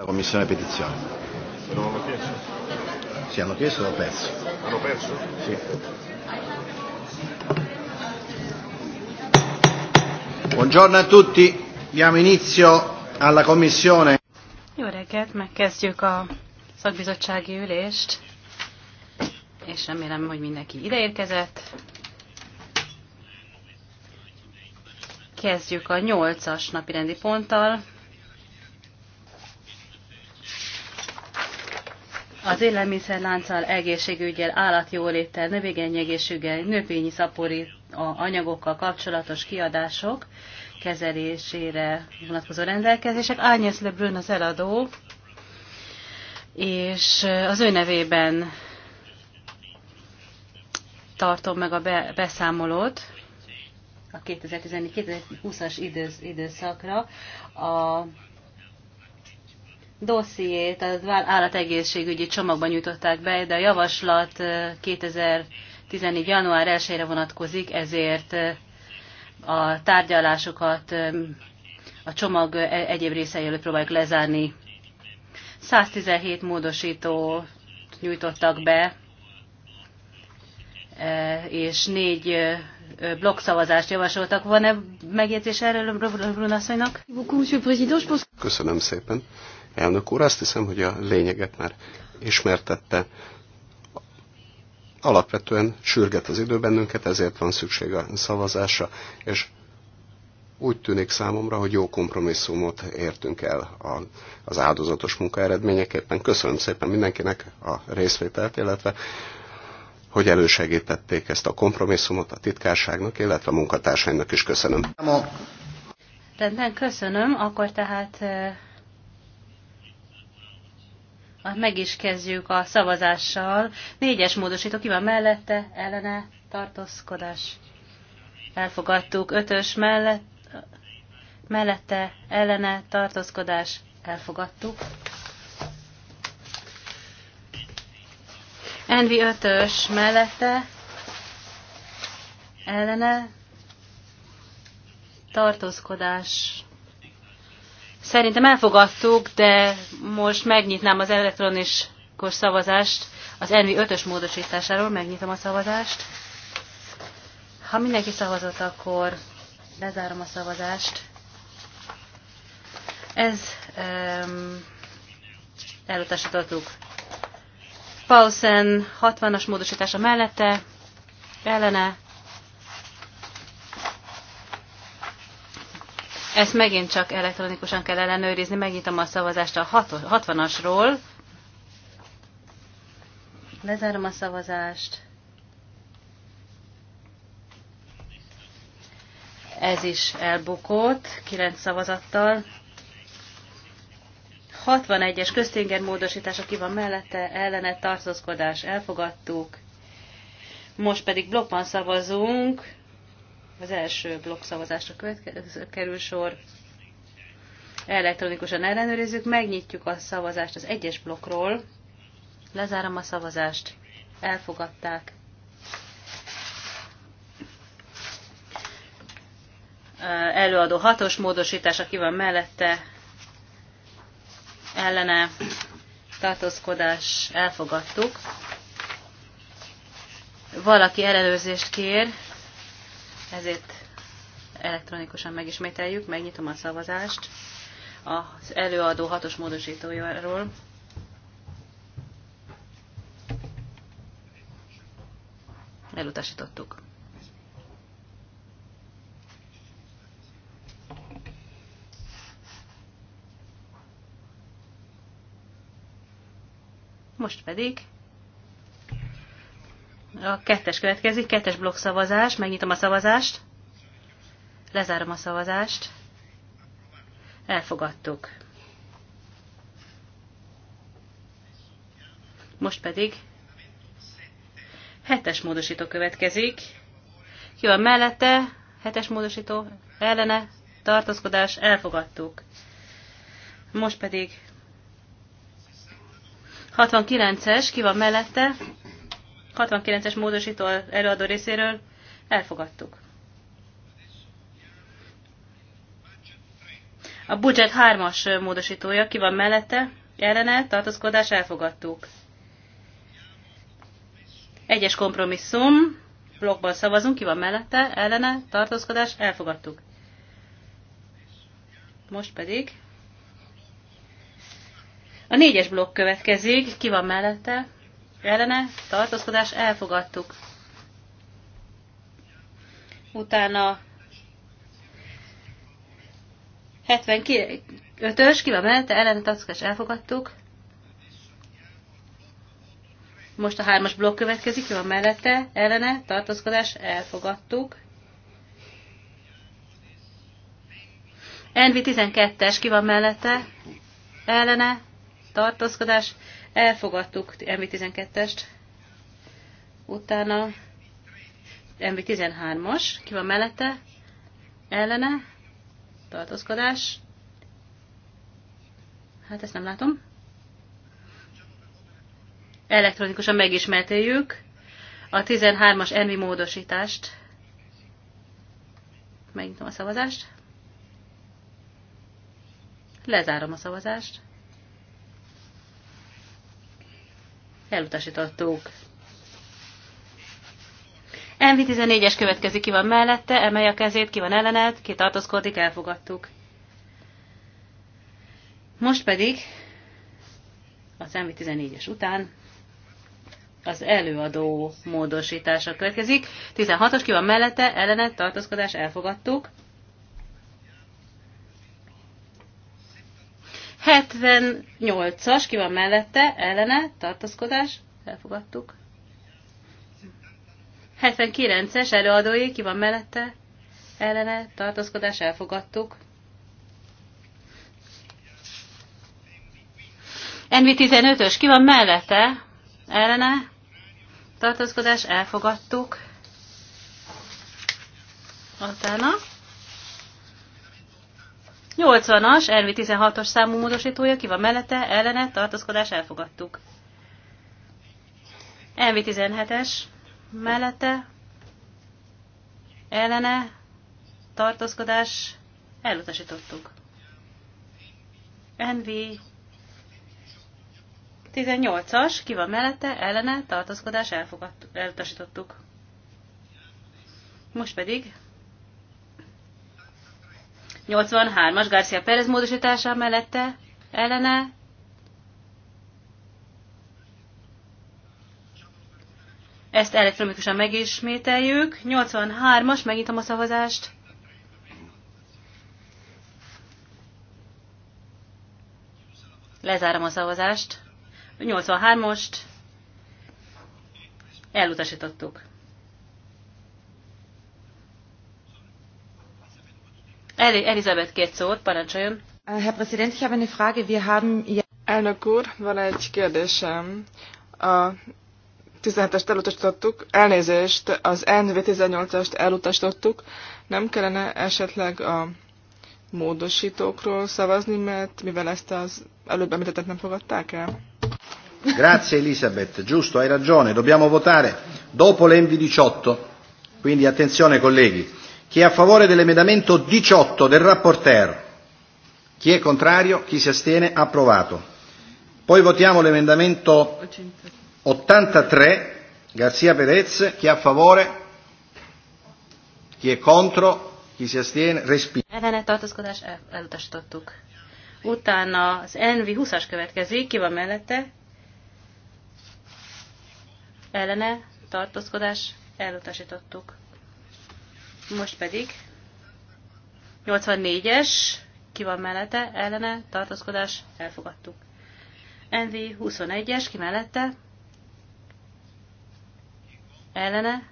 La commissione petizione. Non hanno chiesto? Sì, hanno chiesto e l'ho perso. Hanno perso? Sì. Buongiorno a tutti, diamo inizio alla commissione. Jó reggelt, megkezdjük a szakbizottsági ülést, és remélem, hogy mindenki ideérkezett. Kezdjük a nyolcas napirendi ponttal, az élelmiszerlánccal, egészségügyel, állatjóléttel, növényegészséggel, növényi szaporító anyagokkal kapcsolatos kiadások kezelésére vonatkozó rendelkezések. Ányesz Le Brun az eladó, és az ő nevében tartom meg a beszámolót a 2014-2020-as időszakra a dossziét az állategészségügyi csomagban nyújtották be, de a javaslat 2014. január 1-re vonatkozik, ezért a tárgyalásokat a csomag egyéb részei előtt próbáljuk lezárni. 117 módosító nyújtottak be, és négy blokkszavazást javasoltak. Van-e megjegyzés erről Brun Köszönöm szépen elnök úr. Azt hiszem, hogy a lényeget már ismertette. Alapvetően sürget az idő bennünket, ezért van szükség a szavazásra, és úgy tűnik számomra, hogy jó kompromisszumot értünk el az áldozatos munka eredményeképpen. Köszönöm szépen mindenkinek a részvételt, illetve hogy elősegítették ezt a kompromisszumot a titkárságnak, illetve a munkatársainak is köszönöm. Rendben, köszönöm. Akkor tehát eh, meg is kezdjük a szavazással. Négyes módosító, ki van mellette, ellene, tartózkodás. Elfogadtuk. Ötös mellett, mellette, ellene, tartózkodás. Elfogadtuk. Envi ötös mellette, ellene, tartózkodás. Szerintem elfogadtuk, de most megnyitnám az elektronikus szavazást az NV 5-ös módosításáról. Megnyitom a szavazást. Ha mindenki szavazott, akkor lezárom a szavazást. Ez um, elutasítottuk. Paulsen 60-as módosítása mellette, ellene Ezt megint csak elektronikusan kell ellenőrizni. Megnyitom a szavazást a 60-asról. Lezárom a szavazást. Ez is elbukott, 9 szavazattal. 61-es köztinger módosítás, ki van mellette, ellene tartózkodás elfogadtuk. Most pedig blokkban szavazunk az első szavazásra kerül sor. Elektronikusan ellenőrizzük, megnyitjuk a szavazást az egyes blokkról. Lezárom a szavazást. Elfogadták. Előadó hatos módosítás, aki van mellette, ellene tartózkodás elfogadtuk. Valaki ellenőrzést kér ezért elektronikusan megismételjük, megnyitom a szavazást az előadó hatos módosítójáról. Elutasítottuk. Most pedig a kettes következik, kettes szavazás, megnyitom a szavazást, lezárom a szavazást, elfogadtuk. Most pedig hetes módosító következik. Ki van mellette? Hetes módosító ellene, tartózkodás, elfogadtuk. Most pedig 69-es, ki van mellette? 69-es módosító előadó részéről elfogadtuk. A budget 3-as módosítója, ki van mellette, ellene, tartózkodás, elfogadtuk. Egyes kompromisszum, blokkban szavazunk, ki van mellette, ellene, tartózkodás, elfogadtuk. Most pedig a négyes blokk következik, ki van mellette, ellene tartózkodás elfogadtuk. Utána 75-ös, ki van mellette, ellene tartózkodás elfogadtuk. Most a hármas blokk következik, ki van mellette, ellene tartózkodás elfogadtuk. Envi 12-es, ki van mellette, ellene tartózkodás elfogadtuk Elfogadtuk mv 12 est utána mv 13 as ki van mellette, ellene, tartózkodás, hát ezt nem látom, elektronikusan megismertéljük a 13-as envi módosítást. Megnyitom a szavazást. Lezárom a szavazást. Elutasítottuk. MV14-es következik, ki van mellette, emelje a kezét, ki van ellened, ki tartozkodik, elfogadtuk. Most pedig az MV14-es után az előadó módosítása következik. 16-os ki van mellette, ellenet, tartózkodás, elfogadtuk. 78-as, ki van mellette, ellene, tartózkodás, elfogadtuk. 79-es előadói, ki van mellette, ellene, tartózkodás, elfogadtuk. Envi 15 ös ki van mellette, ellene, tartózkodás, elfogadtuk. Utána 80-as, Elvi 16-os számú módosítója, ki van mellette, ellene, tartózkodás, elfogadtuk. Elvi 17-es, mellette, ellene, tartózkodás, elutasítottuk. NV 18-as, ki van mellette, ellene, tartózkodás, elutasítottuk. Most pedig 83-as Garcia Perez módosítása mellette ellene. Ezt elektronikusan megismételjük. 83-as, megnyitom a szavazást. Lezárom a szavazást. 83-ost elutasítottuk. Elizabeth két szót, parancsoljon. Äh, Herr Präsident, ich habe eine Frage. Wir haben... Elnök úr, van egy kérdésem. A 17-est elutasítottuk, elnézést, az NV 18-ast elutasítottuk. Nem kellene esetleg a módosítókról szavazni, mert mivel ezt az előbb említettet nem fogadták el? Grazie Elisabeth, giusto, hai ragione, dobbiamo votare dopo lnv 18. Quindi attenzione colleghi. Chi è a favore dell'emendamento 18 del rapporteur? Chi è contrario? Chi si astiene? Approvato. Poi votiamo l'emendamento 83, Garzia Perez. Chi è a favore? Ki è contro? Chi si astiene? Respiro. Ellene tartózkodás elutasítottuk. Utána az Envi 20-as következik. Ki van mellette? Ellene tartózkodás elutasítottuk. Most pedig 84-es, ki van mellette, ellene, tartózkodás, elfogadtuk. NV 21-es, ki mellette, ellene,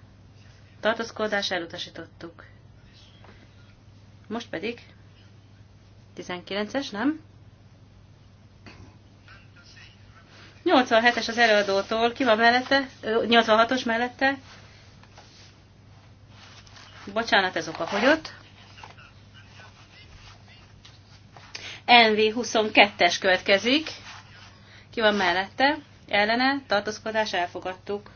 tartózkodás, elutasítottuk. Most pedig 19-es, nem? 87-es az előadótól, ki van mellette, 86-os mellette, Bocsánat, ez oka fogyott. NV22-es következik. Ki van mellette? Ellene, tartózkodás, elfogadtuk.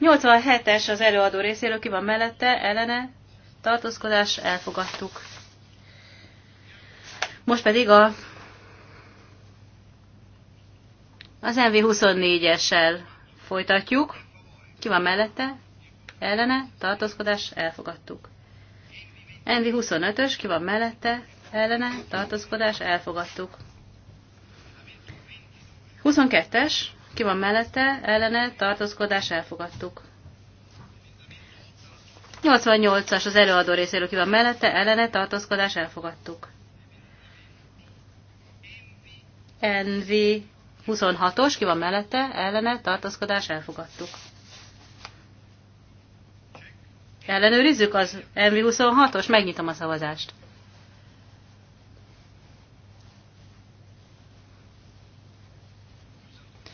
87-es az előadó részéről, ki van mellette, ellene, tartózkodás, elfogadtuk. Most pedig a az nv 24 essel Folytatjuk. Ki van mellette? Ellene, tartózkodás, elfogadtuk. Envi 25-ös, ki van mellette? Ellene, tartózkodás, elfogadtuk. 22-es, ki van mellette? Ellene, tartózkodás, elfogadtuk. 88-as az előadó részéről ki van mellette, ellene, tartózkodás, elfogadtuk. Envi 26-os, ki van mellette, ellene, tartózkodás, elfogadtuk. Ellenőrizzük az MV26-os, megnyitom a szavazást.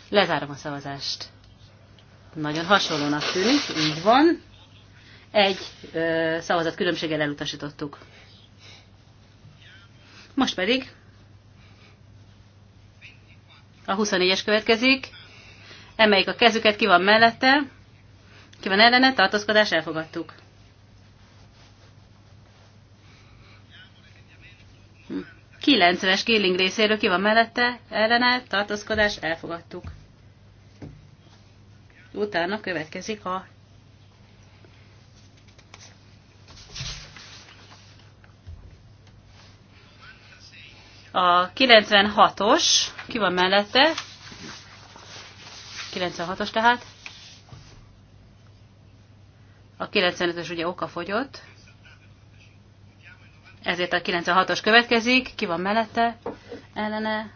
Lezárom a szavazást. Nagyon hasonlónak tűnik, így van. Egy ö, szavazat különbséggel elutasítottuk. Most pedig a 24-es következik. Emeljük a kezüket, ki van mellette, ki van ellene, tartózkodás, elfogadtuk. Hm. 90-es Gilling részéről ki van mellette, ellene, tartózkodás, elfogadtuk. Utána következik a A 96-os, ki van mellette? 96-os tehát. A 95-ös ugye oka fogyott. Ezért a 96-os következik. Ki van mellette? Ellene.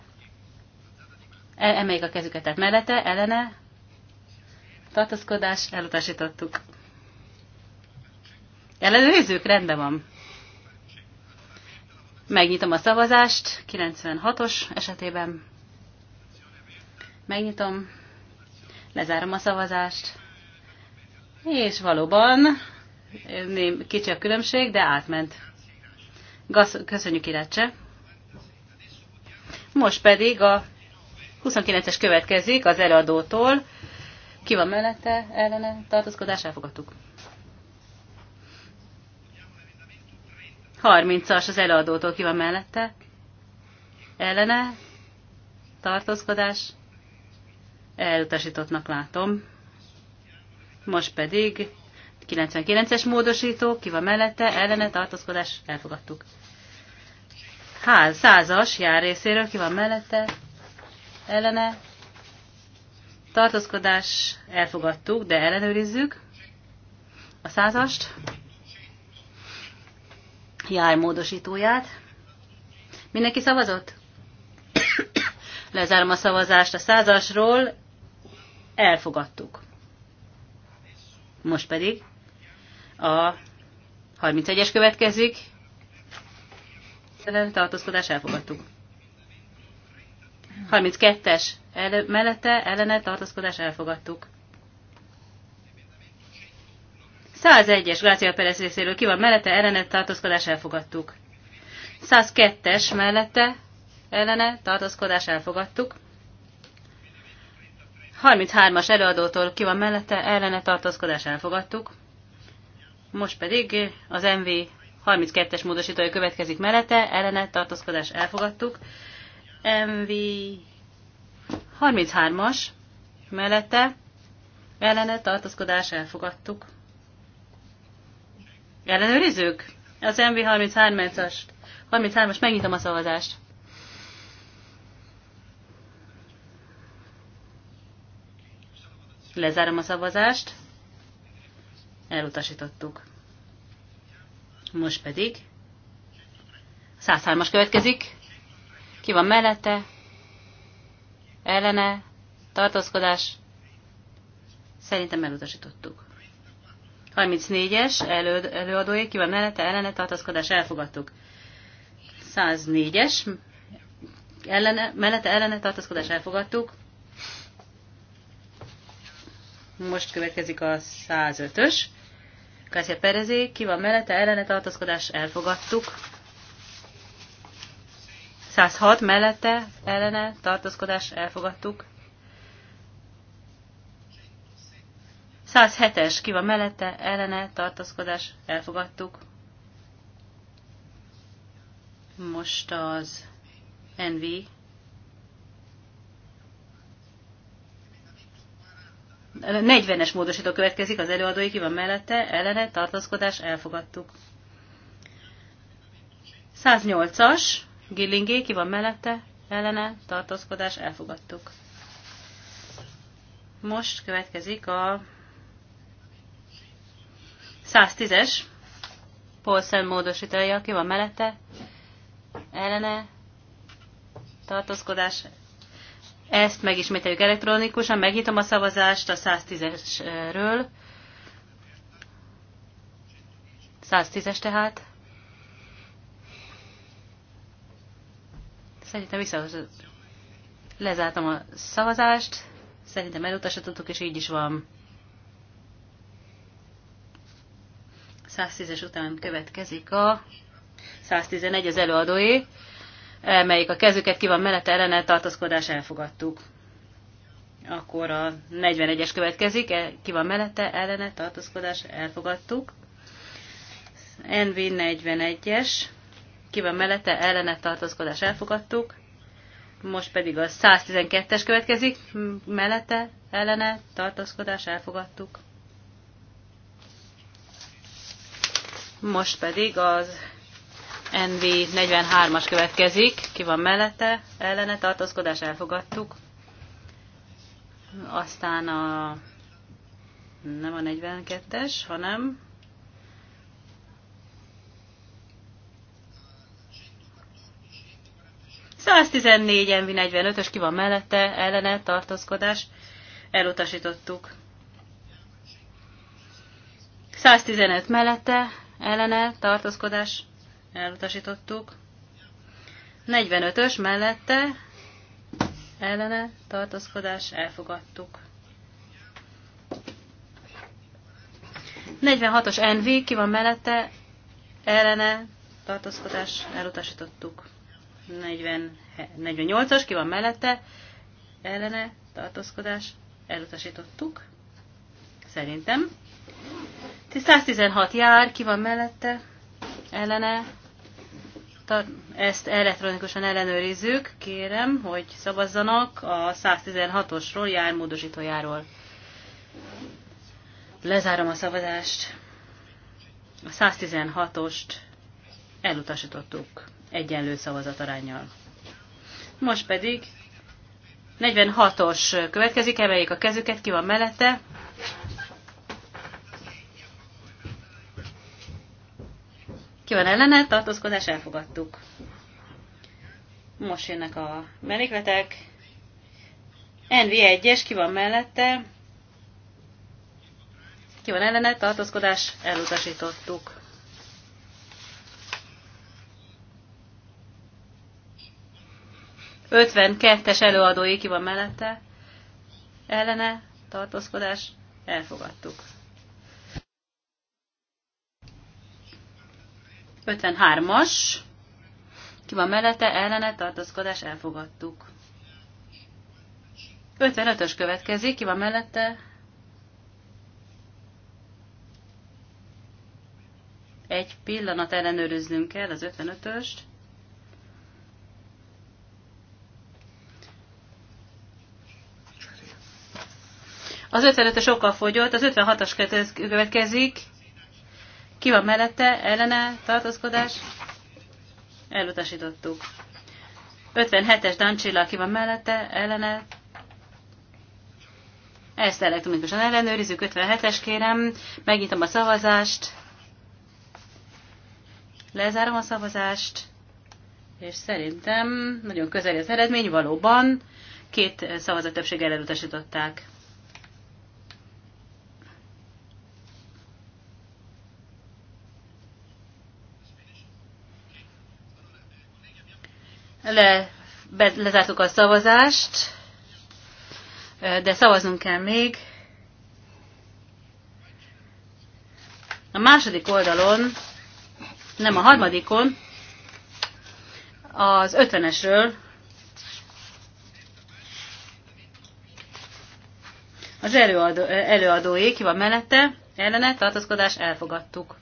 El, emeljük a kezüket, tehát mellette, ellene. Tartozkodás, elutasítottuk. Ellenőrizzük? Rendben van. Megnyitom a szavazást, 96-os esetében. Megnyitom, lezárom a szavazást, és valóban kicsi a különbség, de átment. Köszönjük, Irecse! Most pedig a 29-es következik az előadótól. Ki van mellette, ellene tartózkodás? Elfogadtuk. Harmincas az előadótól ki van mellette. Ellene tartózkodás elutasítottnak látom. Most pedig 99-es módosító, ki van mellette, ellene tartózkodás, elfogadtuk. Ház, százas jár részéről, ki van mellette, ellene tartózkodás, elfogadtuk, de ellenőrizzük a százast jár módosítóját. Mindenki szavazott? Lezárom a szavazást a százasról. Elfogadtuk. Most pedig a 31-es következik. Tartózkodás elfogadtuk. 32-es mellette ellene tartózkodás elfogadtuk. 101-es Grácia Perez részéről ki van mellette, ellene tartózkodás elfogadtuk. 102-es mellette, ellene tartózkodás elfogadtuk. 33-as előadótól ki van mellette, ellene tartózkodás elfogadtuk. Most pedig az MV 32-es módosítója következik mellette, ellene tartózkodás elfogadtuk. MV 33-as mellette, ellene tartózkodás elfogadtuk. Ellenőrizzük? Az MV 33-as. 33-as, megnyitom a szavazást. Lezárom a szavazást. Elutasítottuk. Most pedig 103-as következik. Ki van mellette? Ellene? Tartózkodás? Szerintem elutasítottuk. 34-es elő, előadói, ki van mellette, ellene tartaszkodás, elfogadtuk. 104-es, ellene, mellette ellene tartaszkodás, elfogadtuk. Most következik a 105-ös. Kászia Perezé, ki van mellette, ellene tartaszkodás, elfogadtuk. 106 mellette, ellene tartózkodás, elfogadtuk. 107-es, ki van mellette, ellene, tartózkodás, elfogadtuk. Most az NV. A 40-es módosító következik, az előadói ki van mellette, ellene, tartózkodás, elfogadtuk. 108-as, Gillingé, ki van mellette, ellene, tartózkodás, elfogadtuk. Most következik a 110-es Paulsen módosítója, aki van mellette, ellene, tartózkodás. Ezt megismételjük elektronikusan, megnyitom a szavazást a 110-esről. 110-es tehát. Szerintem vissza Lezártam a szavazást, szerintem elutasítottuk, és így is van. 110-es után következik a 111 az előadói, melyik a kezüket ki van mellette ellene tartózkodás elfogadtuk. Akkor a 41-es következik, e, ki van mellette ellene tartózkodás elfogadtuk. NV 41-es, ki van mellette ellene tartózkodás elfogadtuk. Most pedig a 112-es következik, mellette ellene tartózkodás elfogadtuk. Most pedig az NV 43-as következik. Ki van mellette? Ellene tartózkodás elfogadtuk. Aztán a nem a 42-es, hanem en NV 45-ös, ki van mellette, ellene, tartózkodás, elutasítottuk. 115 mellette, ellene tartózkodás elutasítottuk. 45-ös mellette ellene tartózkodás elfogadtuk. 46-os NV ki van mellette ellene tartózkodás elutasítottuk. 48-as ki van mellette ellene tartózkodás elutasítottuk. Szerintem. 116 jár, ki van mellette, ellene, ezt elektronikusan ellenőrizzük, kérem, hogy szavazzanak a 116-osról, jármódosítójáról. Lezárom a szavazást. A 116-ost elutasítottuk egyenlő szavazatarányjal. Most pedig 46-os következik, emeljék a kezüket, ki van mellette, Ki van ellene? Tartózkodás elfogadtuk. Most jönnek a melékletek. NV1-es, ki van mellette? Ki van ellene? Tartózkodás elutasítottuk. Ötvenkettes előadói ki van mellette? Ellene? Tartózkodás elfogadtuk. 53-as. Ki van mellette? Ellene tartózkodás elfogadtuk. 55-ös következik. Ki van mellette? Egy pillanat ellenőriznünk kell az 55-öst. Az 55-ös okkal fogyott, az 56-as következik. Ki van mellette, ellene, tartózkodás, elutasítottuk. 57-es Dancsilla, ki van mellette, ellene, ezt elektronikusan ellenőrizzük, 57-es kérem, megnyitom a szavazást, lezárom a szavazást, és szerintem nagyon közel az eredmény, valóban két szavazat többséggel elutasították. Le, be, lezártuk a szavazást, de szavaznunk kell még. A második oldalon, nem a harmadikon, az ötvenesről, az előadó, előadói, ki van mellette, ellene, tartozkodás elfogadtuk.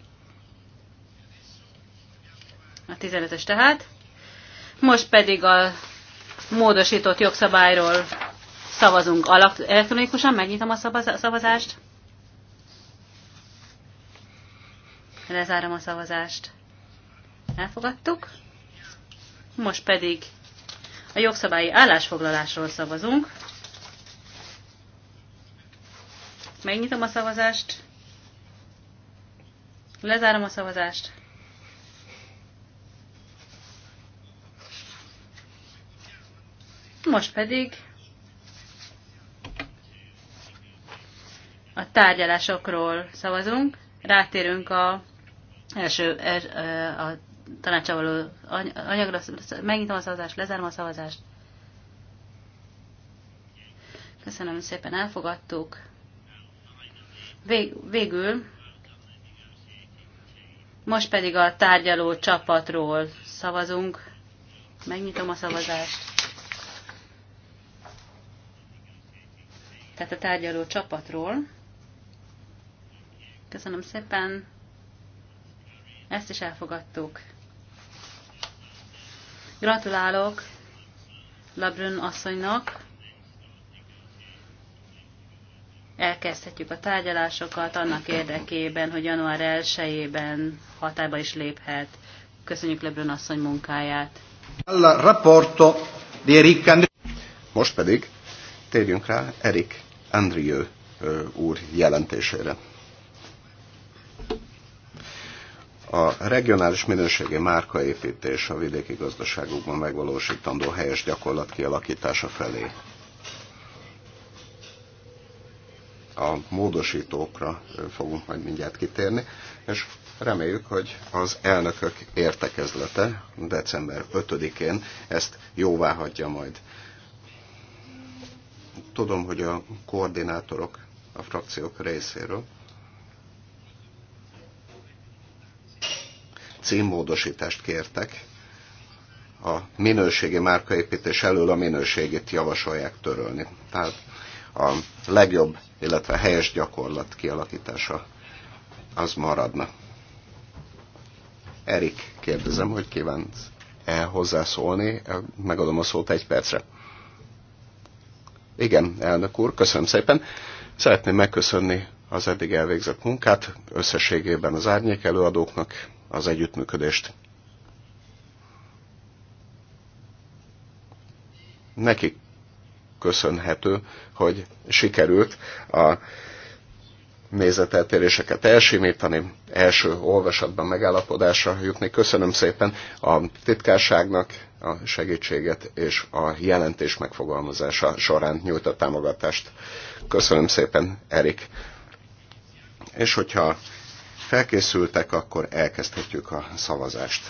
A 15-ös tehát. Most pedig a módosított jogszabályról szavazunk elektronikusan. Megnyitom a szavazást. Lezárom a szavazást. Elfogadtuk. Most pedig a jogszabályi állásfoglalásról szavazunk. Megnyitom a szavazást. Lezárom a szavazást. Most pedig a tárgyalásokról szavazunk. Rátérünk a első er, a tanácsavaló anyagra. Megnyitom a szavazást, lezárom a szavazást. Köszönöm szépen, elfogadtuk. Vég, végül most pedig a tárgyaló csapatról szavazunk. Megnyitom a szavazást. tehát a tárgyaló csapatról. Köszönöm szépen. Ezt is elfogadtuk. Gratulálok Labrön asszonynak. Elkezdhetjük a tárgyalásokat annak érdekében, hogy január 1-ében hatályba is léphet. Köszönjük Lebrön asszony munkáját. Most pedig térjünk rá Erik Andrieu úr jelentésére. A regionális minőségi márkaépítés a vidéki gazdaságokban megvalósítandó helyes gyakorlat kialakítása felé. A módosítókra fogunk majd mindjárt kitérni, és reméljük, hogy az elnökök értekezlete december 5-én ezt jóvá hagyja majd Tudom, hogy a koordinátorok a frakciók részéről címmódosítást kértek, a minőségi márkaépítés elől a minőségét javasolják törölni. Tehát a legjobb, illetve helyes gyakorlat kialakítása az maradna. Erik, kérdezem, hogy kívánsz -e hozzászólni, megadom a szót egy percre. Igen, elnök úr, köszönöm szépen. Szeretném megköszönni az eddig elvégzett munkát, összességében az árnyék előadóknak az együttműködést. Nekik köszönhető, hogy sikerült a nézeteltéréseket elsimítani, első olvasatban megállapodásra jutni. Köszönöm szépen a titkárságnak a segítséget és a jelentés megfogalmazása során nyújtott támogatást. Köszönöm szépen, Erik. És hogyha felkészültek, akkor elkezdhetjük a szavazást.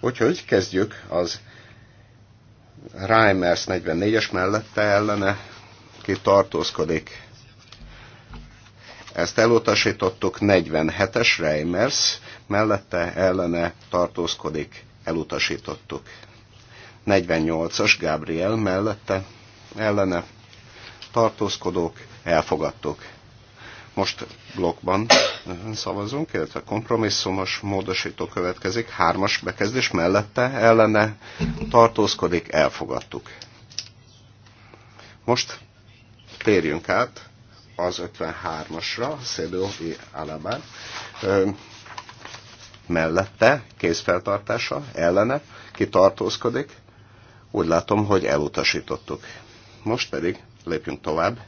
Úgyhogy kezdjük az Reimers 44-es mellette ellene ki tartózkodik. Ezt elutasítottuk 47-es Reimers, mellette ellene tartózkodik, elutasítottuk. 48-as Gabriel mellette ellene tartózkodók, elfogadtuk. Most blokkban eh, szavazunk, illetve kompromisszumos módosító következik, hármas bekezdés mellette ellene tartózkodik, elfogadtuk. Most térjünk át az 53-asra, Szédő I. Alabán, eh, mellette, kézfeltartása, ellene, ki tartózkodik, úgy látom, hogy elutasítottuk. Most pedig lépjünk tovább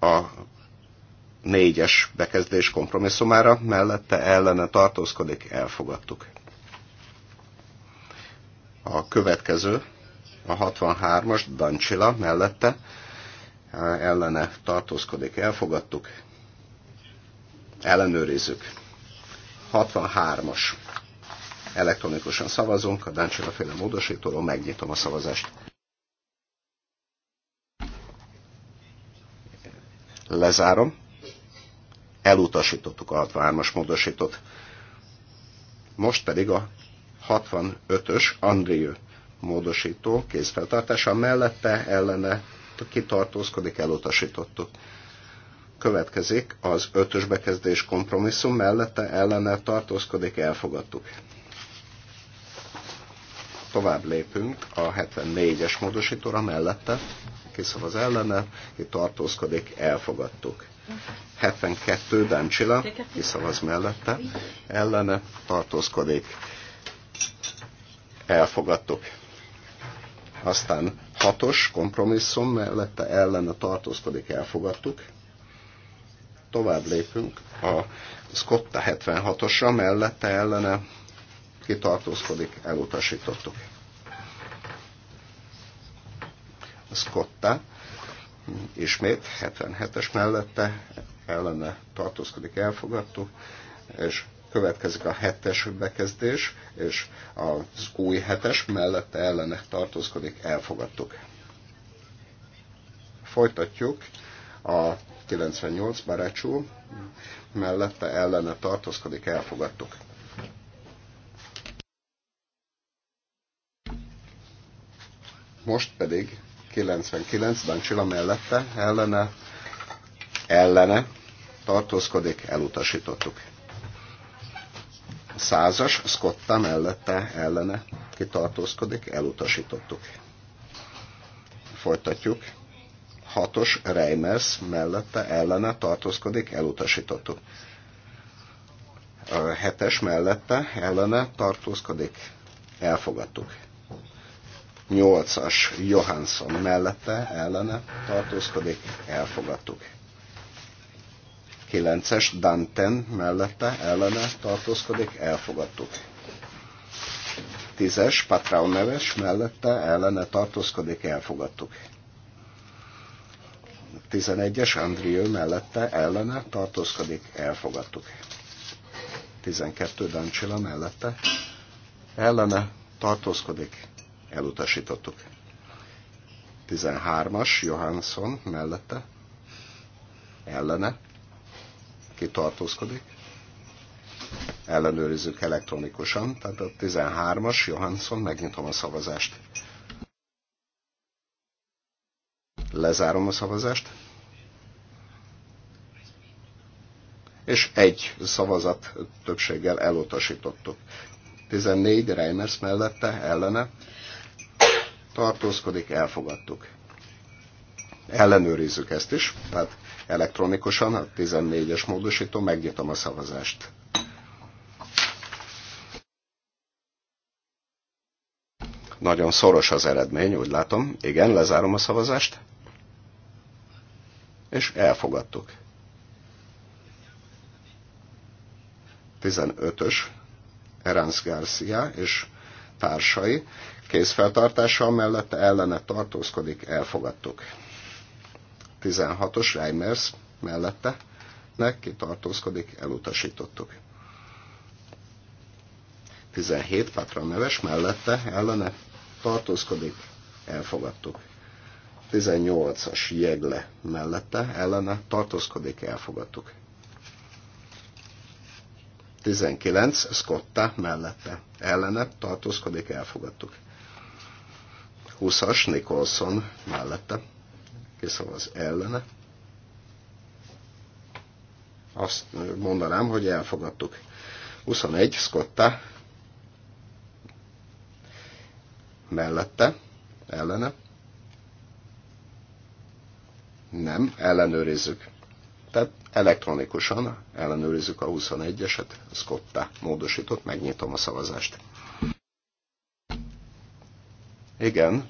a négyes bekezdés kompromisszumára, mellette ellene tartózkodik, elfogadtuk. A következő, a 63-as Dancsila mellette ellene tartózkodik, elfogadtuk, ellenőrizzük. 63-as. Elektronikusan szavazunk, a Dancsila féle módosítóról megnyitom a szavazást. Lezárom. Elutasítottuk a 63-as módosítót. Most pedig a 65-ös Andrió módosító kézfeltartása mellette ellene kitartózkodik, elutasítottuk. Következik az ötös bekezdés kompromisszum mellette ellene tartózkodik, elfogadtuk. Tovább lépünk a 74-es módosítóra mellette, az ellene, itt tartózkodik, elfogadtuk. 72 Dancsila, kiszavaz mellette, ellene, tartózkodik, elfogadtuk. Aztán 6-os kompromisszum mellette ellene tartózkodik, elfogadtuk. Tovább lépünk a Scotta 76-osra mellette ellene ki tartózkodik, elutasítottuk. Scotta ismét 77-es mellette ellene tartózkodik, elfogadtuk, és következik a 7-es bekezdés, és az új hetes mellette ellene tartózkodik, elfogadtuk. Folytatjuk a 98 barácsú mellette ellene tartózkodik, elfogadtuk. Most pedig 99 Dancsila mellette ellene, ellene tartózkodik, elutasítottuk. Százas Scotta mellette ellene kitartózkodik, elutasítottuk. Folytatjuk. Hatos Reimers mellette ellene tartózkodik, elutasítottuk. A hetes mellette ellene tartózkodik, elfogadtuk. 8-as Johansson mellette, ellene tartózkodik, elfogadtuk. 9-es Danten mellette, ellene tartózkodik, elfogadtuk. 10-es Patrao neves mellette, ellene tartózkodik, elfogadtuk. 11-es Andrió mellette, ellene tartózkodik, elfogadtuk. 12 Dancsila mellette, ellene tartózkodik, elutasítottuk. 13-as Johansson mellette, ellene, ki tartózkodik. Ellenőrizzük elektronikusan, tehát a 13-as Johansson, megnyitom a szavazást. Lezárom a szavazást. És egy szavazat többséggel elutasítottuk. 14 Reimers mellette, ellene, tartózkodik, elfogadtuk. Ellenőrizzük ezt is, tehát elektronikusan a 14-es módosító, megnyitom a szavazást. Nagyon szoros az eredmény, úgy látom. Igen, lezárom a szavazást. És elfogadtuk. 15-ös Eranz Garcia és társai kézfeltartása mellett ellene tartózkodik, elfogadtuk. 16-os Reimers mellette neki tartózkodik, elutasítottuk. 17 Patra neves mellette ellene tartózkodik, elfogadtuk. 18-as jegle mellette ellene tartózkodik, elfogadtuk. 19 Scotta mellette ellene tartózkodik, elfogadtuk. 20-as Nicholson mellette, kiszavaz ellene. Azt mondanám, hogy elfogadtuk. 21 Scotta mellette, ellene. Nem, ellenőrizzük. Tehát elektronikusan ellenőrizzük a 21-eset, Scotta módosított, megnyitom a szavazást. Igen,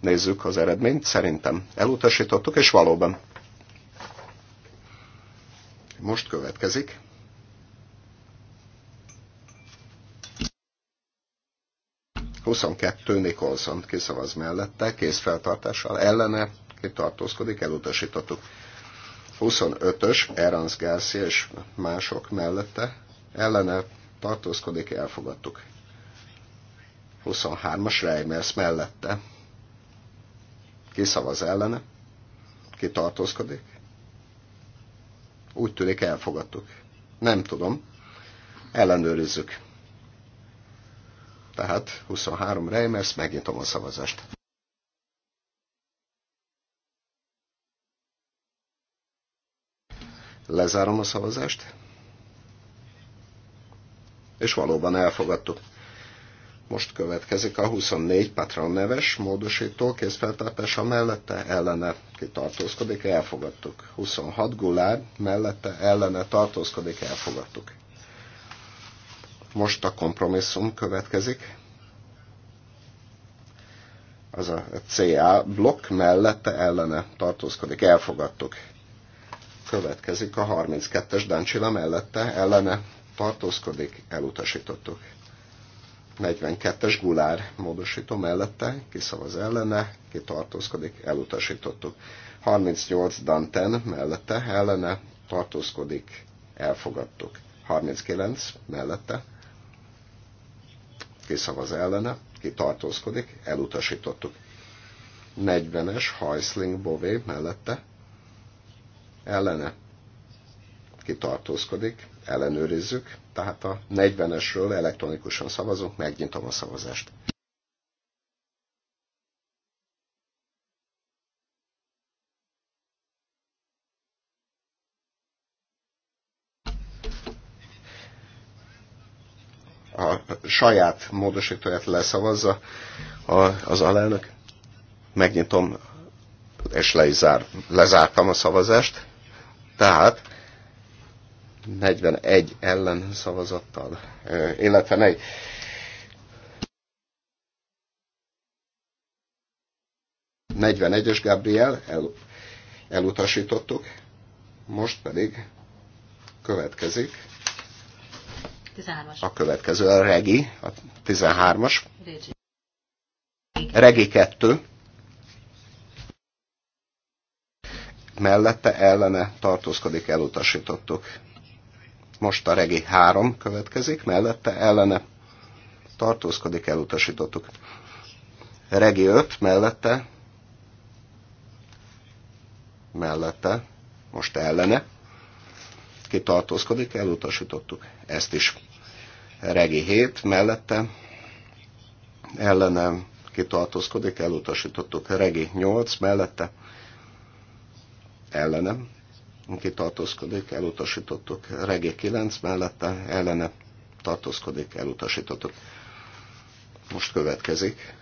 nézzük az eredményt, szerintem elutasítottuk, és valóban. Most következik. Huszonkettő Nikolson kiszavaz mellette, készfeltartással ellene, kitartózkodik, elutasítottuk. 25-ös Erans Garcia és mások mellette ellene tartózkodik, elfogadtuk. 23-as Reimers mellette. Ki szavaz ellene? Ki tartózkodik? Úgy tűnik elfogadtuk. Nem tudom. Ellenőrizzük. Tehát 23 Reimers, megnyitom a szavazást. Lezárom a szavazást. És valóban elfogadtuk. Most következik a 24 Patron neves módosító készfeltartása mellette ellene tartózkodik, elfogadtuk. 26 Gulár mellette ellene tartózkodik, elfogadtuk. Most a kompromisszum következik. Az a CA blokk mellette ellene tartózkodik, elfogadtuk. Következik a 32-es Dancsila mellette ellene tartózkodik, elutasítottuk. 42-es gulár módosító mellette, kiszavaz ellene, ki tartózkodik, elutasítottuk. 38 Danten mellette, ellene, tartózkodik, elfogadtuk. 39 mellette, kiszavaz ellene, ki tartózkodik, elutasítottuk. 40-es Heisling Bové mellette, ellene, ki tartózkodik, ellenőrizzük, tehát a 40-esről elektronikusan szavazunk, megnyitom a szavazást. A saját módosítóját leszavazza az alelnök. Megnyitom és lezár, lezártam a szavazást. Tehát 41 ellen szavazattal, illetve ne, ...41-es Gabriel el, elutasítottuk, most pedig következik a következő, a Regi, a 13-as. Regi 2. Mellette ellene tartózkodik, elutasítottuk. Most a regi 3 következik, mellette ellene tartózkodik, elutasítottuk. Regi 5 mellette, mellette, most ellene, ki tartózkodik, elutasítottuk ezt is. Regi 7 mellette, ellene, ki tartózkodik, elutasítottuk. Regi 8 mellette, ellenem, tartózkodik, elutasítottuk. Regi 9 mellette ellene tartózkodik, elutasítottuk. Most következik.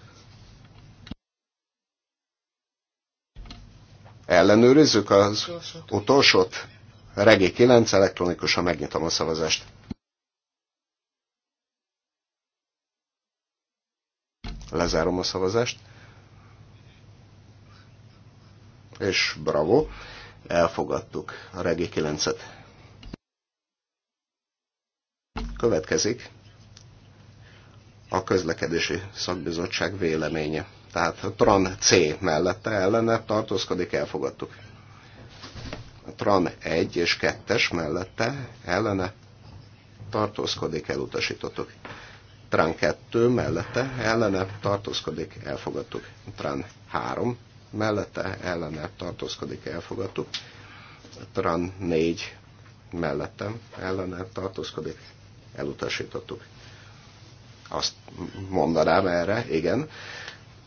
Ellenőrizzük az utolsót. Regi 9 elektronikusan megnyitom a szavazást. Lezárom a szavazást. És bravo elfogadtuk a regi 9-et. Következik a közlekedési szakbizottság véleménye. Tehát a TRAN C mellette ellene tartózkodik, elfogadtuk. A TRAN 1 és 2-es mellette ellene tartózkodik, elutasítottuk. TRAN 2 mellette ellene tartózkodik, elfogadtuk. TRAN 3 mellette ellene tartózkodik, elfogadtuk. Tran 4 mellettem ellene tartózkodik, elutasítottuk. Azt mondanám erre, igen.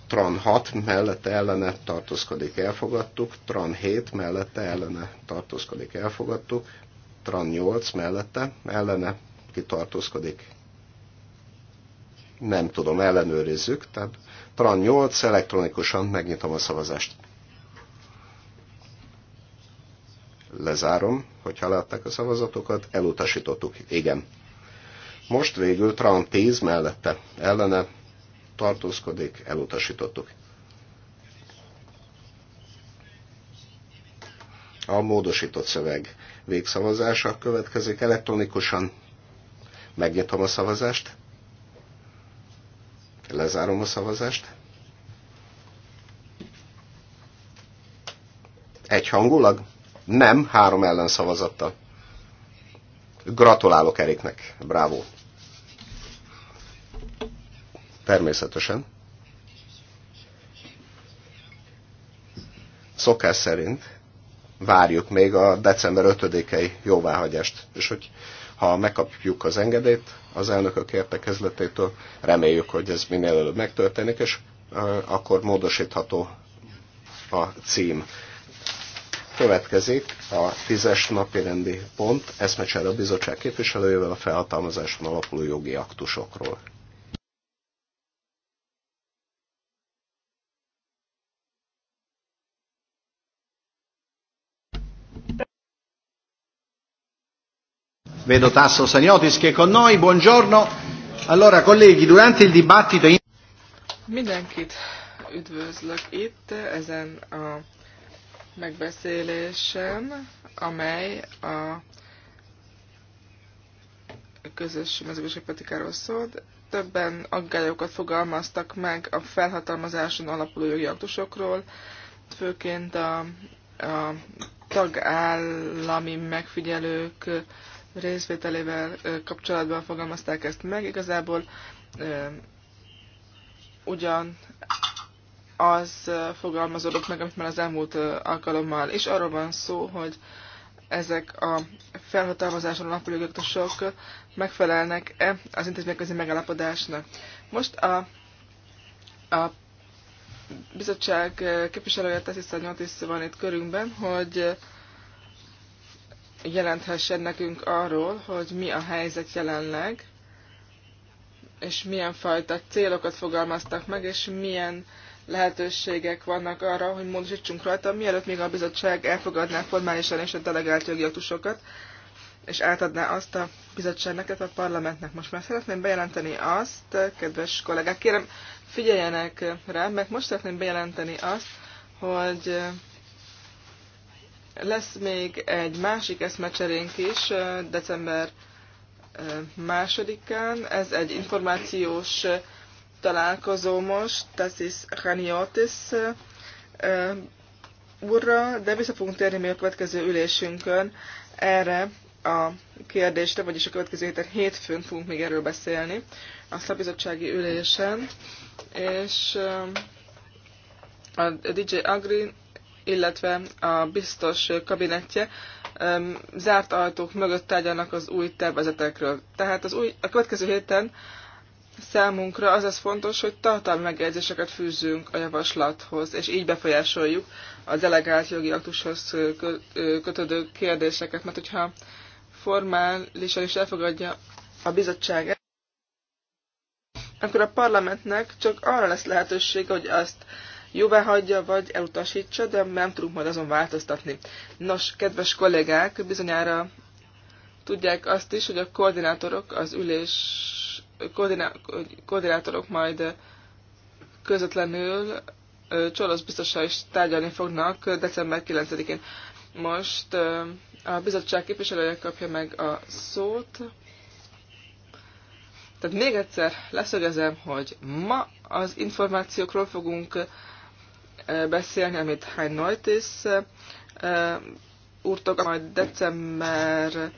Tran 6 mellette ellene tartózkodik, elfogadtuk. Tran 7 mellette ellene tartózkodik, elfogadtuk. Tran 8 mellette ellene kitartózkodik, nem tudom, ellenőrizzük, tehát talán 8, elektronikusan megnyitom a szavazást. Lezárom, hogyha látták a szavazatokat, elutasítottuk, igen. Most végül Tran 10 mellette ellene tartózkodik, elutasítottuk. A módosított szöveg végszavazása következik elektronikusan. Megnyitom a szavazást. Lezárom a szavazást. Egyhangulag? Nem, három ellen szavazattal. Gratulálok Eriknek, bravo. Természetesen. Szokás szerint várjuk még a december 5-i jóváhagyást, és hogy ha megkapjuk az engedélyt az elnökök értekezletétől, reméljük, hogy ez minél előbb megtörténik, és akkor módosítható a cím. Következik a tízes napi rendi pont, eszmecsere a bizottság képviselőjével a felhatalmazáson alapuló jogi aktusokról. Vedo Tasso Saniotis che è con noi, buongiorno. Allora colleghi, durante il dibattito... In... Mindenkit üdvözlök itt ezen a megbeszélésen, amely a közös mezőgazdaságpolitikáról szólt. Többen aggályokat fogalmaztak meg a felhatalmazáson alapuló jogi aktusokról, főként a, a tagállami megfigyelők részvételével kapcsolatban fogalmazták ezt meg. Igazából ugyan az fogalmazódott meg, amit már az elmúlt alkalommal is arról van szó, hogy ezek a felhatalmazáson alapuló jogokosok megfelelnek-e az intézményközi megállapodásnak. Most a, a bizottság képviselője Tessis Szanyotis van itt körünkben, hogy jelenthessen nekünk arról, hogy mi a helyzet jelenleg, és milyen fajta célokat fogalmaztak meg, és milyen lehetőségek vannak arra, hogy módosítsunk rajta, mielőtt még a bizottság elfogadná formálisan és a delegált jogi aktusokat, és átadná azt a bizottságnak, illetve a parlamentnek. Most már szeretném bejelenteni azt, kedves kollégák, kérem figyeljenek rá, meg most szeretném bejelenteni azt, hogy lesz még egy másik eszmecserénk is december másodikán. Ez egy információs találkozó most, Tassis Haniotis úrra, de vissza fogunk térni még a következő ülésünkön erre a kérdésre, vagyis a következő héten hétfőn fogunk még erről beszélni a szabizottsági ülésen, és a DJ Agri illetve a biztos kabinetje zárt ajtók mögött tárgyalnak az új tervezetekről. Tehát az új, a következő héten számunkra az az fontos, hogy tartalmi megjegyzéseket fűzzünk a javaslathoz, és így befolyásoljuk az delegált jogi aktushoz kötődő kérdéseket, mert hogyha formálisan is elfogadja a bizottság, akkor a parlamentnek csak arra lesz lehetősége, hogy azt jóvá hagyja, vagy elutasítsa, de nem tudunk majd azon változtatni. Nos, kedves kollégák, bizonyára tudják azt is, hogy a koordinátorok az ülés koordiná- koordinátorok majd közvetlenül Csolosz biztosan is tárgyalni fognak december 9-én. Most a bizottság képviselője kapja meg a szót. Tehát még egyszer leszögezem, hogy ma az információkról fogunk beszélni, amit Hein Neutis Úrtok, majd december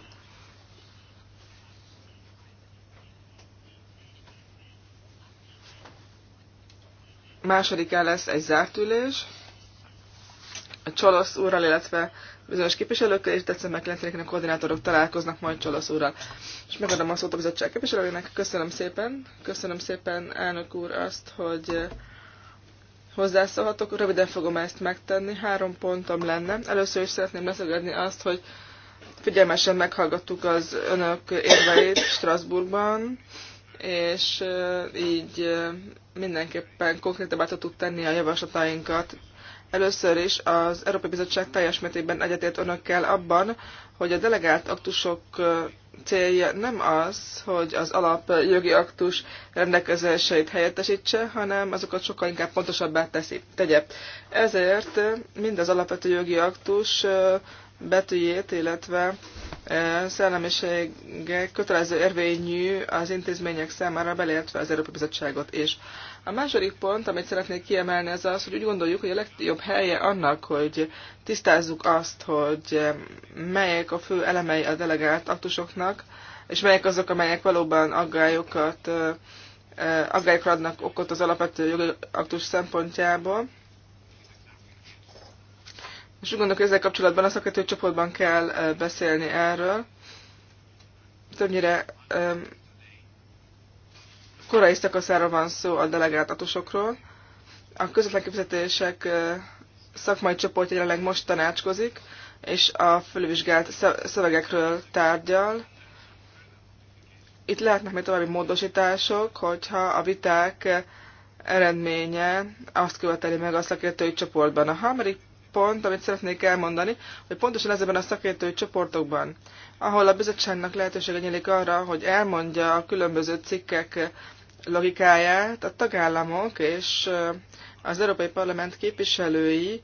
másodikán lesz egy zárt ülés, a Csolosz úrral, illetve bizonyos képviselőkkel, és december 9 a koordinátorok találkoznak majd Csolosz úrral. És megadom a szót a bizottság képviselőjének. Köszönöm szépen, köszönöm szépen elnök úr azt, hogy hozzászólhatok. Röviden fogom ezt megtenni. Három pontom lenne. Először is szeretném leszögezni azt, hogy figyelmesen meghallgattuk az önök érveit Strasbourgban, és így mindenképpen konkrétabbá tudtuk tenni a javaslatainkat Először is az Európai Bizottság teljes mértékben egyetért önökkel abban, hogy a delegált aktusok célja nem az, hogy az alap jogi aktus rendelkezéseit helyettesítse, hanem azokat sokkal inkább pontosabbá teszi, tegye. Ezért mind az alapvető jogi aktus betűjét, illetve szellemisége kötelező érvényű az intézmények számára, beleértve az Európai Bizottságot is. A második pont, amit szeretnék kiemelni, az az, hogy úgy gondoljuk, hogy a legjobb helye annak, hogy tisztázzuk azt, hogy melyek a fő elemei a delegált aktusoknak, és melyek azok, amelyek valóban aggályokat, aggályokra adnak okot az alapvető jogi aktus szempontjából. És úgy gondolok, ezzel kapcsolatban a szakértő csoportban kell beszélni erről. Többnyire um, korai szakaszára van szó a delegáltatósokról. A közvetlen uh, szakmai csoport jelenleg most tanácskozik, és a fölvizsgált szövegekről tárgyal. Itt lehetnek még további módosítások, hogyha a viták eredménye azt követeli meg a szakértői csoportban. A harmadik pont, amit szeretnék elmondani, hogy pontosan ezekben a szakértői csoportokban, ahol a bizottságnak lehetősége nyílik arra, hogy elmondja a különböző cikkek logikáját, a tagállamok és az Európai Parlament képviselői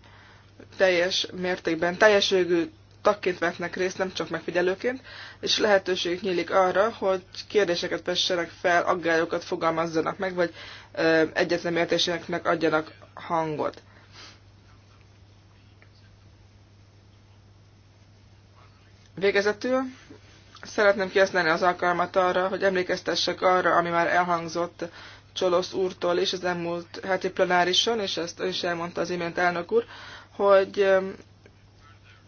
teljes mértékben, teljes jogű tagként vetnek részt, nem csak megfigyelőként, és lehetőség nyílik arra, hogy kérdéseket vessenek fel, aggályokat fogalmazzanak meg, vagy egyetlen értésének adjanak hangot. Végezetül szeretném kihasználni az alkalmat arra, hogy emlékeztessek arra, ami már elhangzott Csolosz úrtól is az elmúlt heti plenárison, és ezt ő is elmondta az imént elnök úr, hogy um,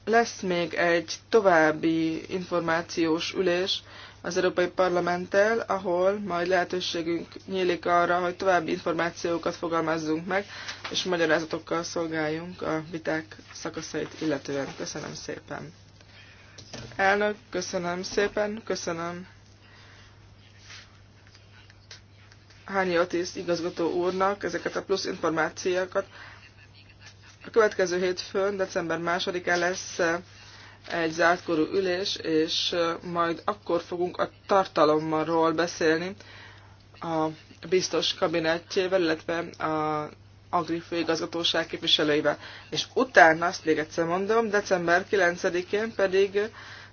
lesz még egy további információs ülés az Európai Parlamenttel, ahol majd lehetőségünk nyílik arra, hogy további információkat fogalmazzunk meg, és magyarázatokkal szolgáljunk a viták szakaszait illetően. Köszönöm szépen! Elnök, köszönöm szépen, köszönöm Hányi Otis igazgató úrnak ezeket a plusz információkat. A következő hétfőn, december 2-án lesz eh, egy zártkorú ülés, és eh, majd akkor fogunk a tartalomról beszélni a biztos kabinettjével, illetve a Agri főigazgatóság képviselőivel. És utána, azt még egyszer mondom, december 9-én pedig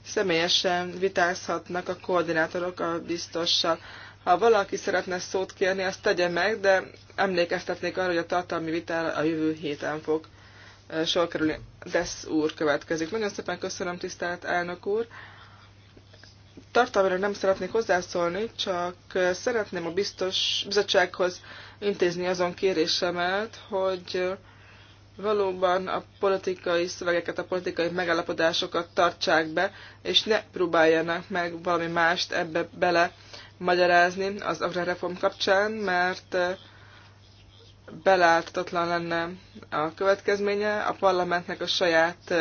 személyesen vitázhatnak a koordinátorok a biztossal. Ha valaki szeretne szót kérni, azt tegye meg, de emlékeztetnék arra, hogy a tartalmi vitára a jövő héten fog sor kerülni. Desz úr következik. Nagyon szépen köszönöm, tisztelt elnök úr tartalmára nem szeretnék hozzászólni, csak szeretném a biztos bizottsághoz intézni azon kérésemet, hogy valóban a politikai szövegeket, a politikai megállapodásokat tartsák be, és ne próbáljanak meg valami mást ebbe bele magyarázni az agrárreform kapcsán, mert beláthatatlan lenne a következménye. A parlamentnek a saját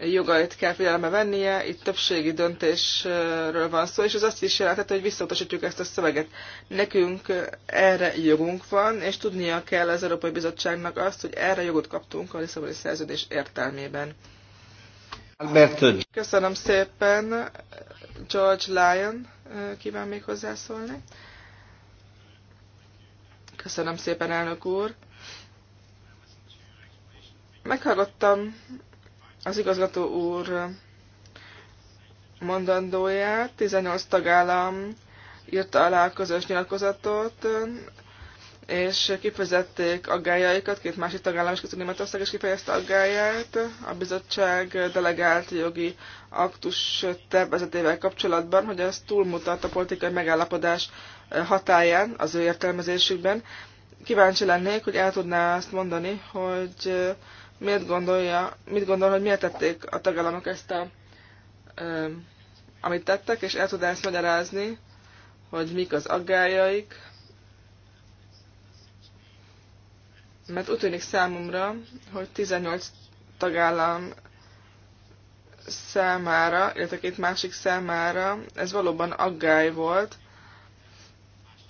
jogait kell figyelembe vennie, itt többségi döntésről van szó, és ez azt is jelenthet, hogy visszautasítjuk ezt a szöveget. Nekünk erre jogunk van, és tudnia kell az Európai Bizottságnak azt, hogy erre jogot kaptunk a Lisszaboni szerződés értelmében. Alberton. Köszönöm szépen. George Lyon kíván még hozzászólni. Köszönöm szépen, elnök úr. Meghallgattam az igazgató úr mondandóját. 18 tagállam írta alá a közös nyilatkozatot, és kifejezették aggájaikat, két másik tagállam is között Németország is kifejezte aggáját. A bizottság delegált jogi aktus tervezetével kapcsolatban, hogy ez túlmutat a politikai megállapodás hatáján az ő értelmezésükben. Kíváncsi lennék, hogy el tudná azt mondani, hogy miért gondolja, mit gondol, hogy miért tették a tagállamok ezt a, ö, amit tettek, és el tudná ezt magyarázni, hogy mik az aggájaik, mert úgy tűnik számomra, hogy 18 tagállam számára, illetve két másik számára ez valóban aggály volt.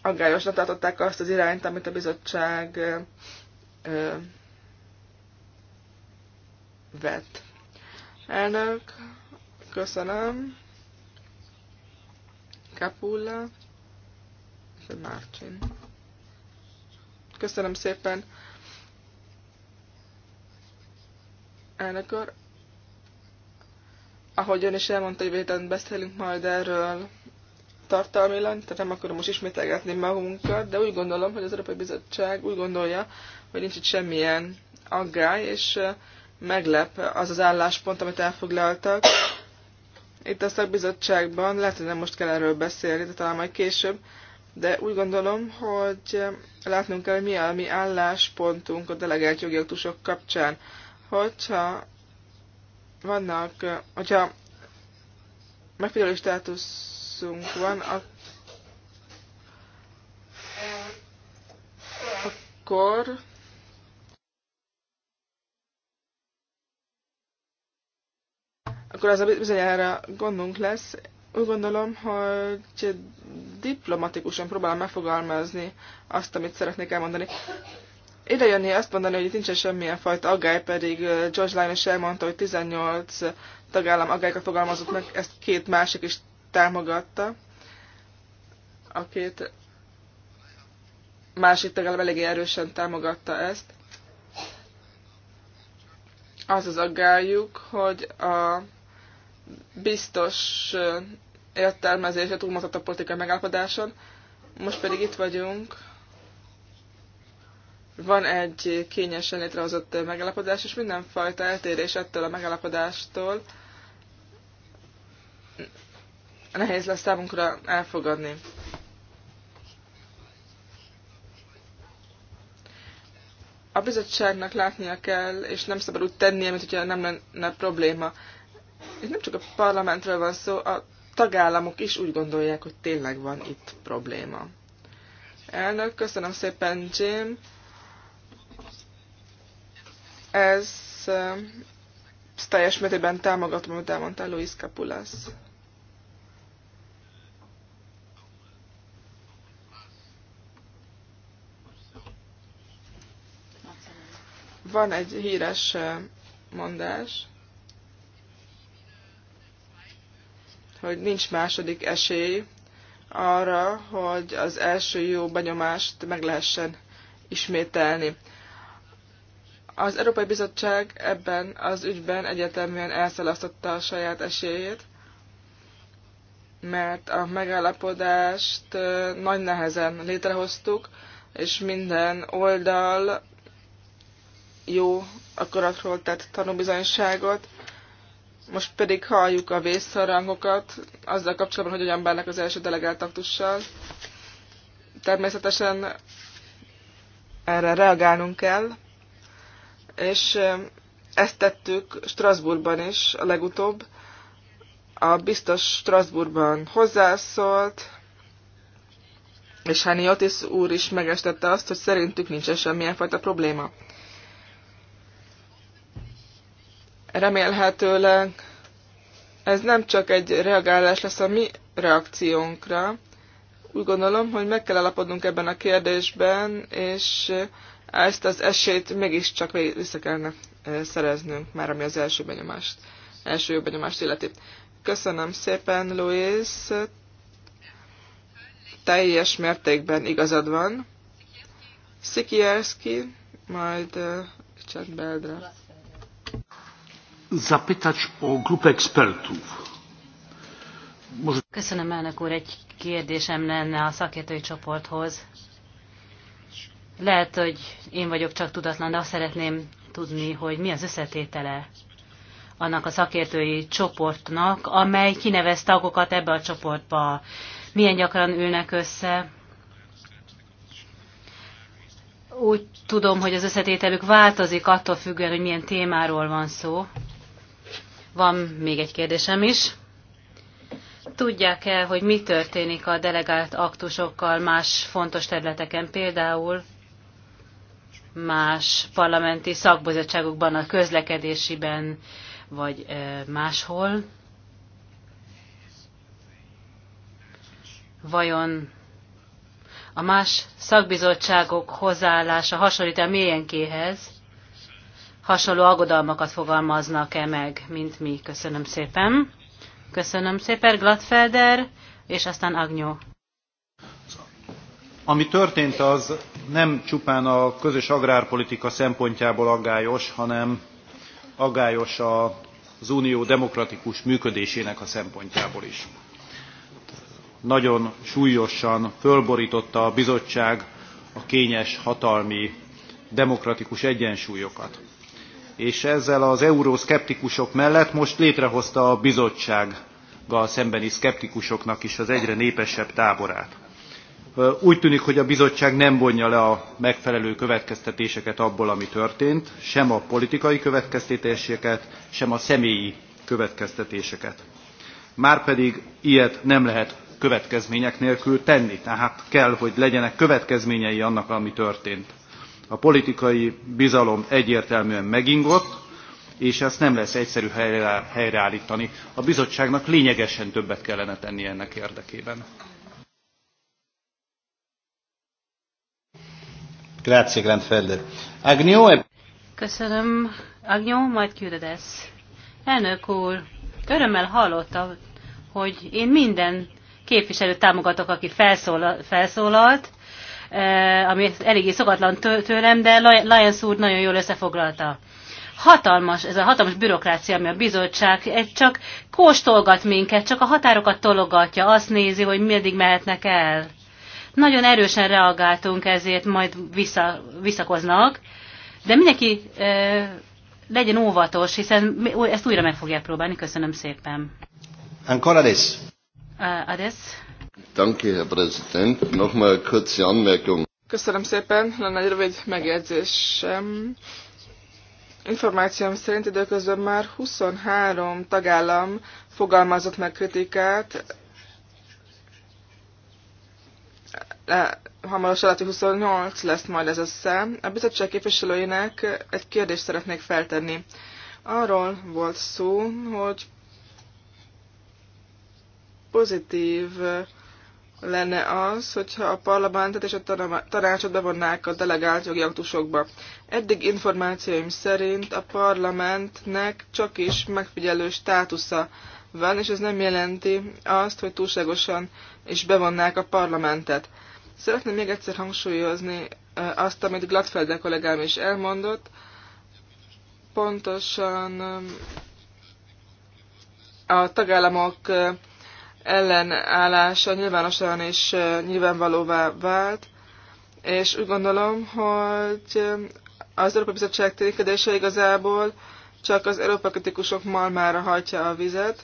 Aggályosnak tartották azt az irányt, amit a bizottság vett. Elnök, köszönöm. Kapulla. és Martin. Köszönöm szépen. Elnök úr, ahogy ön is elmondta, hogy héten beszélünk majd erről tartalmilag, tehát nem akarom most ismételgetni magunkat, de úgy gondolom, hogy az Európai Bizottság úgy gondolja, hogy nincs itt semmilyen aggály, és meglep az az álláspont, amit elfoglaltak. Itt a szakbizottságban, lehet, hogy nem most kell erről beszélni, de talán majd később, de úgy gondolom, hogy látnunk kell, hogy mi a mi álláspontunk a delegált jogi aktusok kapcsán. Hogyha vannak, hogyha megfigyelő státuszunk van, akkor akkor az a bizonyára gondunk lesz. Úgy gondolom, hogy diplomatikusan próbálom megfogalmazni azt, amit szeretnék elmondani. Ide jönni azt mondani, hogy itt nincsen semmilyen fajta aggály, pedig George Lyon is elmondta, hogy 18 tagállam aggályokat fogalmazott meg, ezt két másik is támogatta. A két másik tagállam eléggé erősen támogatta ezt. Az az aggályuk, hogy a biztos értelmezése túlmutat a politikai megállapodáson. Most pedig itt vagyunk. Van egy kényesen létrehozott megállapodás, és mindenfajta eltérés ettől a megállapodástól nehéz lesz számunkra elfogadni. A bizottságnak látnia kell, és nem szabad úgy tennie, mint hogyha nem lenne probléma itt nem csak a parlamentről van szó, a tagállamok is úgy gondolják, hogy tényleg van itt probléma. Elnök, köszönöm szépen, Jim. Ez uh, teljes mértékben támogatom, amit elmondtál, Luis Capulas. Van egy híres eh, mondás, hogy nincs második esély arra, hogy az első jó benyomást meg lehessen ismételni. Az Európai Bizottság ebben az ügyben egyeteműen elszalasztotta a saját esélyét, mert a megállapodást nagy nehezen létrehoztuk, és minden oldal jó akaratról tett tanúbizonyságot, most pedig halljuk a vészharangokat azzal kapcsolatban, hogy hogyan bánnak az első delegált aktussal. Természetesen erre reagálnunk kell, és ezt tettük Strasbourgban is a legutóbb. A biztos Strasbourgban hozzászólt, és Hani Otis úr is megestette azt, hogy szerintük nincsen semmilyen fajta probléma. remélhetőleg ez nem csak egy reagálás lesz a mi reakciónkra. Úgy gondolom, hogy meg kell alapodnunk ebben a kérdésben, és ezt az esélyt mégiscsak vissza kellene szereznünk, már ami az első benyomást, első benyomást illeti. Köszönöm szépen, Louis. Teljes mértékben igazad van. Szikierski, majd Richard Beldra zapytać o grupę ekspertów. Może... Köszönöm, elnök úr, egy kérdésem lenne a szakértői csoporthoz. Lehet, hogy én vagyok csak tudatlan, de azt szeretném tudni, hogy mi az összetétele annak a szakértői csoportnak, amely kinevez tagokat ebbe a csoportba. Milyen gyakran ülnek össze? Úgy tudom, hogy az összetételük változik attól függően, hogy milyen témáról van szó. Van még egy kérdésem is. Tudják-e, hogy mi történik a delegált aktusokkal más fontos területeken, például más parlamenti szakbizottságokban, a közlekedésiben, vagy máshol? Vajon a más szakbizottságok hozzáállása hasonlít a miénkéhez, hasonló aggodalmakat fogalmaznak-e meg, mint mi. Köszönöm szépen. Köszönöm szépen, Gladfelder, és aztán Agnyó. Ami történt, az nem csupán a közös agrárpolitika szempontjából aggályos, hanem aggályos az unió demokratikus működésének a szempontjából is. Nagyon súlyosan fölborította a bizottság a kényes hatalmi demokratikus egyensúlyokat és ezzel az euroszkeptikusok mellett most létrehozta a bizottsággal szembeni szkeptikusoknak is az egyre népesebb táborát. Úgy tűnik, hogy a bizottság nem vonja le a megfelelő következtetéseket abból, ami történt, sem a politikai következtetéseket, sem a személyi következtetéseket. Márpedig ilyet nem lehet következmények nélkül tenni, tehát kell, hogy legyenek következményei annak, ami történt a politikai bizalom egyértelműen megingott és ezt nem lesz egyszerű helyreállítani. a bizottságnak lényegesen többet kellene tennie ennek érdekében. Grazie, Grandfelder. Agnew... E- Köszönöm, Agnyó, majd ezt. Elnök úr, örömmel hallotta, hogy én minden képviselőt támogatok, aki felszólalt, Eh, ami eléggé szokatlan tőlem, de Lyons úr nagyon jól összefoglalta. Hatalmas, ez a hatalmas bürokrácia, ami a bizottság egy csak kóstolgat minket, csak a határokat tologatja, azt nézi, hogy meddig mehetnek el. Nagyon erősen reagáltunk, ezért majd vissza, visszakoznak, de mindenki e, legyen óvatos, hiszen ezt újra meg fogják próbálni. Köszönöm szépen. Ancora adesso. Uh, adesso. Danke, Herr Präsident. kurze Anmerkung. Köszönöm szépen, lenne egy rövid megjegyzésem. Információm szerint időközben már 23 tagállam fogalmazott meg kritikát, le, hamarosan 28 lesz majd ez a szám. A bizottság képviselőinek egy kérdést szeretnék feltenni. Arról volt szó, hogy pozitív lenne az, hogyha a parlamentet és a tanácsot bevonnák a delegált jogi aktusokba. Eddig információim szerint a parlamentnek csak is megfigyelő státusza van, és ez nem jelenti azt, hogy túlságosan is bevonnák a parlamentet. Szeretném még egyszer hangsúlyozni eh, azt, amit Gladfelder kollégám is elmondott. Pontosan eh, a tagállamok eh, ellenállása nyilvánosan és nyilvánvalóvá vált, és úgy gondolom, hogy az Európai Bizottság ténykedése igazából csak az Európa kritikusok malmára hajtja a vizet.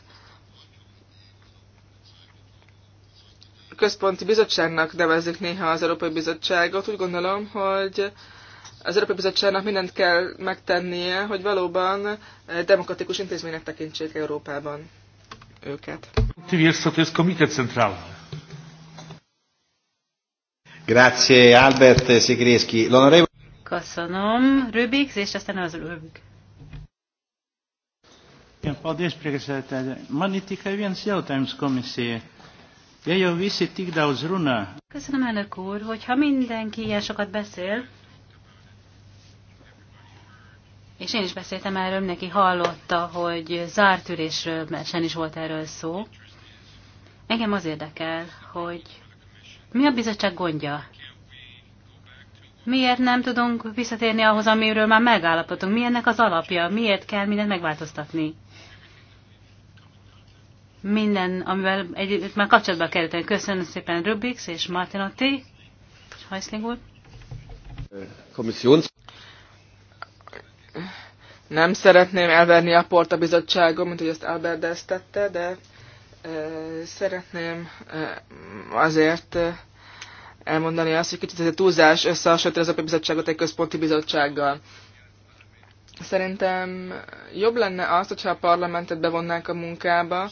A központi bizottságnak nevezik néha az Európai Bizottságot. Úgy gondolom, hogy az Európai Bizottságnak mindent kell megtennie, hogy valóban demokratikus intézménynek tekintsék Európában őket. Ty wiesz, co to jest komitet centralny. Grazie Albert L'onorevole. Köszönöm. Rubik, és aztán az Rubik. Jā, paldies, priekšsēdētāji. Man ir tikai viens jautājums komisijai. Ja jau visi tik daudz runa. Köszönöm, elnök úr, hogyha mindenki ilyen sokat beszél, és én is beszéltem erről, neki hallotta, hogy zárt ülésről, mert sen is volt erről szó. Engem az érdekel, hogy mi a bizottság gondja? Miért nem tudunk visszatérni ahhoz, amiről már megállapodtunk? Mi ennek az alapja? Miért kell mindent megváltoztatni? Minden, amivel egy, már kapcsolatban kerültem. Köszönöm szépen Rubix és Martin Otti. Heisling úr. Nem szeretném elverni a port a mint hogy ezt Albert tette, de Szeretném azért elmondani azt, hogy kicsit ez a túlzás összehasonlítani az Európai Bizottságot egy központi bizottsággal. Szerintem jobb lenne az, hogyha a parlamentet bevonnák a munkába,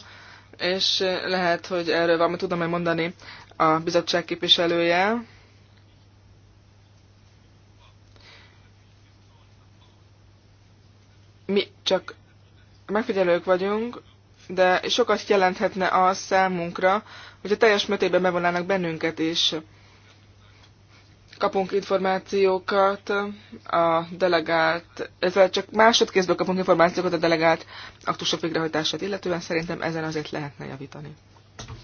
és lehet, hogy erről valamit tudom majd mondani a bizottság képviselője. Mi csak megfigyelők vagyunk, de sokat jelenthetne a számunkra, hogyha teljes mértékben bevonnának bennünket is. Kapunk információkat a delegált, ezzel csak másodkézből kapunk információkat a delegált aktusok végrehajtását, illetően szerintem ezen azért lehetne javítani.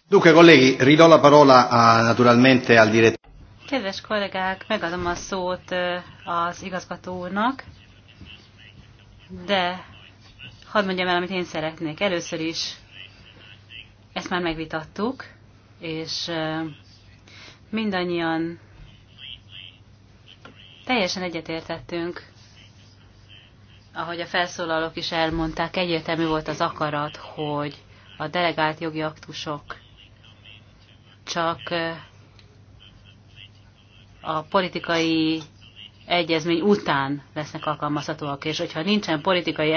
Dunque, kollégi, ridò la parola a, ah, naturalmente al direttore. Kedves kollégák, megadom a szót eh, az igazgatónak, de Hadd mondjam el, amit én szeretnék. Először is ezt már megvitattuk, és mindannyian teljesen egyetértettünk, ahogy a felszólalók is elmondták, egyértelmű volt az akarat, hogy a delegált jogi aktusok csak a politikai egyezmény után lesznek alkalmazhatóak, és hogyha nincsen politikai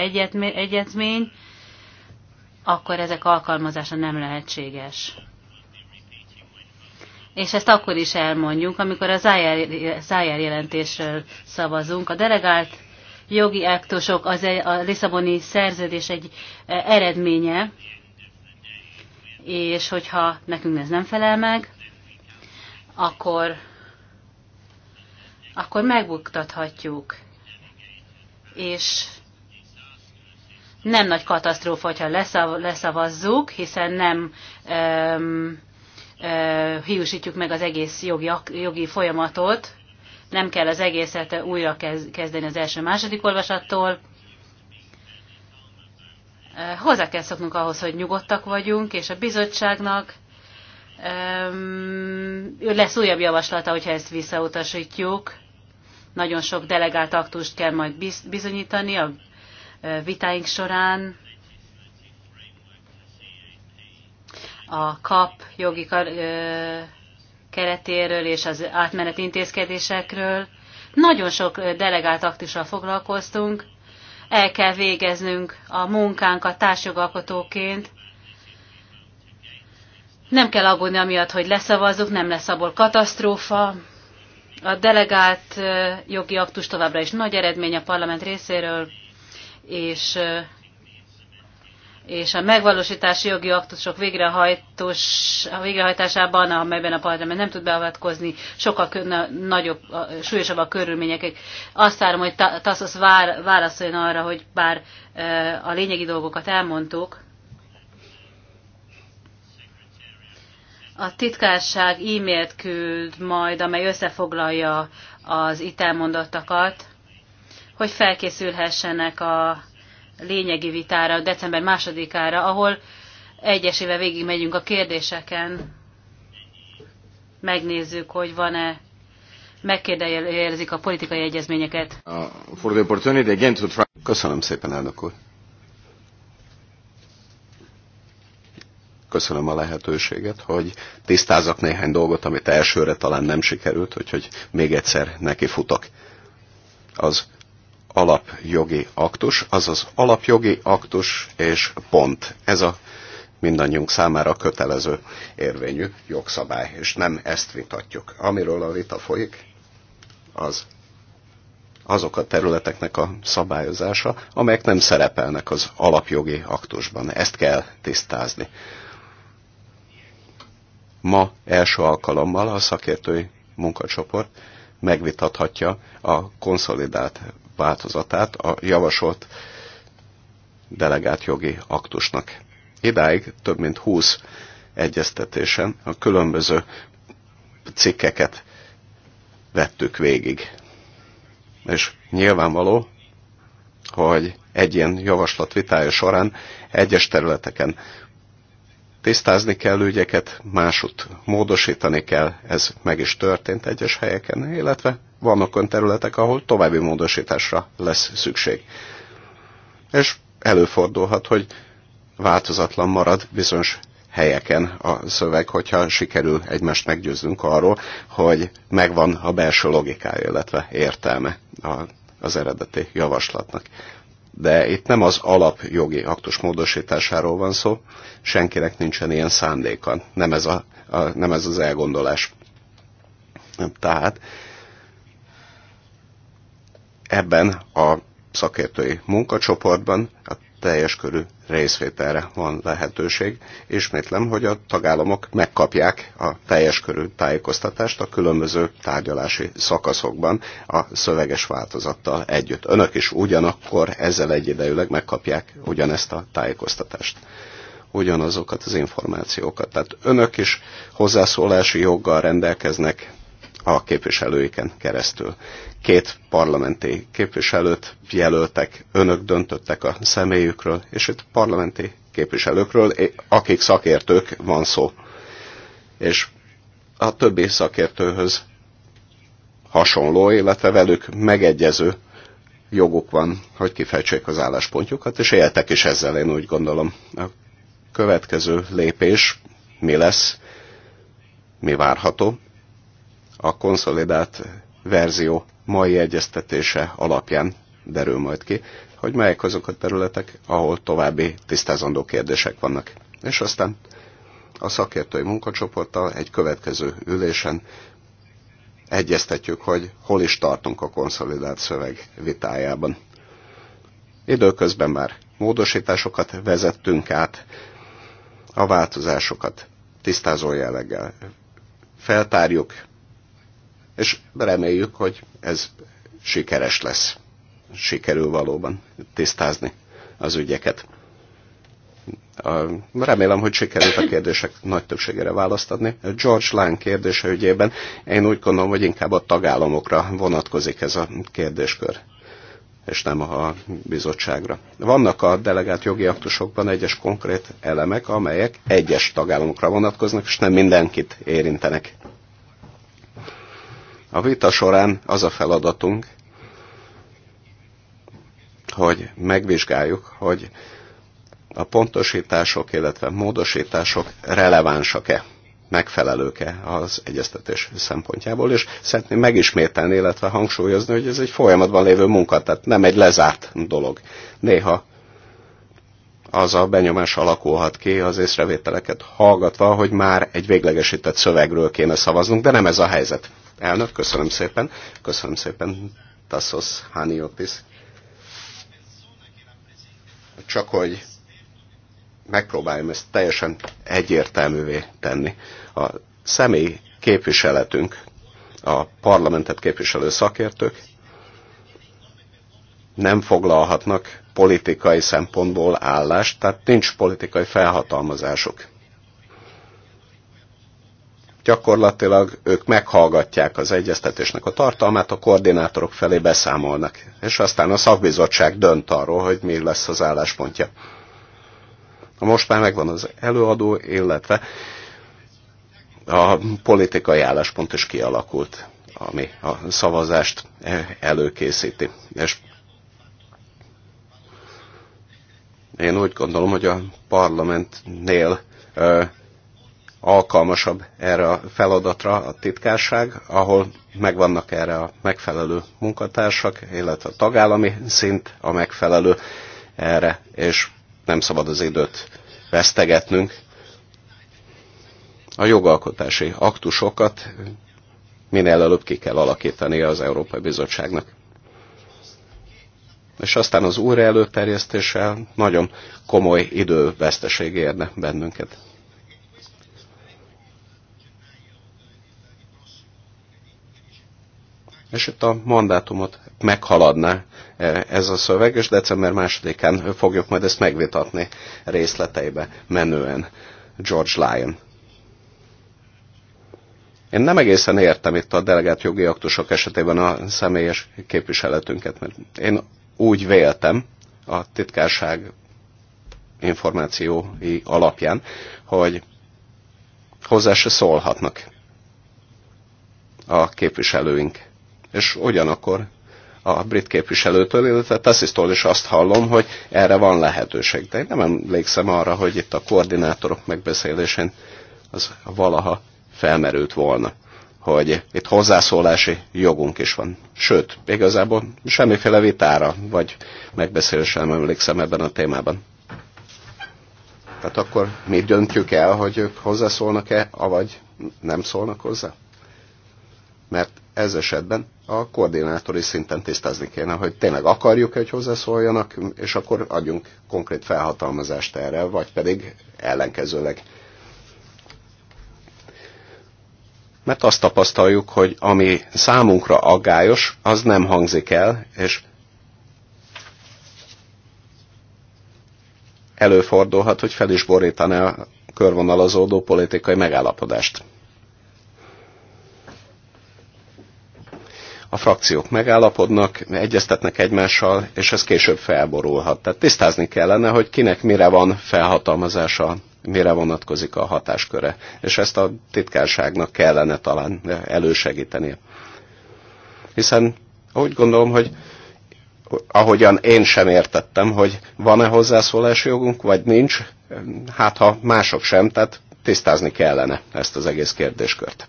egyezmény, akkor ezek alkalmazása nem lehetséges. És ezt akkor is elmondjuk, amikor a Zájár jelentésről szavazunk. A delegált jogi aktusok az a Lisszaboni szerződés egy e, eredménye, és hogyha nekünk ez nem felel meg, akkor akkor megbuktathatjuk. És nem nagy katasztrófa, hogyha leszav, leszavazzuk, hiszen nem öm, ö, hiúsítjuk meg az egész jogi, jogi folyamatot, nem kell az egészet újra kezdeni az első-második olvasattól. Eh, hozzá kell szoknunk ahhoz, hogy nyugodtak vagyunk, és a bizottságnak lesz újabb javaslata, hogyha ezt visszautasítjuk nagyon sok delegált aktust kell majd bizonyítani a vitáink során. A KAP jogi keretéről és az átmeneti intézkedésekről. Nagyon sok delegált aktussal foglalkoztunk. El kell végeznünk a munkánkat társjogalkotóként, nem kell aggódni amiatt, hogy leszavazzuk, nem lesz abból katasztrófa. A delegált jogi aktus továbbra is nagy eredmény a parlament részéről, és és a megvalósítási jogi aktusok végrehajtós, a végrehajtásában, amelyben a parlament nem tud beavatkozni, sokkal nagyobb, súlyosabb a körülmények. Azt várom, hogy Tassos válaszoljon arra, hogy bár a lényegi dolgokat elmondtuk, A titkárság e-mailt küld majd, amely összefoglalja az itt elmondottakat, hogy felkészülhessenek a lényegi vitára, december másodikára, ahol egyesével megyünk a kérdéseken, megnézzük, hogy van-e, megkérdezik a politikai egyezményeket. Uh, Köszönöm szépen, elnök úr. köszönöm a lehetőséget, hogy tisztázak néhány dolgot, amit elsőre talán nem sikerült, úgyhogy még egyszer neki futok. Az alapjogi aktus, azaz alapjogi aktus és pont. Ez a mindannyiunk számára kötelező érvényű jogszabály, és nem ezt vitatjuk. Amiről a vita folyik, az azok a területeknek a szabályozása, amelyek nem szerepelnek az alapjogi aktusban. Ezt kell tisztázni. Ma első alkalommal a szakértői munkacsoport megvitathatja a konszolidált változatát a javasolt delegált jogi aktusnak. Idáig több mint 20 egyeztetésen a különböző cikkeket vettük végig. És nyilvánvaló, hogy egy ilyen javaslat vitája során egyes területeken tisztázni kell ügyeket, másút módosítani kell, ez meg is történt egyes helyeken, illetve vannak olyan területek, ahol további módosításra lesz szükség. És előfordulhat, hogy változatlan marad bizonyos helyeken a szöveg, hogyha sikerül egymást meggyőznünk arról, hogy megvan a belső logikája, illetve értelme az eredeti javaslatnak de itt nem az alapjogi aktus módosításáról van szó, senkinek nincsen ilyen szándéka, nem ez, a, a, nem ez az elgondolás. Tehát ebben a szakértői munkacsoportban a teljes körű részvételre van lehetőség. Ismétlem, hogy a tagállamok megkapják a teljes körű tájékoztatást a különböző tárgyalási szakaszokban a szöveges változattal együtt. Önök is ugyanakkor ezzel egyidejűleg megkapják ugyanezt a tájékoztatást ugyanazokat az információkat. Tehát önök is hozzászólási joggal rendelkeznek a képviselőiken keresztül. Két parlamenti képviselőt jelöltek, önök döntöttek a személyükről, és itt parlamenti képviselőkről, akik szakértők van szó. És a többi szakértőhöz hasonló, illetve velük megegyező joguk van, hogy kifejtsék az álláspontjukat, és éltek is ezzel, én úgy gondolom. A következő lépés mi lesz, mi várható, a konszolidált verzió mai egyeztetése alapján derül majd ki, hogy melyek azok a területek, ahol további tisztázandó kérdések vannak. És aztán a szakértői munkacsoporttal egy következő ülésen egyeztetjük, hogy hol is tartunk a konszolidált szöveg vitájában. Időközben már módosításokat vezettünk át, a változásokat tisztázó jelleggel feltárjuk, és reméljük, hogy ez sikeres lesz. Sikerül valóban tisztázni az ügyeket. Remélem, hogy sikerült a kérdések nagy többségére választ adni. George Lane kérdése ügyében én úgy gondolom, hogy inkább a tagállamokra vonatkozik ez a kérdéskör és nem a bizottságra. Vannak a delegált jogi aktusokban egyes konkrét elemek, amelyek egyes tagállamokra vonatkoznak, és nem mindenkit érintenek. A vita során az a feladatunk, hogy megvizsgáljuk, hogy a pontosítások, illetve módosítások relevánsak-e, megfelelők-e az egyeztetés szempontjából, és szeretném megismételni, illetve hangsúlyozni, hogy ez egy folyamatban lévő munka, tehát nem egy lezárt dolog. Néha az a benyomás alakulhat ki az észrevételeket hallgatva, hogy már egy véglegesített szövegről kéne szavaznunk, de nem ez a helyzet. Elnök, köszönöm szépen. Köszönöm szépen, Tassos Haniotis. Csak hogy megpróbáljam ezt teljesen egyértelművé tenni. A személy képviseletünk, a parlamentet képviselő szakértők nem foglalhatnak politikai szempontból állást, tehát nincs politikai felhatalmazásuk gyakorlatilag ők meghallgatják az egyeztetésnek a tartalmát, a koordinátorok felé beszámolnak, és aztán a szakbizottság dönt arról, hogy mi lesz az álláspontja. Most már megvan az előadó, illetve a politikai álláspont is kialakult, ami a szavazást előkészíti. És én úgy gondolom, hogy a parlamentnél alkalmasabb erre a feladatra a titkárság, ahol megvannak erre a megfelelő munkatársak, illetve a tagállami szint a megfelelő erre, és nem szabad az időt vesztegetnünk. A jogalkotási aktusokat minél előbb ki kell alakítani az Európai Bizottságnak. És aztán az újra előterjesztéssel nagyon komoly időveszteség érne bennünket. és itt a mandátumot meghaladná e, ez a szöveg, és december másodikán fogjuk majd ezt megvitatni részleteibe menően George Lyon. Én nem egészen értem itt a delegált jogi aktusok esetében a személyes képviseletünket, mert én úgy véltem a titkárság információi alapján, hogy hozzá se szólhatnak a képviselőink és ugyanakkor a brit képviselőtől, illetve Tassisztól is azt hallom, hogy erre van lehetőség. De én nem emlékszem arra, hogy itt a koordinátorok megbeszélésén az valaha felmerült volna, hogy itt hozzászólási jogunk is van. Sőt, igazából semmiféle vitára vagy megbeszélésre nem emlékszem ebben a témában. Tehát akkor mi döntjük el, hogy ők hozzászólnak-e, avagy nem szólnak hozzá? Mert ez esetben a koordinátori szinten tisztázni kéne, hogy tényleg akarjuk, hogy hozzászóljanak, és akkor adjunk konkrét felhatalmazást erre, vagy pedig ellenkezőleg. Mert azt tapasztaljuk, hogy ami számunkra aggályos, az nem hangzik el, és előfordulhat, hogy fel is borítaná a körvonalazódó politikai megállapodást. a frakciók megállapodnak, egyeztetnek egymással, és ez később felborulhat. Tehát tisztázni kellene, hogy kinek mire van felhatalmazása, mire vonatkozik a hatásköre. És ezt a titkárságnak kellene talán elősegíteni. Hiszen úgy gondolom, hogy ahogyan én sem értettem, hogy van-e hozzászólási jogunk, vagy nincs, hát ha mások sem, tehát tisztázni kellene ezt az egész kérdéskört.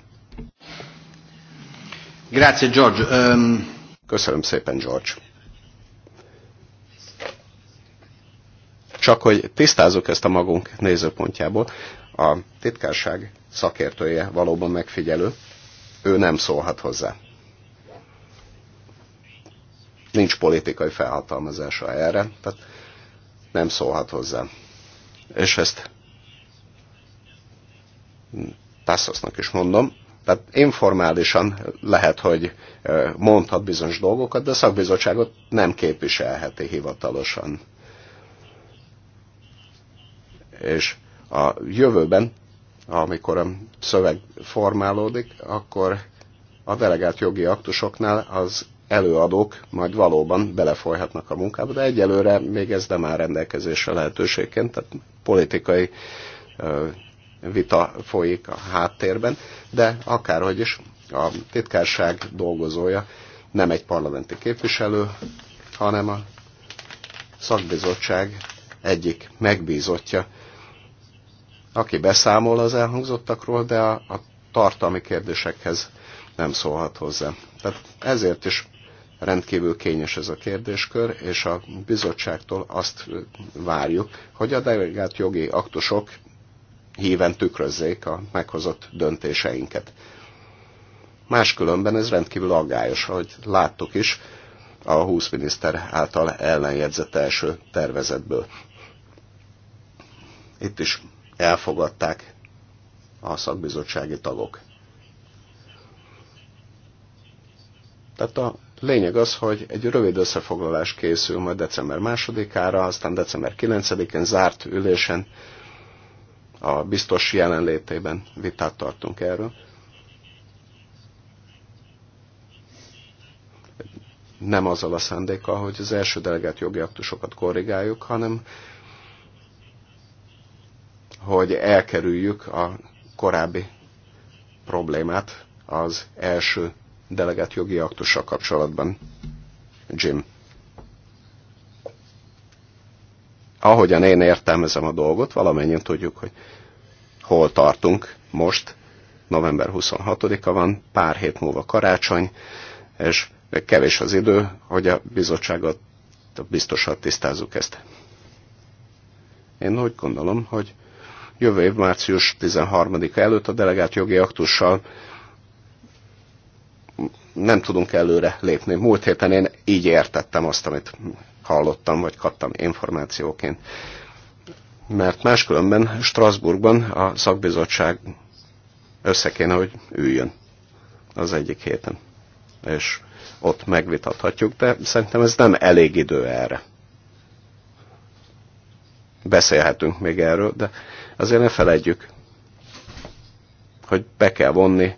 Grazie, George. Um... Köszönöm szépen, George. Csak hogy tisztázzuk ezt a magunk nézőpontjából, a titkárság szakértője valóban megfigyelő, ő nem szólhat hozzá. Nincs politikai felhatalmazása erre, tehát nem szólhat hozzá. És ezt Tassosnak is mondom, tehát informálisan lehet, hogy mondhat bizonyos dolgokat, de a szakbizottságot nem képviselheti hivatalosan. És a jövőben, amikor a szöveg formálódik, akkor a delegált jogi aktusoknál az előadók majd valóban belefolyhatnak a munkába, de egyelőre még ez nem áll rendelkezésre lehetőségként, tehát politikai vita folyik a háttérben, de akárhogy is a titkárság dolgozója nem egy parlamenti képviselő, hanem a szakbizottság egyik megbízottja, aki beszámol az elhangzottakról, de a, a tartalmi kérdésekhez nem szólhat hozzá. Tehát ezért is rendkívül kényes ez a kérdéskör, és a bizottságtól azt várjuk, hogy a delegált jogi aktusok híven tükrözzék a meghozott döntéseinket. Máskülönben ez rendkívül aggályos, ahogy láttuk is a 20 miniszter által ellenjegyzett első tervezetből. Itt is elfogadták a szakbizottsági tagok. Tehát a lényeg az, hogy egy rövid összefoglalás készül majd december másodikára, aztán december 9-én zárt ülésen a biztos jelenlétében vitát tartunk erről. Nem azzal a szándéka, hogy az első delegált jogi aktusokat korrigáljuk, hanem hogy elkerüljük a korábbi problémát az első delegált jogi aktussal kapcsolatban. Jim. ahogyan én értelmezem a dolgot, valamennyien tudjuk, hogy hol tartunk most, november 26-a van, pár hét múlva karácsony, és kevés az idő, hogy a bizottságot biztosan tisztázzuk ezt. Én úgy gondolom, hogy jövő év március 13-a előtt a delegált jogi aktussal nem tudunk előre lépni. Múlt héten én így értettem azt, amit hallottam, vagy kaptam információként. Mert máskülönben Strasbourgban a szakbizottság össze kéne, hogy üljön az egyik héten. És ott megvitathatjuk, de szerintem ez nem elég idő erre. Beszélhetünk még erről, de azért ne felejtjük, hogy be kell vonni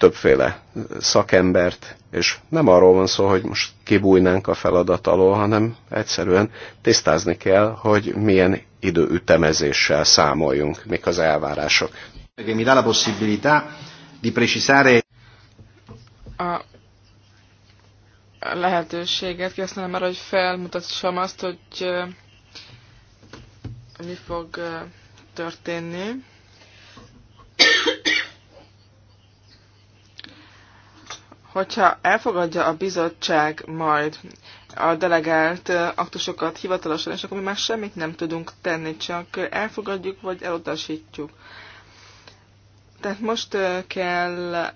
többféle szakembert, és nem arról van szó, hogy most kibújnánk a feladat alól, hanem egyszerűen tisztázni kell, hogy milyen időütemezéssel számoljunk, mik az elvárások. A lehetőséget kihasználom arra, hogy felmutassam azt, hogy mi fog történni. Hogyha elfogadja a bizottság majd a delegált aktusokat hivatalosan, és akkor mi már semmit nem tudunk tenni, csak elfogadjuk vagy elutasítjuk. Tehát most kell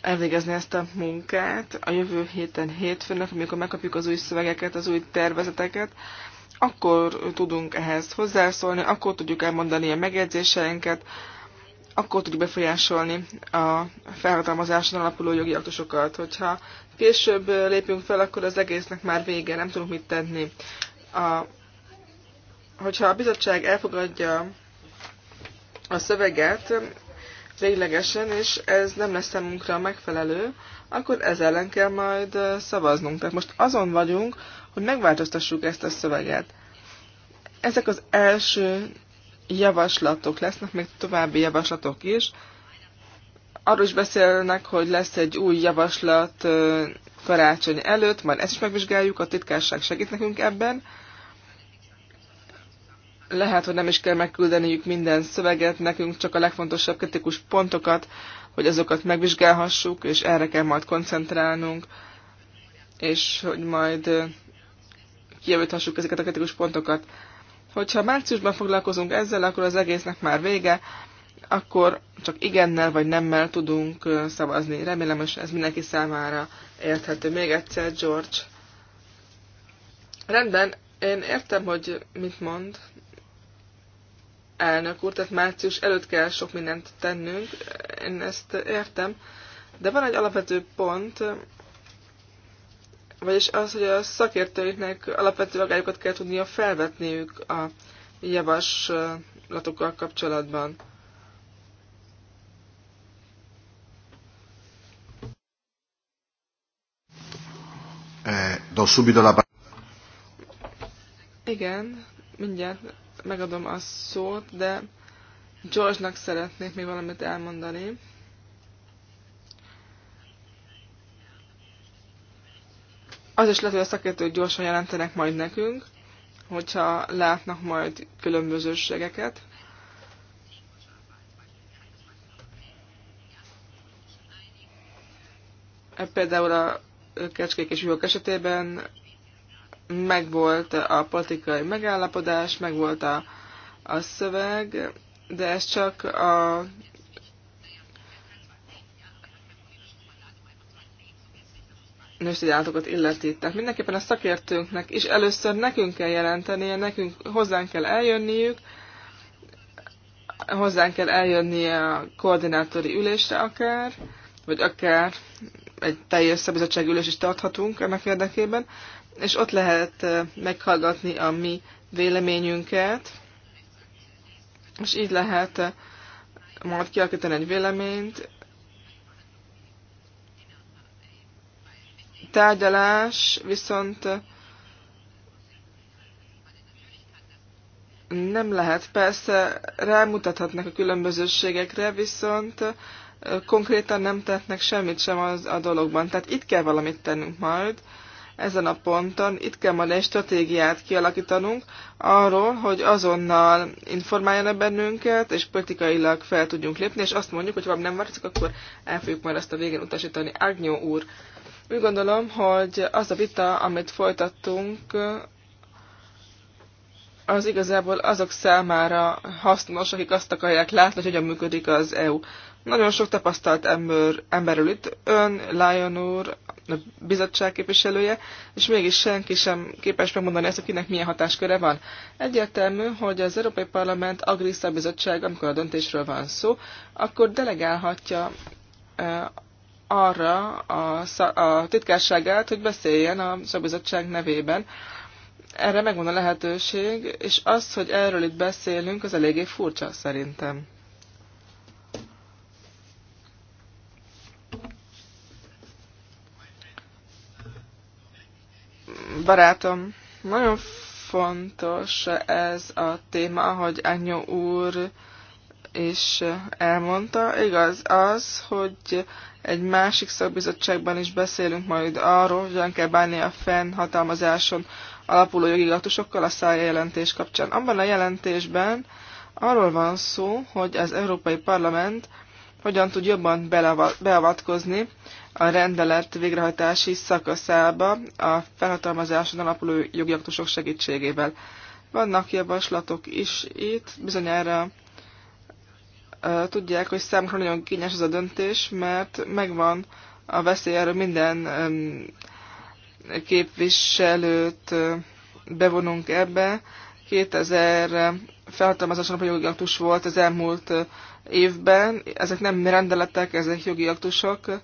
elvégezni ezt a munkát a jövő héten hétfőn, amikor megkapjuk az új szövegeket, az új tervezeteket, akkor tudunk ehhez hozzászólni, akkor tudjuk elmondani a megjegyzéseinket, akkor tudjuk befolyásolni a felhatalmazáson alapuló jogi aktusokat. Hogyha később lépünk fel, akkor az egésznek már vége, nem tudunk mit tenni. A, hogyha a bizottság elfogadja a szöveget véglegesen, és ez nem lesz számunkra megfelelő, akkor ez ellen kell majd szavaznunk. Tehát most azon vagyunk, hogy megváltoztassuk ezt a szöveget. Ezek az első javaslatok lesznek, még további javaslatok is. Arról is beszélnek, hogy lesz egy új javaslat karácsony előtt, majd ezt is megvizsgáljuk, a titkárság segít nekünk ebben. Lehet, hogy nem is kell megküldeniük minden szöveget nekünk, csak a legfontosabb kritikus pontokat, hogy azokat megvizsgálhassuk, és erre kell majd koncentrálnunk, és hogy majd kijavíthassuk ezeket a kritikus pontokat. Hogyha márciusban foglalkozunk ezzel, akkor az egésznek már vége, akkor csak igennel vagy nemmel tudunk szavazni. Remélem, hogy ez mindenki számára érthető. Még egyszer, George. Rendben, én értem, hogy mit mond elnök úr, tehát március előtt kell sok mindent tennünk, én ezt értem, de van egy alapvető pont, vagyis az, hogy a szakértőiknek alapvető agályokat kell tudnia felvetniük a javaslatokkal kapcsolatban. Do subito la Igen, mindjárt megadom a szót, de George-nak szeretnék még valamit elmondani. Az is lehet, hogy a szakértők gyorsan jelentenek majd nekünk, hogyha látnak majd különbözőségeket. E például a kecskék és juhok esetében megvolt a politikai megállapodás, megvolt a, a szöveg, de ez csak a állatokat illeti. Tehát mindenképpen a szakértőnknek is először nekünk kell jelentenie, nekünk hozzánk kell eljönniük, hozzánk kell eljönnie a koordinátori ülésre akár, vagy akár egy teljes szabizottság ülés is tarthatunk ennek érdekében, és ott lehet eh, meghallgatni a mi véleményünket, és így lehet eh, majd kialakítani egy véleményt, tárgyalás viszont nem lehet. Persze rámutathatnak a különbözőségekre, viszont konkrétan nem tettnek semmit sem az, a dologban. Tehát itt kell valamit tennünk majd, ezen a ponton, itt kell majd egy stratégiát kialakítanunk arról, hogy azonnal informáljanak bennünket, és politikailag fel tudjunk lépni, és azt mondjuk, hogy ha nem változik, akkor el fogjuk majd ezt a végén utasítani. Ágnyó úr, úgy gondolom, hogy az a vita, amit folytattunk, az igazából azok számára hasznos, akik azt akarják látni, hogy hogyan működik az EU. Nagyon sok tapasztalt ember, emberül itt, ön, Lion úr, a bizottság képviselője, és mégis senki sem képes megmondani ezt, akinek milyen hatásköre van. Egyértelmű, hogy az Európai Parlament Agrisza Bizottság, amikor a döntésről van szó, akkor delegálhatja arra a, a titkárságát, hogy beszéljen a szabizottság nevében. Erre megvan a lehetőség, és az, hogy erről itt beszélünk, az eléggé furcsa szerintem. Barátom, nagyon fontos ez a téma, ahogy Ányó úr is elmondta. Igaz az, hogy egy másik szakbizottságban is beszélünk majd arról, hogy hogyan kell bánni a fennhatalmazáson alapuló jogi a szája jelentés kapcsán. Abban a jelentésben arról van szó, hogy az Európai Parlament hogyan tud jobban beavatkozni a rendelet végrehajtási szakaszába a felhatalmazáson alapuló jogi segítségével. Vannak javaslatok is itt, bizonyára tudják, hogy számukra nagyon kényes ez a döntés, mert megvan a veszély erről minden képviselőt bevonunk ebbe. 2000 felhatalmazás napra jogi aktus volt az elmúlt évben. Ezek nem rendeletek, ezek jogi aktusok.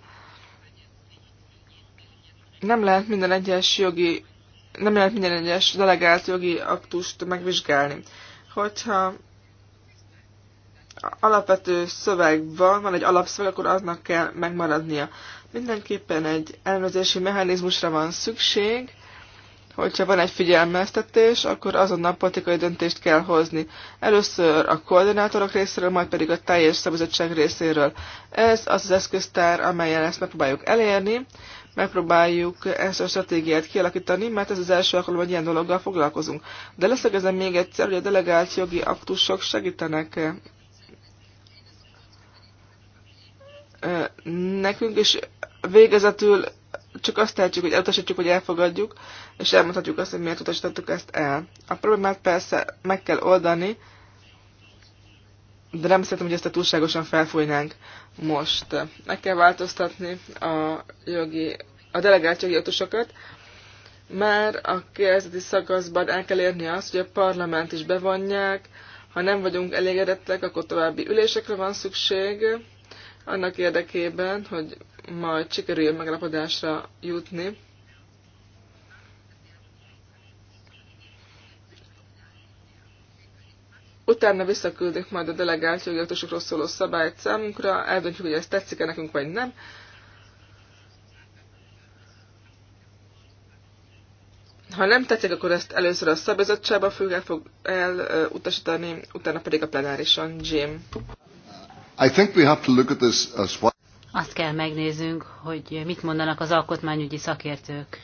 Nem lehet minden egyes jogi, nem lehet minden egyes delegált jogi aktust megvizsgálni. Hogyha alapvető szöveg van van egy alapszöveg, akkor aznak kell megmaradnia. Mindenképpen egy ellenőrzési mechanizmusra van szükség, hogyha van egy figyelmeztetés, akkor azonnal politikai döntést kell hozni. Először a koordinátorok részéről, majd pedig a teljes szabadság részéről. Ez az az eszköztár, amelyen ezt megpróbáljuk elérni, megpróbáljuk ezt a stratégiát kialakítani, mert ez az első alkalom, hogy ilyen dologgal foglalkozunk. De leszögezem még egyszer, hogy a delegált jogi aktusok segítenek nekünk, és végezetül csak azt tehetjük, hogy elutasítjuk, hogy elfogadjuk, és elmondhatjuk azt, hogy miért utasítottuk ezt el. A problémát persze meg kell oldani, de nem szeretem, hogy ezt a túlságosan felfújnánk most. Meg kell változtatni a, jogi, a delegált jogi otusokat, mert a kezdeti szakaszban el kell érni azt, hogy a parlament is bevonják, ha nem vagyunk elégedettek, akkor további ülésekre van szükség, annak érdekében, hogy majd sikerüljön megalapodásra jutni. Utána visszaküldik majd a delegált jogjogatosokról szóló szabályt számunkra, eldöntjük, hogy ez tetszik-e nekünk, vagy nem. Ha nem tetszik, akkor ezt először a szabályzatsába fog el, fog elutasítani, utána pedig a plenárison, Jim azt kell megnéznünk, hogy mit mondanak az alkotmányügyi szakértők.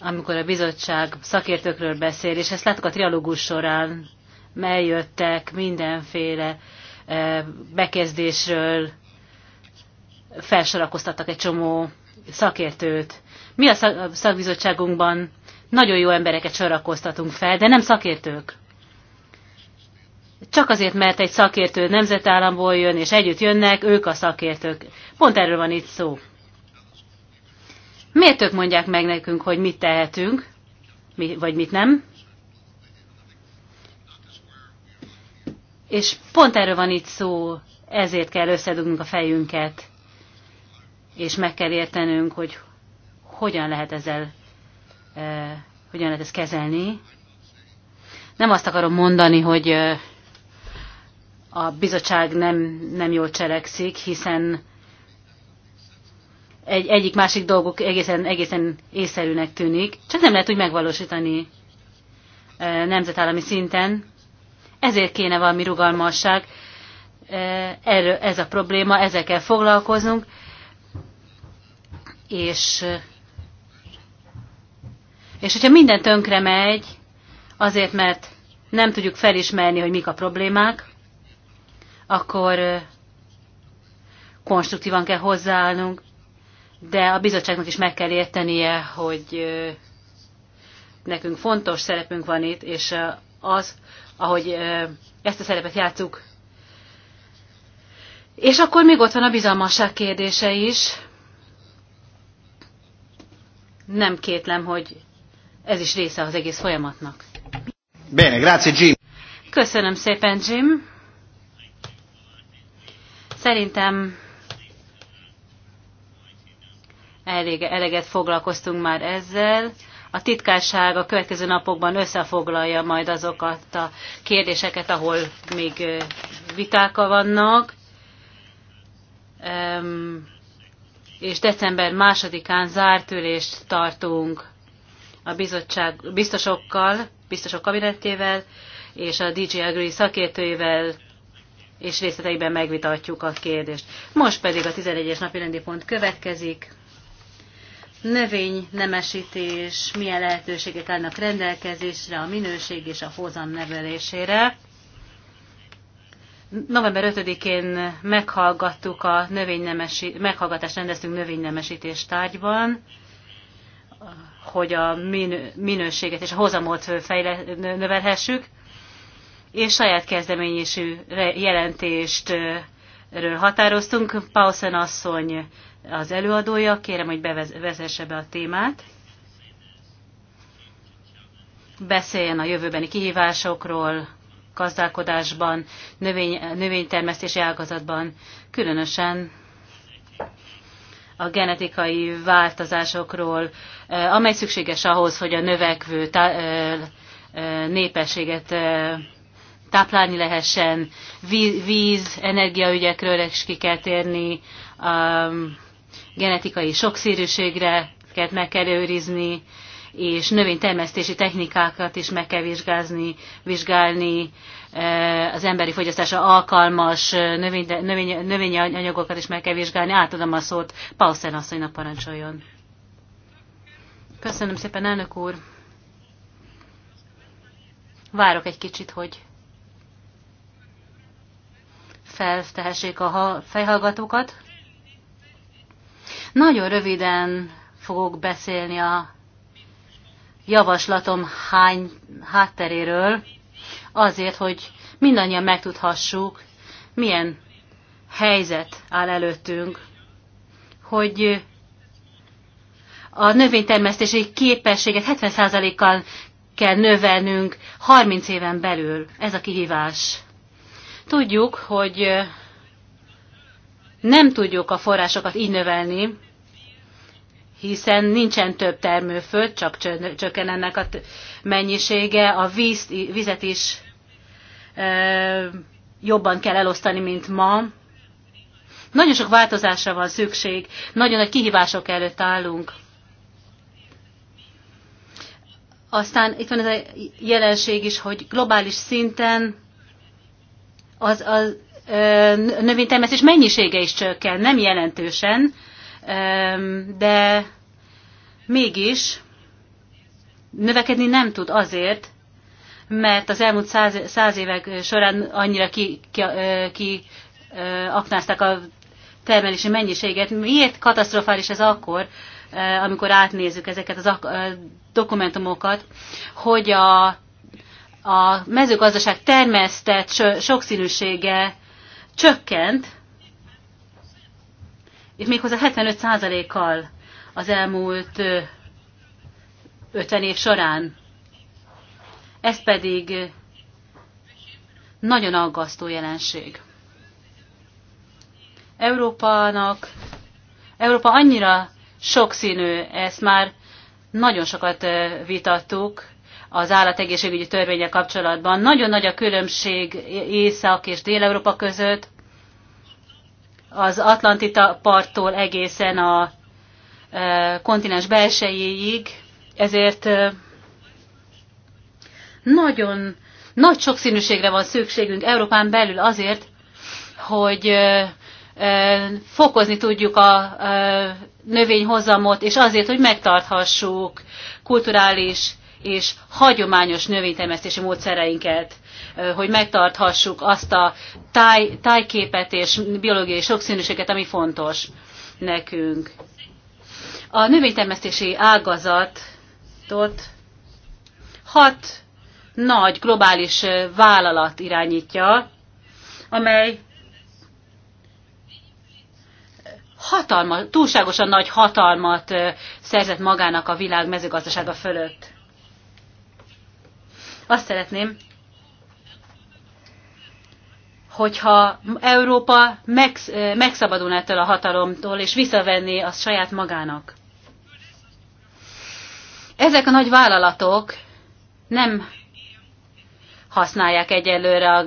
Amikor a bizottság szakértőkről beszél, és ezt látok a trialógus során, jöttek mindenféle e, bekezdésről, felsorakoztattak egy csomó szakértőt. Mi a szakbizottságunkban nagyon jó embereket sorakoztatunk fel, de nem szakértők csak azért, mert egy szakértő nemzetállamból jön, és együtt jönnek, ők a szakértők. Pont erről van itt szó. Miért ők mondják meg nekünk, hogy mit tehetünk, vagy mit nem? És pont erről van itt szó, ezért kell összedugnunk a fejünket, és meg kell értenünk, hogy hogyan lehet ezzel, eh, hogyan lehet ezt kezelni. Nem azt akarom mondani, hogy eh, a bizottság nem, nem jól cselekszik, hiszen egy, egyik másik dolgok egészen, egészen észszerűnek tűnik, csak nem lehet úgy megvalósítani e, nemzetállami szinten. Ezért kéne valami rugalmasság. E, erről ez a probléma, ezzel kell foglalkoznunk, és, és hogyha minden tönkre megy, azért mert nem tudjuk felismerni, hogy mik a problémák, akkor konstruktívan kell hozzáállnunk, de a bizottságnak is meg kell értenie, hogy nekünk fontos szerepünk van itt, és az, ahogy ezt a szerepet játszuk. És akkor még ott van a bizalmasság kérdése is. Nem kétlem, hogy ez is része az egész folyamatnak. Bene, grazie Jim. Köszönöm szépen, Jim. Szerintem elég, eleget foglalkoztunk már ezzel. A titkárság a következő napokban összefoglalja majd azokat a kérdéseket, ahol még viták vannak. És december másodikán zárt ülést tartunk a bizottság biztosokkal, biztosok kabinettével és a DJ Agri szakértőivel és részleteiben megvitatjuk a kérdést. Most pedig a 11-es napi rendi pont következik. Növény nemesítés, milyen lehetőségek állnak rendelkezésre a minőség és a hozam nevelésére. November 5-én meghallgattuk a növénynemesi, meghallgatást rendeztünk növénynemesítés tárgyban, hogy a minőséget és a hozamot fejle, növelhessük és saját kezdeményésű jelentést határoztunk. Pausen asszony az előadója, kérem, hogy bevezesse be a témát. Beszéljen a jövőbeni kihívásokról, gazdálkodásban, növény, növénytermesztési ágazatban, különösen a genetikai változásokról, amely szükséges ahhoz, hogy a növekvő népességet táplálni lehessen, víz, energiaügyekről is ki kell térni, um, genetikai sokszínűségre kell meg kell őrizni, és növénytermesztési technikákat is meg kell vizsgálni, vizsgálni eh, az emberi fogyasztásra alkalmas eh, növény, növény, anyagokat is meg kell vizsgálni. Átadom a szót Pauszen asszonynak parancsoljon. Köszönöm szépen, elnök úr. Várok egy kicsit, hogy feltehessék a fejhallgatókat. Nagyon röviden fogok beszélni a javaslatom hány hátteréről, azért, hogy mindannyian megtudhassuk, milyen helyzet áll előttünk, hogy a növénytermesztési képességet 70%-kal kell növelnünk 30 éven belül. Ez a kihívás. Tudjuk, hogy nem tudjuk a forrásokat így növelni, hiszen nincsen több termőföld, csak csökken ennek a mennyisége. A víz, vizet is e, jobban kell elosztani, mint ma. Nagyon sok változásra van szükség, nagyon nagy kihívások előtt állunk. Aztán itt van ez a jelenség is, hogy globális szinten az a növénytermesztés mennyisége is csökken, nem jelentősen, de mégis növekedni nem tud azért, mert az elmúlt száz, száz évek során annyira kiaknázták ki, ki a termelési mennyiséget. Miért katasztrofális ez akkor, amikor átnézzük ezeket az dokumentumokat, hogy a a mezőgazdaság termesztett sokszínűsége csökkent, és méghozzá 75%-kal az elmúlt 50 év során. Ez pedig nagyon aggasztó jelenség. Európának, Európa annyira sokszínű, ezt már nagyon sokat vitattuk, az állategészségügyi törvénye kapcsolatban. Nagyon nagy a különbség Észak és Dél-Európa között, az Atlanti parttól egészen a e, kontinens belsejéig, ezért e, nagyon nagy sokszínűségre van szükségünk Európán belül azért, hogy e, fokozni tudjuk a növényhozamot, és azért, hogy megtarthassuk kulturális és hagyományos növénytermesztési módszereinket, hogy megtarthassuk azt a táj, tájképet és biológiai sokszínűséget, ami fontos nekünk. A növénytermesztési ágazatot hat nagy globális vállalat irányítja, amely hatalma, túlságosan nagy hatalmat szerzett magának a világ mezőgazdasága fölött. Azt szeretném, hogyha Európa megsz, megszabadulna ettől a hatalomtól, és visszavenné azt saját magának. Ezek a nagy vállalatok nem használják egyelőre a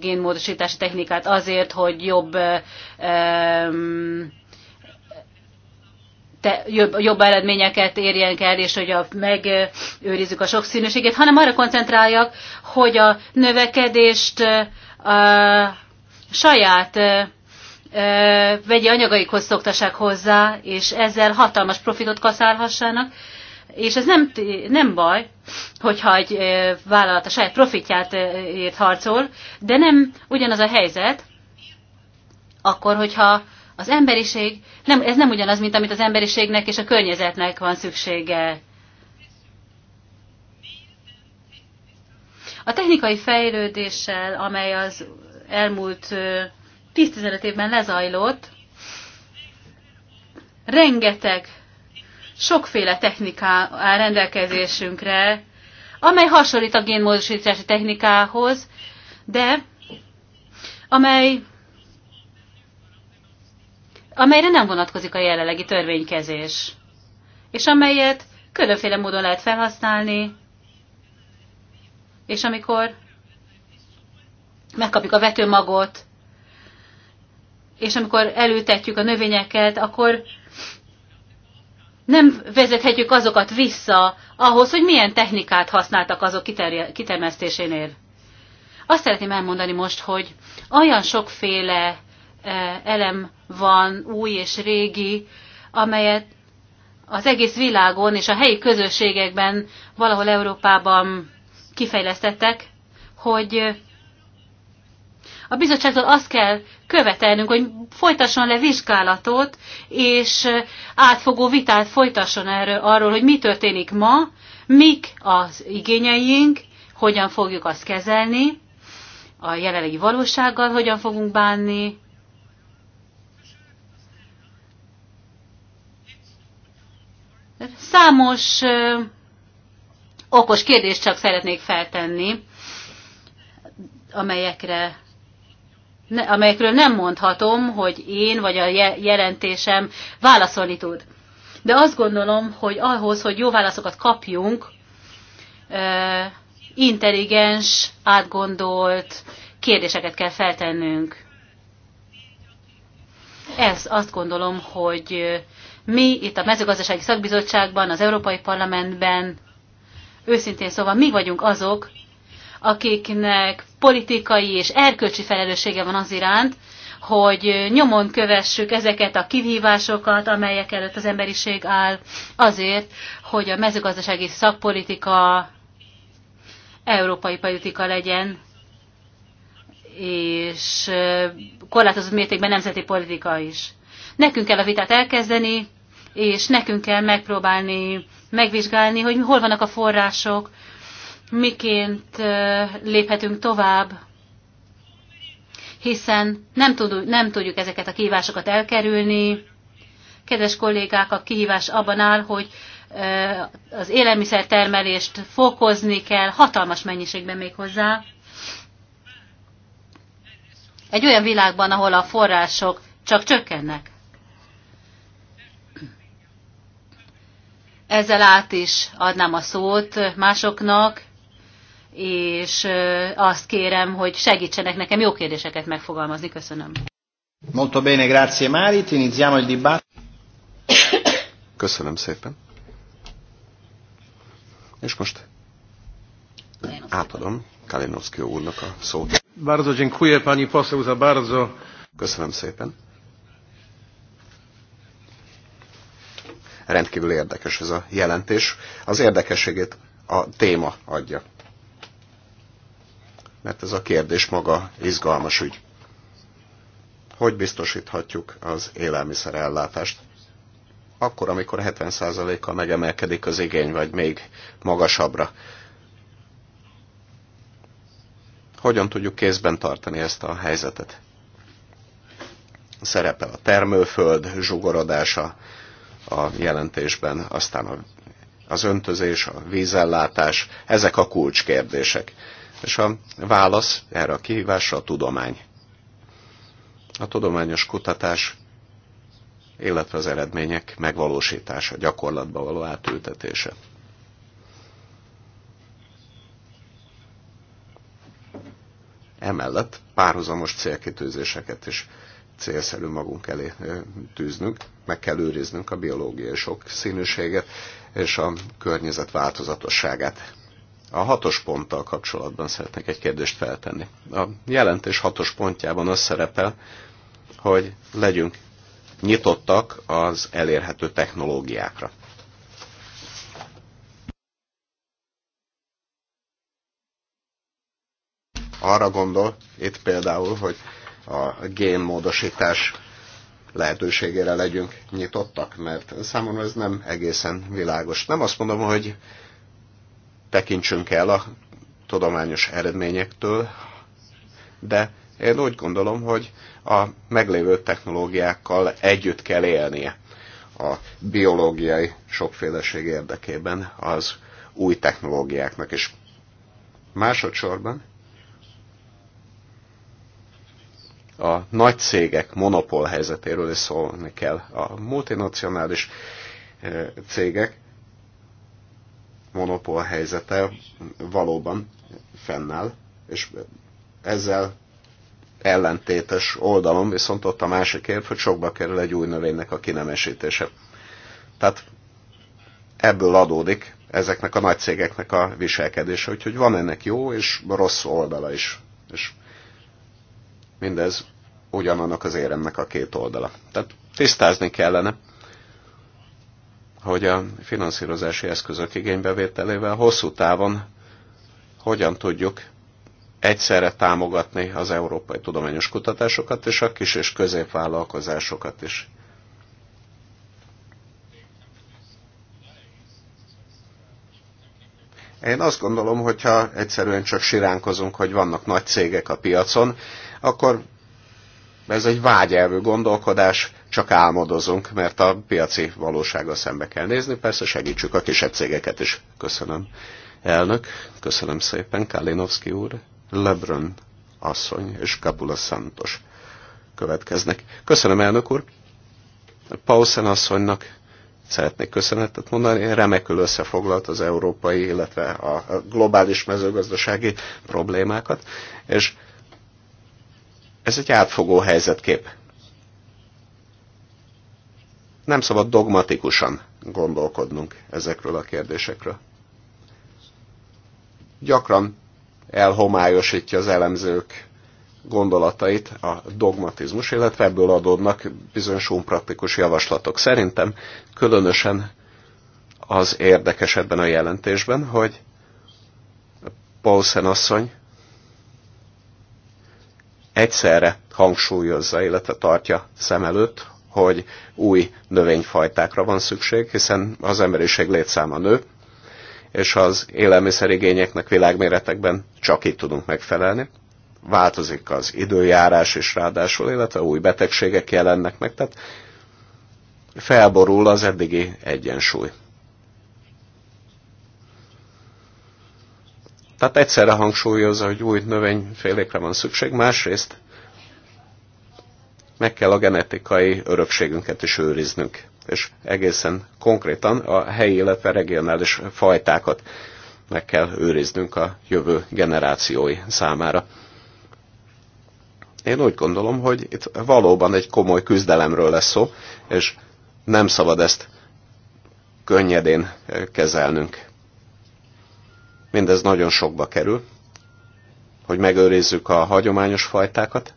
génmódosítási technikát azért, hogy jobb te, jobb, jobb eredményeket érjenek el, és hogy a, megőrizzük a sokszínűségét, hanem arra koncentráljak, hogy a növekedést a, saját vegyi anyagaikhoz szoktassák hozzá, és ezzel hatalmas profitot kaszálhassanak, és ez nem, nem baj, hogyha egy vállalat a saját profitját ért harcol, de nem ugyanaz a helyzet, akkor, hogyha az emberiség, nem, ez nem ugyanaz, mint amit az emberiségnek és a környezetnek van szüksége. A technikai fejlődéssel, amely az elmúlt 10-15 évben lezajlott, rengeteg, sokféle technika áll rendelkezésünkre, amely hasonlít a génmódosítási technikához, de amely amelyre nem vonatkozik a jelenlegi törvénykezés, és amelyet különféle módon lehet felhasználni, és amikor megkapjuk a vetőmagot, és amikor elültetjük a növényeket, akkor nem vezethetjük azokat vissza ahhoz, hogy milyen technikát használtak azok kitermesztésénél. Azt szeretném elmondani most, hogy olyan sokféle elem van, új és régi, amelyet az egész világon és a helyi közösségekben valahol Európában kifejlesztettek, hogy a bizottságtól azt kell követelnünk, hogy folytasson le vizsgálatot, és átfogó vitát folytasson erről, arról, hogy mi történik ma, mik az igényeink, hogyan fogjuk azt kezelni, a jelenlegi valósággal hogyan fogunk bánni, Számos okos kérdést csak szeretnék feltenni, amelyekre ne, amelyekről nem mondhatom, hogy én vagy a jelentésem válaszolni tud. De azt gondolom, hogy ahhoz, hogy jó válaszokat kapjunk, intelligens, átgondolt kérdéseket kell feltennünk. Ez azt gondolom, hogy mi itt a mezőgazdasági szakbizottságban, az Európai Parlamentben, őszintén szóval mi vagyunk azok, akiknek politikai és erkölcsi felelőssége van az iránt, hogy nyomon kövessük ezeket a kihívásokat, amelyek előtt az emberiség áll, azért, hogy a mezőgazdasági szakpolitika európai politika legyen, és korlátozott mértékben nemzeti politika is. Nekünk kell a vitát elkezdeni, és nekünk kell megpróbálni megvizsgálni, hogy hol vannak a források, miként léphetünk tovább, hiszen nem, tudjuk, nem tudjuk ezeket a kihívásokat elkerülni. Kedves kollégák, a kihívás abban áll, hogy az élelmiszertermelést fokozni kell, hatalmas mennyiségben még hozzá. Egy olyan világban, ahol a források csak csökkennek. Ezzel át is adnám a szót másoknak, és azt kérem, hogy segítsenek nekem jó kérdéseket megfogalmazni. Köszönöm. Molto bene, grazie Marit. Iniziamo il dibattito. Köszönöm szépen. És most átadom Kalinowski úrnak a szót. Bardzo dziękuję pani poseł za bardzo. Köszönöm szépen. Rendkívül érdekes ez a jelentés. Az érdekességét a téma adja. Mert ez a kérdés maga izgalmas ügy. Hogy biztosíthatjuk az élelmiszerellátást? Akkor, amikor 70%-kal megemelkedik az igény, vagy még magasabbra. Hogyan tudjuk kézben tartani ezt a helyzetet? szerepel a termőföld zsugorodása, a jelentésben, aztán az öntözés, a vízellátás, ezek a kulcskérdések. És a válasz erre a kihívásra a tudomány. A tudományos kutatás, illetve az eredmények megvalósítása, gyakorlatba való átültetése. Emellett párhuzamos célkitűzéseket is célszerű magunk elé tűznünk, meg kell őriznünk a biológiai sok színűséget és a környezet változatosságát. A hatos ponttal kapcsolatban szeretnék egy kérdést feltenni. A jelentés hatos pontjában az szerepel, hogy legyünk nyitottak az elérhető technológiákra. Arra gondol itt például, hogy a génmódosítás lehetőségére legyünk nyitottak, mert számomra ez nem egészen világos. Nem azt mondom, hogy tekintsünk el a tudományos eredményektől, de én úgy gondolom, hogy a meglévő technológiákkal együtt kell élnie a biológiai sokféleség érdekében az új technológiáknak is. Másodszorban a nagy cégek monopól helyzetéről is szólni kell. A multinacionális eh, cégek monopól helyzete valóban fennáll, és ezzel ellentétes oldalon viszont ott a másik érv, hogy sokba kerül egy új növénynek a kinemesítése. Tehát ebből adódik ezeknek a nagy cégeknek a viselkedése, úgyhogy van ennek jó és rossz oldala is. És Mindez ugyanannak az éremnek a két oldala. Tehát tisztázni kellene, hogy a finanszírozási eszközök igénybevételével hosszú távon hogyan tudjuk egyszerre támogatni az európai tudományos kutatásokat és a kis és középvállalkozásokat is. Én azt gondolom, hogyha egyszerűen csak siránkozunk, hogy vannak nagy cégek a piacon, akkor ez egy vágyelvű gondolkodás, csak álmodozunk, mert a piaci valósággal szembe kell nézni. Persze segítsük a kisebb cégeket is. Köszönöm, elnök. Köszönöm szépen, Kalinowski úr, Lebrun asszony és Kapula Santos következnek. Köszönöm, elnök úr. Paulsen asszonynak szeretnék köszönetet mondani. Remekül összefoglalt az európai, illetve a globális mezőgazdasági problémákat, és ez egy átfogó helyzetkép. Nem szabad dogmatikusan gondolkodnunk ezekről a kérdésekről. Gyakran elhomályosítja az elemzők gondolatait a dogmatizmus, illetve ebből adódnak bizonyos unpraktikus javaslatok. Szerintem különösen az érdekes ebben a jelentésben, hogy Paulsen asszony egyszerre hangsúlyozza, illetve tartja szem előtt, hogy új növényfajtákra van szükség, hiszen az emberiség létszáma nő, és az élelmiszerigényeknek világméretekben csak így tudunk megfelelni. Változik az időjárás is ráadásul, illetve új betegségek jelennek meg, tehát felborul az eddigi egyensúly. Tehát egyszerre hangsúlyozza, hogy új növényfélékre van szükség, másrészt meg kell a genetikai örökségünket is őriznünk, és egészen konkrétan a helyi, illetve regionális fajtákat meg kell őriznünk a jövő generációi számára. Én úgy gondolom, hogy itt valóban egy komoly küzdelemről lesz szó, és nem szabad ezt könnyedén kezelnünk. Mindez nagyon sokba kerül, hogy megőrizzük a hagyományos fajtákat,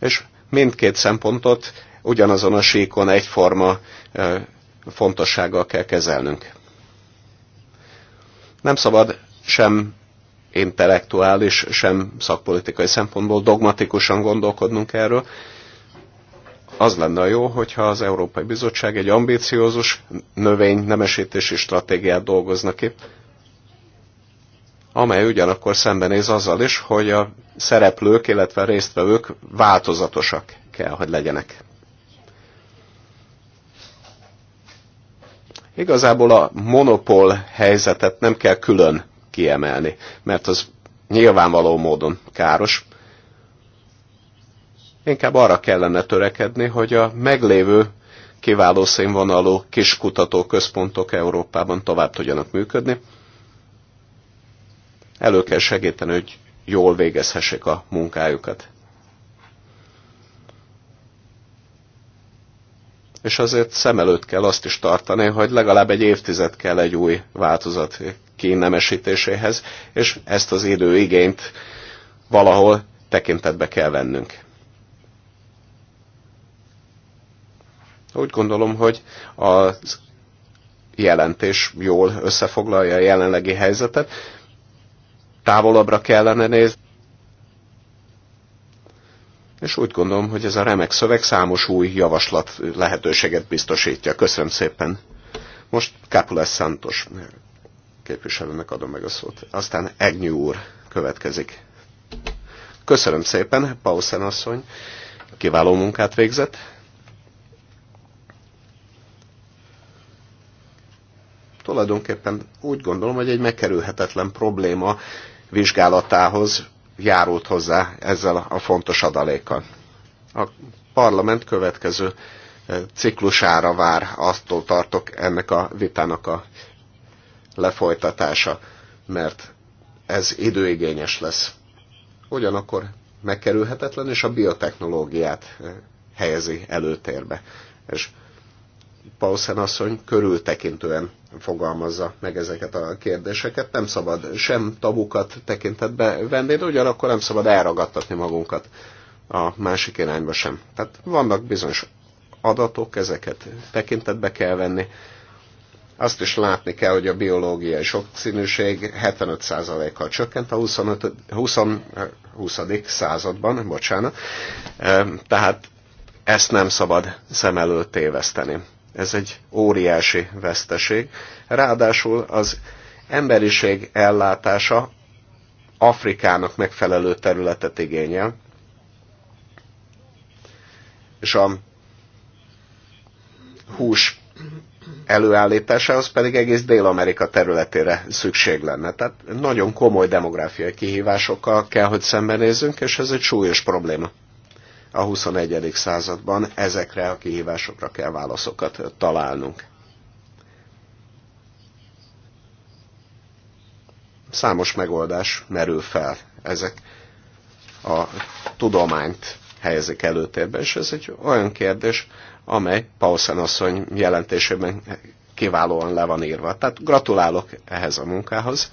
és mindkét szempontot ugyanazon a síkon egyforma fontossággal kell kezelnünk. Nem szabad sem intellektuális, sem szakpolitikai szempontból dogmatikusan gondolkodnunk erről. Az lenne a jó, hogyha az Európai Bizottság egy ambíciózus növény nemesítési stratégiát dolgozna ki, amely ugyanakkor szembenéz azzal is, hogy a szereplők, illetve a résztvevők változatosak kell, hogy legyenek. Igazából a monopól helyzetet nem kell külön kiemelni, mert az nyilvánvaló módon káros. Inkább arra kellene törekedni, hogy a meglévő kiváló színvonalú kis Európában tovább tudjanak működni, elő kell segíteni, hogy jól végezhessék a munkájukat. És azért szem előtt kell azt is tartani, hogy legalább egy évtized kell egy új változat kénemesítéséhez, és ezt az időigényt valahol tekintetbe kell vennünk. Úgy gondolom, hogy az jelentés jól összefoglalja a jelenlegi helyzetet, távolabbra kellene nézni. És úgy gondolom, hogy ez a remek szöveg számos új javaslat lehetőséget biztosítja. Köszönöm szépen. Most Kápulás Szántos képviselőnek adom meg a szót. Aztán Egnyú úr következik. Köszönöm szépen, Pausen asszony. Kiváló munkát végzett. Tulajdonképpen úgy gondolom, hogy egy megkerülhetetlen probléma vizsgálatához járult hozzá ezzel a fontos adalékkal. A parlament következő eh, ciklusára vár, attól tartok ennek a vitának a lefolytatása, mert ez időigényes lesz. Ugyanakkor megkerülhetetlen, és a biotechnológiát eh, helyezi előtérbe. És Paulsen asszony körültekintően fogalmazza meg ezeket a kérdéseket. Nem szabad sem tabukat tekintetbe venni, de ugyanakkor nem szabad elragadtatni magunkat a másik irányba sem. Tehát vannak bizonyos adatok, ezeket tekintetbe kell venni. Azt is látni kell, hogy a biológiai sokszínűség 75%-kal csökkent a 25, 20, 20. században, bocsánat, ehm, tehát ezt nem szabad szem előtt téveszteni. Ez egy óriási veszteség. Ráadásul az emberiség ellátása Afrikának megfelelő területet igényel, és a hús előállításához pedig egész Dél-Amerika területére szükség lenne. Tehát nagyon komoly demográfiai kihívásokkal kell, hogy szembenézzünk, és ez egy súlyos probléma a 21. században ezekre a kihívásokra kell válaszokat találnunk. Számos megoldás merül fel. Ezek a tudományt helyezik előtérbe, és ez egy olyan kérdés, amely Paulsen asszony jelentésében kiválóan le van írva. Tehát gratulálok ehhez a munkához.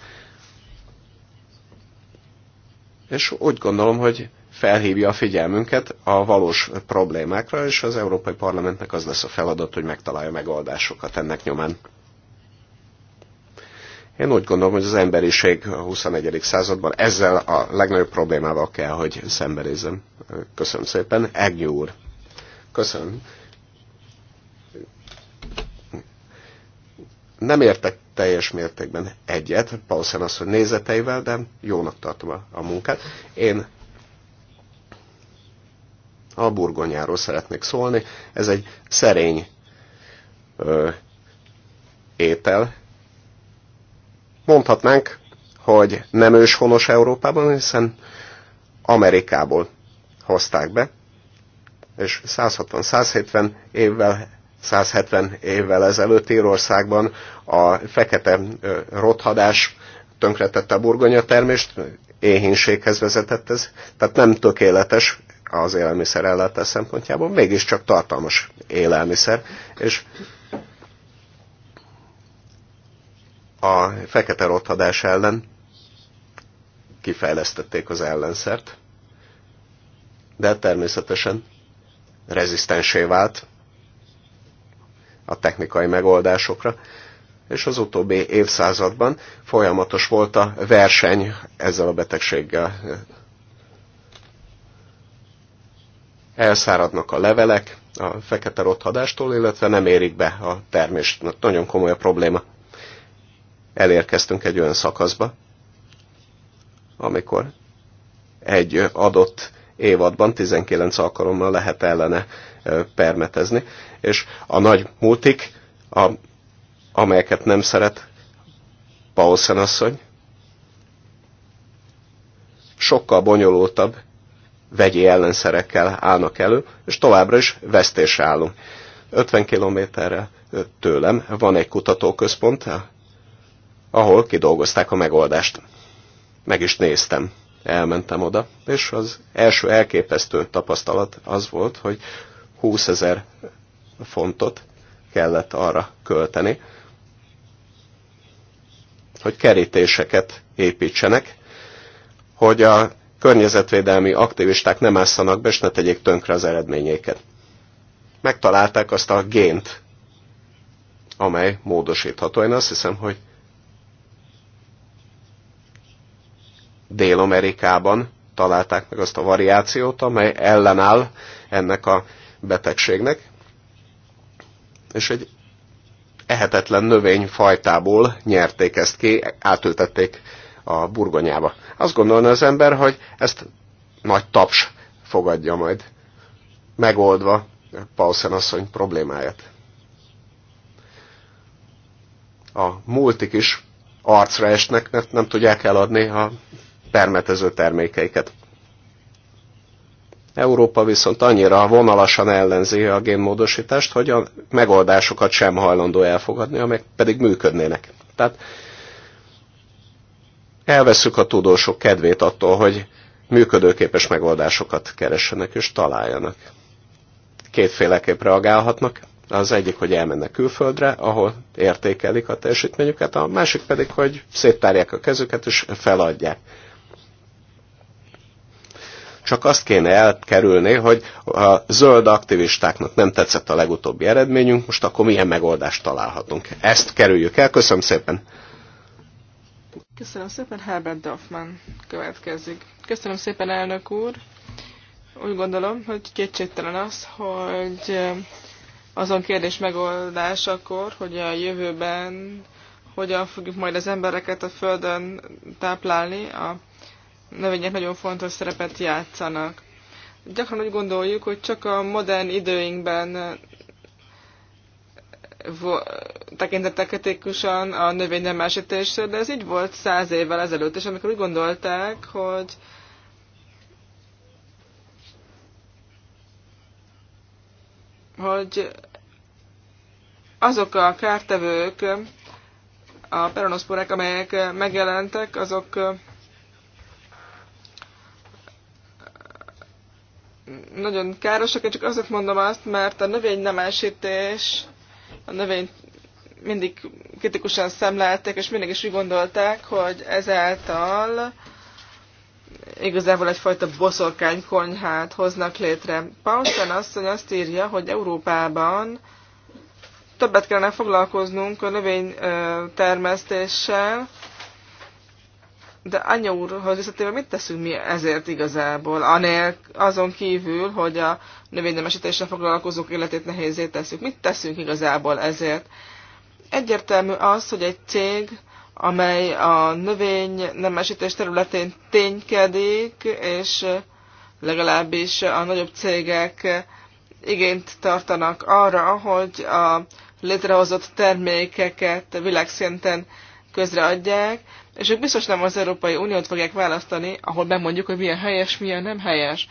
És úgy gondolom, hogy felhívja a figyelmünket a valós problémákra, és az Európai Parlamentnek az lesz a feladat, hogy megtalálja megoldásokat ennek nyomán. Én úgy gondolom, hogy az emberiség a 21. században ezzel a legnagyobb problémával kell, hogy szemberézzem. Köszönöm szépen. Egnyi úr. Köszönöm. Nem értek teljes mértékben egyet Paulsen hogy nézeteivel, de jónak tartom a, a munkát. Én a burgonyáról szeretnék szólni. Ez egy szerény ö, étel. Mondhatnánk, hogy nem őshonos Európában, hiszen Amerikából hozták be, és 160-170 évvel 170 évvel ezelőtt Írországban a fekete rothadás tönkretette a burgonya termést, éhénységhez vezetett ez, tehát nem tökéletes az élelmiszer ellátás szempontjából, mégiscsak tartalmas élelmiszer, és a fekete rothadás ellen kifejlesztették az ellenszert, de természetesen rezisztensé vált a technikai megoldásokra, és az utóbbi évszázadban folyamatos volt a verseny ezzel a betegséggel elszáradnak a levelek a fekete rothadástól, illetve nem érik be a termést. Nagyon komoly a probléma. Elérkeztünk egy olyan szakaszba, amikor egy adott évadban 19 alkalommal lehet ellene permetezni, és a nagy multik, a, amelyeket nem szeret Paulsen asszony, sokkal bonyolultabb vegyi ellenszerekkel állnak elő, és továbbra is vesztésre állunk. 50 kilométerre tőlem van egy kutatóközpont, ahol kidolgozták a megoldást. Meg is néztem. Elmentem oda, és az első elképesztő tapasztalat az volt, hogy 20 ezer fontot kellett arra költeni, hogy kerítéseket építsenek, hogy a környezetvédelmi aktivisták nem ásszanak be, és ne tegyék tönkre az eredményéket. Megtalálták azt a gént, amely módosítható. Én azt hiszem, hogy Dél-Amerikában találták meg azt a variációt, amely ellenáll ennek a betegségnek, és egy ehetetlen növényfajtából nyerték ezt ki, átültették a burgonyába. Azt gondolna az ember, hogy ezt nagy taps fogadja majd, megoldva Paulsen asszony problémáját. A multik is arcra esnek, mert nem tudják eladni a permetező termékeiket. Európa viszont annyira vonalasan ellenzi a génmódosítást, hogy a megoldásokat sem hajlandó elfogadni, amelyek pedig működnének. Tehát elveszük a tudósok kedvét attól, hogy működőképes megoldásokat keressenek és találjanak. Kétféleképp reagálhatnak. Az egyik, hogy elmennek külföldre, ahol értékelik a teljesítményüket, a másik pedig, hogy széttárják a kezüket és feladják. Csak azt kéne elkerülni, hogy a zöld aktivistáknak nem tetszett a legutóbbi eredményünk, most akkor milyen megoldást találhatunk. Ezt kerüljük el. Köszönöm szépen! Köszönöm szépen, Herbert Duffman következik. Köszönöm szépen, elnök úr. Úgy gondolom, hogy kétségtelen az, hogy eh, azon kérdés akkor, hogy a jövőben hogyan fogjuk majd az embereket a Földön táplálni, a növények nagyon fontos szerepet játszanak. Gyakran úgy gondoljuk, hogy csak a modern időinkben tekintettek kritikusan a növénynemesítésre, de ez így volt száz évvel ezelőtt, és amikor úgy gondolták, hogy hogy azok a kártevők, a peronoszporák, amelyek megjelentek, azok nagyon károsak, én csak azért mondom azt, mert a növény nemesítés a növényt mindig kritikusan szemlelték, és mindig is úgy gondolták, hogy ezáltal igazából egyfajta boszorkánykonyhát hoznak létre. Paulsen asszony azt írja, hogy Európában többet kellene foglalkoznunk a növénytermesztéssel, de anya úrhoz visszatérve mit teszünk mi ezért igazából? Anél, azon kívül, hogy a növénynemesítéssel foglalkozók életét nehézé tesszük. Mit teszünk igazából ezért? Egyértelmű az, hogy egy cég, amely a növénynemesítés területén ténykedik, és legalábbis a nagyobb cégek igényt tartanak arra, hogy a létrehozott termékeket világszinten közreadják, és ők biztos nem az Európai Uniót fogják választani, ahol bemondjuk, hogy milyen helyes, milyen nem helyes.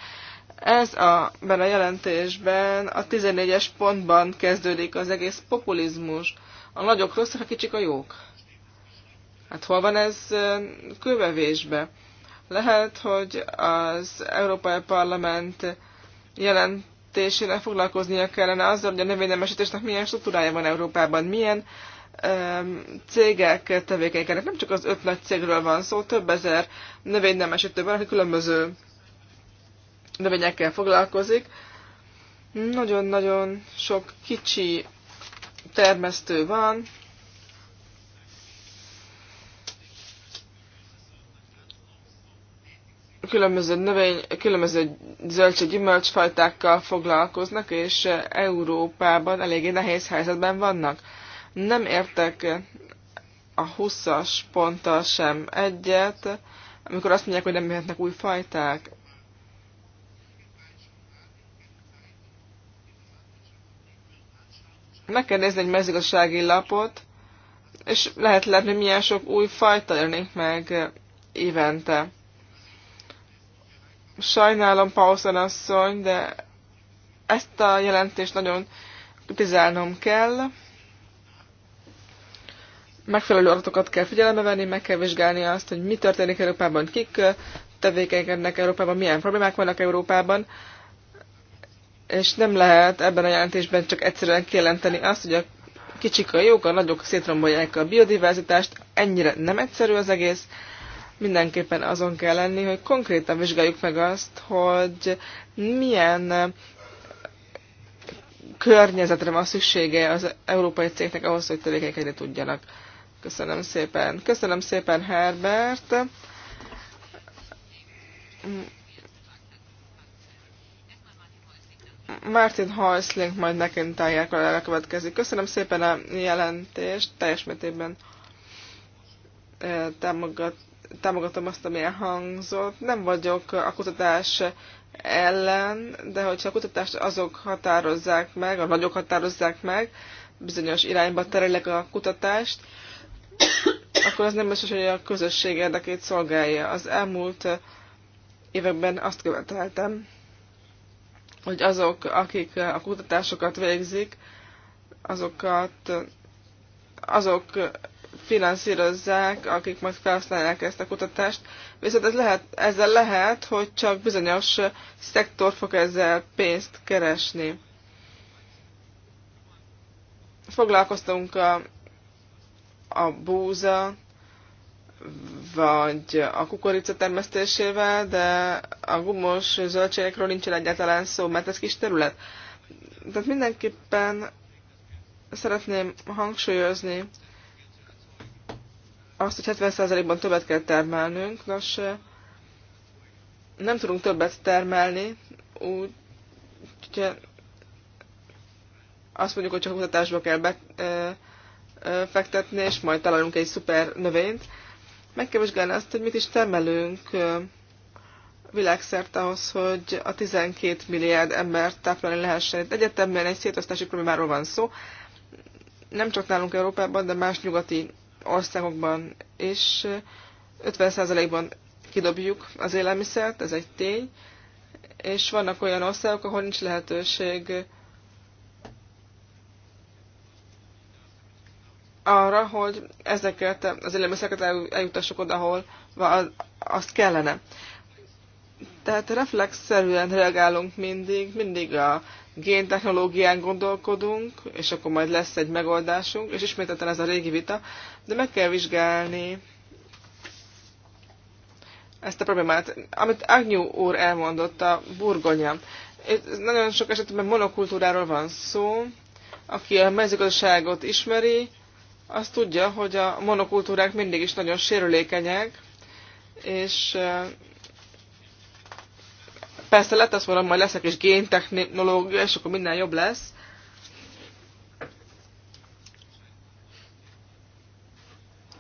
Ez a, ben a jelentésben a 14-es pontban kezdődik az egész populizmus. A nagyok rosszak, a kicsik a jók. Hát hol van ez kövevésbe? Lehet, hogy az Európai Parlament jelentésének foglalkoznia kellene azzal, hogy a növénynemesítésnek milyen struktúrája van Európában, milyen cégek tevékenykednek. Nem csak az öt nagy cégről van szó, több ezer növénynemesítő van, aki különböző növényekkel foglalkozik. Nagyon-nagyon sok kicsi termesztő van, különböző növény, különböző zöldség, gyümölcsfajtákkal foglalkoznak, és Európában eléggé nehéz helyzetben vannak. Nem értek a 20-as ponttal sem egyet, amikor azt mondják, hogy nem jöhetnek új fajták. Meg kell nézni egy mezőgazdasági lapot, és lehet látni, milyen sok új fajta jönnék meg évente. Sajnálom, Pauszan asszony, de ezt a jelentést nagyon kritizálnom kell megfelelő adatokat kell figyelembe venni, meg kell vizsgálni azt, hogy mi történik Európában, kik tevékenykednek Európában, milyen problémák vannak Európában, és nem lehet ebben a jelentésben csak egyszerűen kijelenteni azt, hogy a kicsik a jók, a nagyok szétrombolják a biodiverzitást, ennyire nem egyszerű az egész, mindenképpen azon kell lenni, hogy konkrétan vizsgáljuk meg azt, hogy milyen környezetre van szüksége az európai cégnek ahhoz, hogy tevékenykedni tudjanak. Köszönöm szépen. Köszönöm szépen, Herbert. Martin Halsling majd nekem tájják a elkövetkezik. Köszönöm szépen a jelentést, teljes mértékben eh, támogat, támogatom azt, ami elhangzott. Nem vagyok a kutatás ellen, de hogyha a kutatást azok határozzák meg, a nagyok határozzák meg, bizonyos irányba terelek a kutatást, akkor az nem biztos, hogy a közösség érdekét szolgálja. Az elmúlt években azt követeltem, hogy azok, akik a kutatásokat végzik, azokat azok finanszírozzák, akik majd felhasználják ezt a kutatást. Viszont ez lehet, ezzel lehet, hogy csak bizonyos szektor fog ezzel pénzt keresni. Foglalkoztunk a a búza, vagy a kukorica termesztésével, de a gumos zöldségekről nincsen egyáltalán szó, mert ez kis terület. Tehát mindenképpen szeretném hangsúlyozni azt, hogy 70%-ban többet kell termelnünk. Nos, nem tudunk többet termelni, úgy azt mondjuk, hogy csak a kutatásba kell be, fektetni, és majd találunk egy szuper növényt. Meg kell vizsgálni azt, hogy mit is termelünk világszerte ahhoz, hogy a 12 milliárd embert táplálni lehessen. Itt egyetemben egy szétosztási problémáról van szó, nem csak nálunk Európában, de más nyugati országokban is 50%-ban kidobjuk az élelmiszert, ez egy tény, és vannak olyan országok, ahol nincs lehetőség arra, hogy ezeket az élelmiszereket eljutassuk oda, ahol azt kellene. Tehát reflexzerűen reagálunk mindig, mindig a géntechnológián gondolkodunk, és akkor majd lesz egy megoldásunk, és ismételten ez a régi vita, de meg kell vizsgálni ezt a problémát, amit Agnyú úr elmondott, a burgonya. Ez nagyon sok esetben monokultúráról van szó, aki a mezőgazdaságot ismeri, azt tudja, hogy a monokultúrák mindig is nagyon sérülékenyek, és eh, persze lehet azt mondom, majd leszek is géntechnológia, és akkor minden jobb lesz.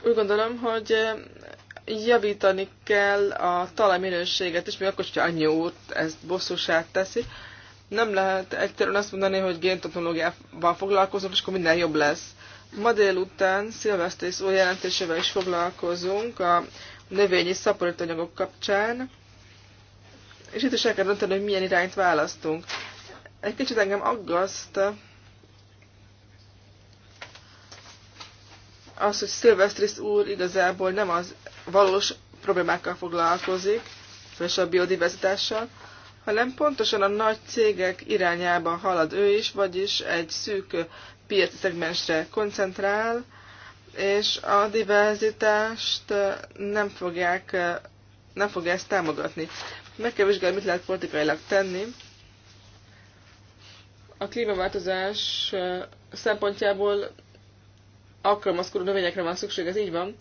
Úgy gondolom, hogy eh, javítani kell a talajminőséget is, mi akkor, hogyha annyi út ezt bosszúsát teszi. Nem lehet egyszerűen azt mondani, hogy géntechnológiával foglalkozunk, és akkor minden jobb lesz. Ma délután szilveszteri szó jelentésével is foglalkozunk a növényi szaporítóanyagok kapcsán, és itt is el kell dönteni, hogy milyen irányt választunk. Egy kicsit engem aggaszt az, hogy Szilvesztris úr igazából nem az valós problémákkal foglalkozik, és a biodiverzitással, hanem pontosan a nagy cégek irányába halad ő is, vagyis egy szűk piaci szegmensre koncentrál, és a diverzitást nem fogják, nem fogja ezt támogatni. Meg kell vizsgálni, mit lehet politikailag tenni. A klímaváltozás szempontjából alkalmazkodó növényekre van szükség, ez így van,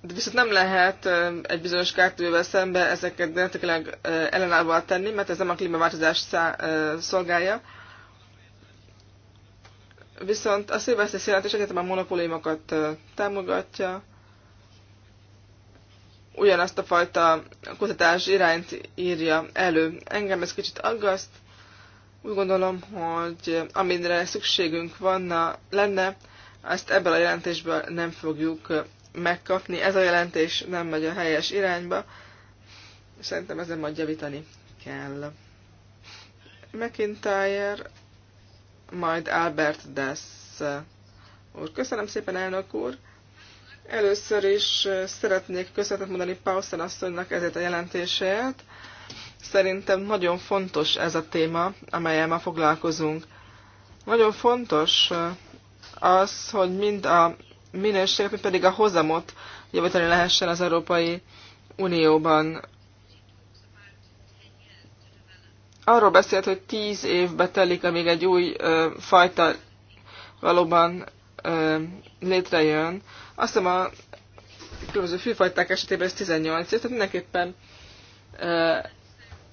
de viszont nem lehet egy bizonyos kártővel szembe ezeket genetikileg ellenállóan tenni, mert ez nem a klímaváltozás szolgálja. Viszont a szilvesztes jelentés a monopóliumokat támogatja, ugyanazt a fajta kutatás irányt írja elő. Engem ez kicsit aggaszt. Úgy gondolom, hogy amire szükségünk vanna, lenne, ezt ebből a jelentésből nem fogjuk megkapni. Ez a jelentés nem megy a helyes irányba. Szerintem ezen majd javítani kell. McIntyre, majd Albert Dess úr. Köszönöm szépen, elnök úr! Először is szeretnék köszönetet mondani Pausen asszonynak ezért a jelentésért. Szerintem nagyon fontos ez a téma, amelyel ma foglalkozunk. Nagyon fontos az, hogy mind a minőség, mint pedig a hozamot javítani lehessen az Európai Unióban. Arról beszélt, hogy tíz évbe telik, amíg egy új ö, fajta valóban ö, létrejön. Azt hiszem a különböző fűfajták esetében ez 18 év, tehát mindenképpen ö,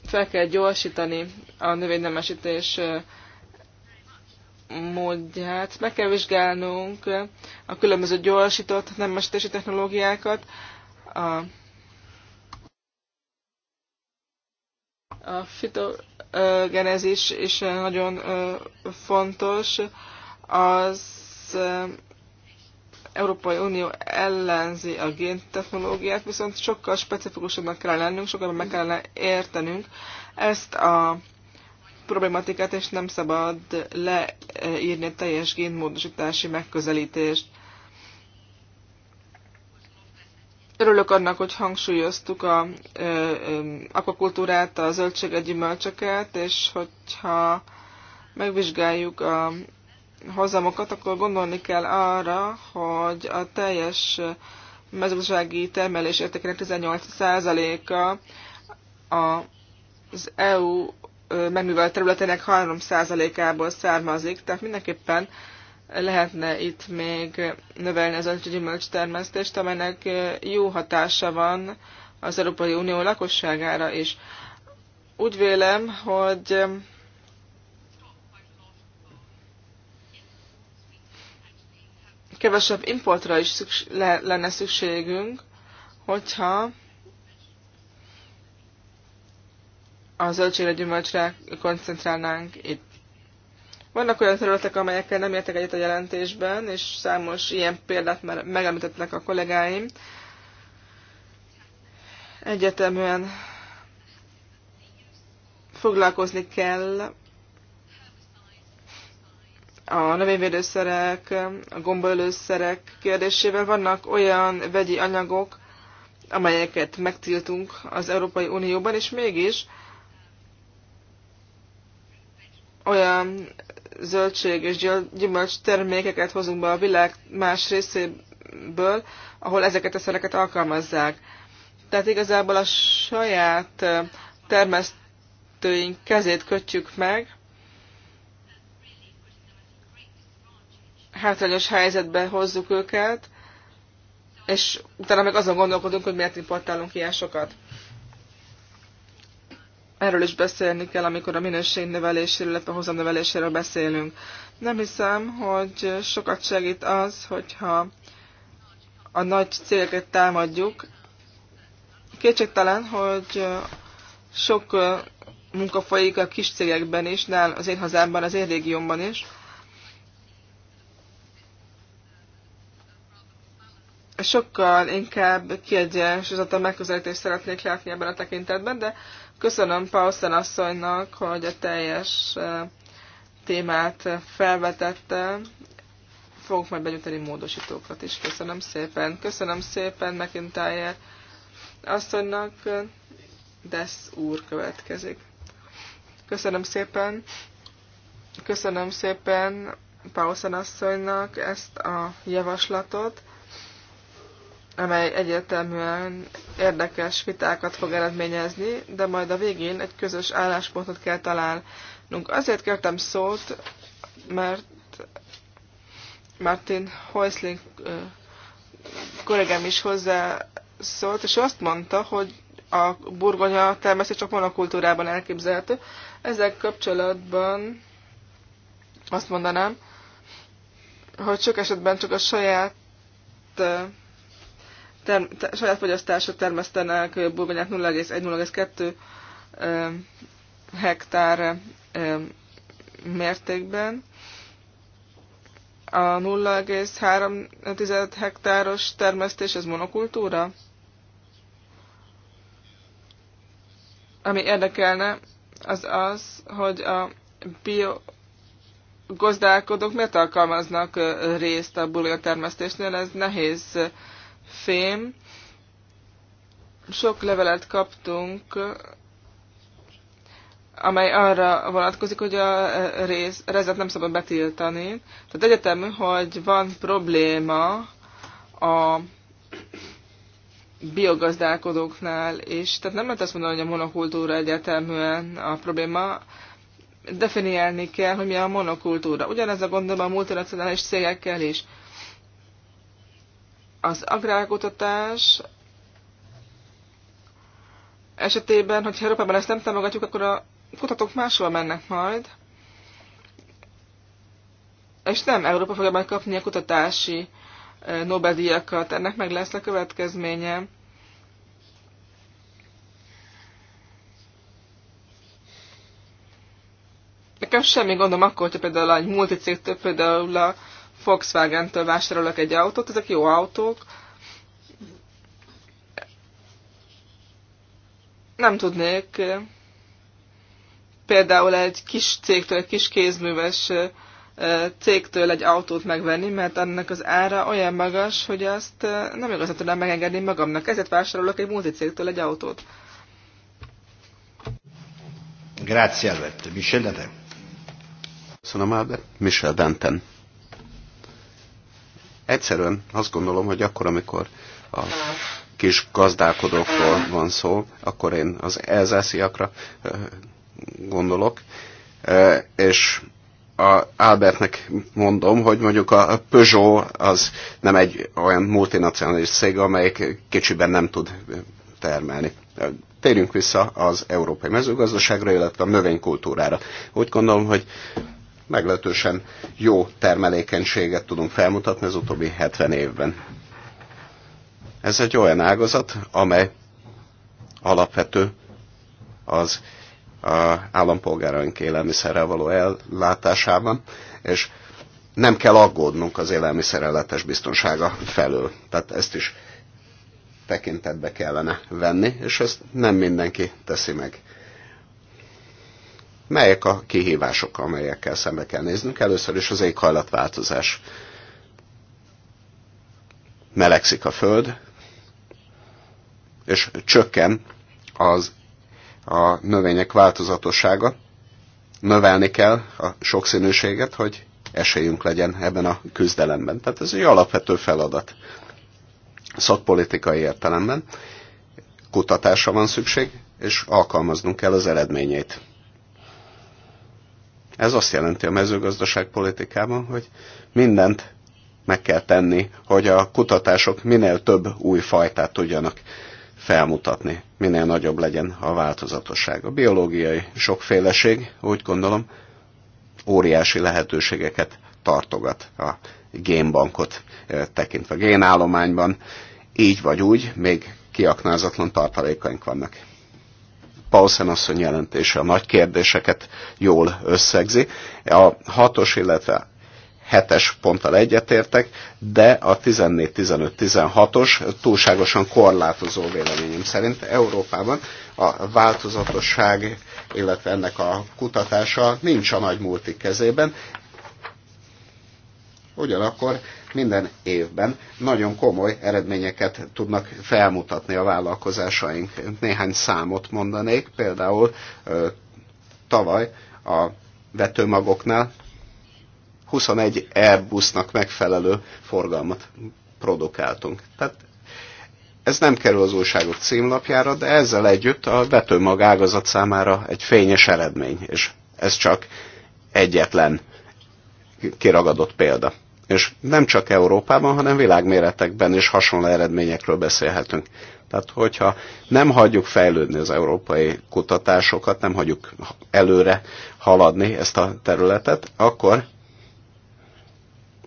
fel kell gyorsítani a növénynemesítés módját. Meg kell vizsgálnunk a különböző gyorsított nemesítési technológiákat, a, a fitogenezis is nagyon fontos. Az Európai Unió ellenzi a géntechnológiát, viszont sokkal specifikusabbnak kell lennünk, sokkal meg kellene értenünk ezt a problématikát, és nem szabad leírni a teljes génmódosítási megközelítést. Örülök annak, hogy hangsúlyoztuk a ö, ö, akvakultúrát, a zöldséget, gyümölcsöket, és hogyha megvizsgáljuk a hozamokat, akkor gondolni kell arra, hogy a teljes mezőgazdasági termelés értékének 18%-a az EU megművelt területének 3%-ából származik, tehát mindenképpen lehetne itt még növelni az gyümölcs termesztést, amelynek jó hatása van az Európai Unió lakosságára is. Úgy vélem, hogy kevesebb importra is szükség, le, lenne szükségünk, hogyha a zöldségre, gyümölcsre koncentrálnánk itt. Vannak olyan területek, amelyekkel nem értek egyet a jelentésben, és számos ilyen példát már megemlítettek a kollégáim. Egyeteműen foglalkozni kell a növényvédőszerek, a gombaölőszerek kérdésével. Vannak olyan vegyi anyagok, amelyeket megtiltunk az Európai Unióban, és mégis olyan zöldség és gyümölcs termékeket hozunk be a világ más részéből, ahol ezeket a szereket alkalmazzák. Tehát igazából a saját termesztőink kezét kötjük meg, hátrányos helyzetbe hozzuk őket, és utána meg azon gondolkodunk, hogy miért importálunk ilyen sokat erről is beszélni kell, amikor a minőségnövelésről, illetve a hozamnöveléséről beszélünk. Nem hiszem, hogy sokat segít az, hogyha a nagy célket támadjuk. Kétségtelen, hogy sok munka folyik a kis cégekben is, nál az én hazámban, az én régiómban is. Sokkal inkább kiegyensúlyozott a megközelítést szeretnék látni ebben a tekintetben, de Köszönöm Pausen asszonynak, hogy a teljes témát felvetette. Fogok majd benyújtani módosítókat is. Köszönöm szépen. Köszönöm szépen McIntyre asszonynak. Desz úr következik. Köszönöm szépen. Köszönöm szépen Pausen asszonynak ezt a javaslatot amely egyértelműen érdekes vitákat fog eredményezni, de majd a végén egy közös álláspontot kell találnunk. Azért kértem szót, mert Martin Heusling kollégám is hozzá szólt, és azt mondta, hogy a burgonya termesztés csak monokultúrában elképzelhető. Ezzel kapcsolatban azt mondanám, hogy sok esetben csak a saját term, te, saját fogyasztásra termesztenek burgonyát 0,1-0,2 hektár mértékben. A 0,3 hektáros termesztés, ez monokultúra? Ami érdekelne, az az, hogy a bio gazdálkodók miért alkalmaznak részt a burgonya termesztésnél, ez nehéz fém. Sok levelet kaptunk, amely arra vonatkozik, hogy a e, rész, rezet nem szabad betiltani. Tehát egyetemű, hogy van probléma a biogazdálkodóknál, és tehát nem lehet azt mondani, hogy a monokultúra egyeteműen a probléma, definiálni kell, hogy mi a monokultúra. Ugyanez a gondolom a multinacionális cégekkel is. Az agrárkutatás esetében, hogyha Európában ezt nem támogatjuk, akkor a kutatók máshol mennek majd, és nem Európa fogja majd kapni a kutatási e, Nobel-díjakat. Ennek meg lesz a következménye. Nekem semmi gondom akkor, hogyha például egy multicég, például a Volkswagen-től vásárolok egy autót, ezek jó autók. Nem tudnék például egy kis cégtől, egy kis kézműves cégtől egy autót megvenni, mert annak az ára olyan magas, hogy azt nem igazán tudom megengedni magamnak. Ezért vásárolok egy cégtől egy autót. Grazie Albert. Michel Dante. Sono Albert. Michel Danten. Egyszerűen azt gondolom, hogy akkor, amikor a kis gazdálkodókról van szó, akkor én az elzásziakra gondolok, és a Albertnek mondom, hogy mondjuk a Peugeot az nem egy olyan multinacionális cég, amelyik kicsiben nem tud termelni. Térjünk vissza az európai mezőgazdaságra, illetve a növénykultúrára. Úgy gondolom, hogy meglehetősen jó termelékenységet tudunk felmutatni az utóbbi 70 évben. Ez egy olyan ágazat, amely alapvető az állampolgáraink élelmiszerrel való ellátásában, és nem kell aggódnunk az élelmiszerelletes biztonsága felől. Tehát ezt is tekintetbe kellene venni, és ezt nem mindenki teszi meg. Melyek a kihívások, amelyekkel szembe kell néznünk? Először is az éghajlatváltozás. Melegszik a föld, és csökken az a növények változatossága. Növelni kell a sokszínűséget, hogy esélyünk legyen ebben a küzdelemben. Tehát ez egy alapvető feladat szakpolitikai értelemben. Kutatásra van szükség, és alkalmaznunk kell az eredményeit. Ez azt jelenti a mezőgazdaság politikában, hogy mindent meg kell tenni, hogy a kutatások minél több új fajtát tudjanak felmutatni, minél nagyobb legyen a változatosság. A biológiai sokféleség, úgy gondolom, óriási lehetőségeket tartogat a génbankot eh, tekintve. Génállományban így vagy úgy még kiaknázatlan tartalékaink vannak. Paulsen asszony jelentése a nagy kérdéseket jól összegzi. A hatos, illetve hetes ponttal egyetértek, de a 14-15-16-os túlságosan korlátozó véleményem szerint Európában a változatosság, illetve ennek a kutatása nincs a nagy multik kezében. Ugyanakkor minden évben nagyon komoly eredményeket tudnak felmutatni a vállalkozásaink. Néhány számot mondanék, például tavaly a vetőmagoknál 21 Airbusnak megfelelő forgalmat produkáltunk. Tehát ez nem kerül az újságok címlapjára, de ezzel együtt a vetőmag ágazat számára egy fényes eredmény, és ez csak egyetlen kiragadott példa. És nem csak Európában, hanem világméretekben is hasonló eredményekről beszélhetünk. Tehát, hogyha nem hagyjuk fejlődni az európai kutatásokat, nem hagyjuk előre haladni ezt a területet, akkor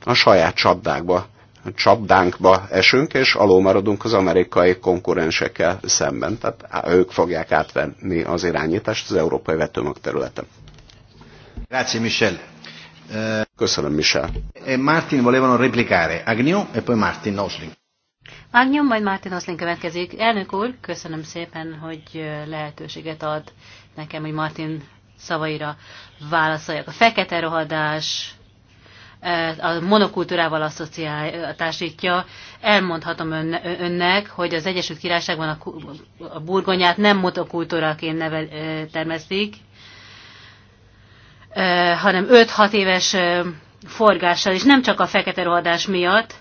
a saját csapdákba, csapdánkba esünk, és alulmaradunk az amerikai konkurensekkel szemben. Tehát ők fogják átvenni az irányítást az európai vetőmag területen. Grazie, Michel. Köszönöm, Michel. Eh, Martin volevano replicare. Agnew, e poi Martin Osling. Agnew, majd Martin Osling következik. Elnök úr, köszönöm szépen, hogy eh, lehetőséget ad nekem, hogy Martin szavaira válaszoljak. A fekete rohadás, eh, a monokultúrával asszociáltásítja. Elmondhatom ön, önnek, hogy az Egyesült Királyságban a, a burgonyát nem monokultúraként nevel, termesztik, hanem 5-6 éves forgással, és nem csak a fekete rohadás miatt,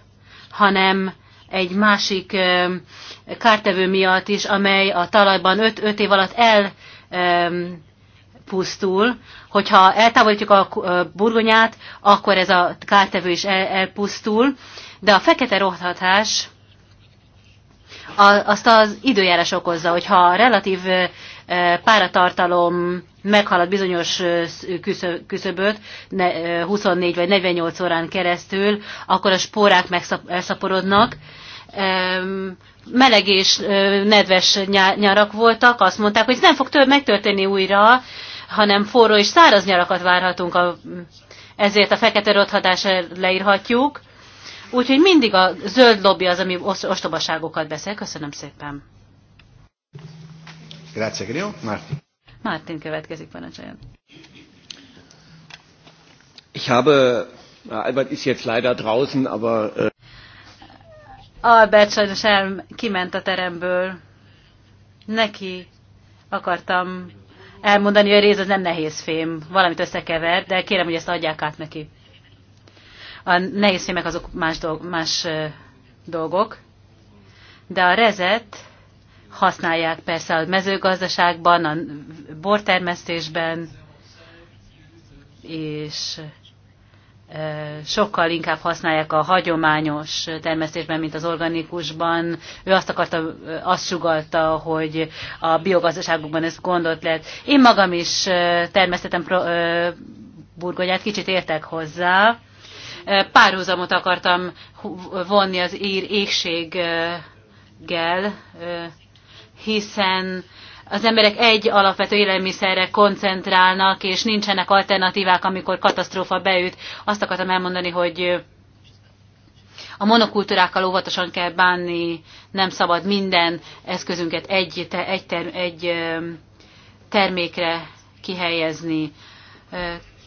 hanem egy másik kártevő miatt is, amely a talajban 5-5 év alatt elpusztul. Hogyha eltávolítjuk a burgonyát, akkor ez a kártevő is elpusztul, de a fekete rohadás azt az időjárás okozza, hogyha a relatív páratartalom meghalad bizonyos küszöböt 24 vagy 48 órán keresztül, akkor a spórák megszaporodnak. Meleg és nedves nyarak voltak, azt mondták, hogy ez nem fog több megtörténni újra, hanem forró és száraz nyarakat várhatunk, a, ezért a fekete rothadás leírhatjuk Úgyhogy mindig a zöld lobby az, ami ostobaságokat beszél. Köszönöm szépen. Grazie, Grio. Martin. Martin következik, parancsoljon. Ich habe, äh, Albert ist jetzt leider draußen, aber... Äh, Albert sajnos el, kiment a teremből. Neki akartam elmondani, hogy a rész az nem nehéz fém, valamit összekever, de kérem, hogy ezt adják át neki. A nehéz filmek azok más, dolg, más dolgok, de a rezet használják persze a mezőgazdaságban, a bortermesztésben, és sokkal inkább használják a hagyományos termesztésben, mint az organikusban. Ő azt akarta, azt sugalta, hogy a biogazdaságokban ez gondot lett. Én magam is termesztettem burgonyát, kicsit értek hozzá, párhuzamot akartam vonni az ír égséggel, hiszen az emberek egy alapvető élelmiszerre koncentrálnak, és nincsenek alternatívák, amikor katasztrófa beüt. Azt akartam elmondani, hogy a monokultúrákkal óvatosan kell bánni, nem szabad minden eszközünket egy, egy, term, egy termékre kihelyezni.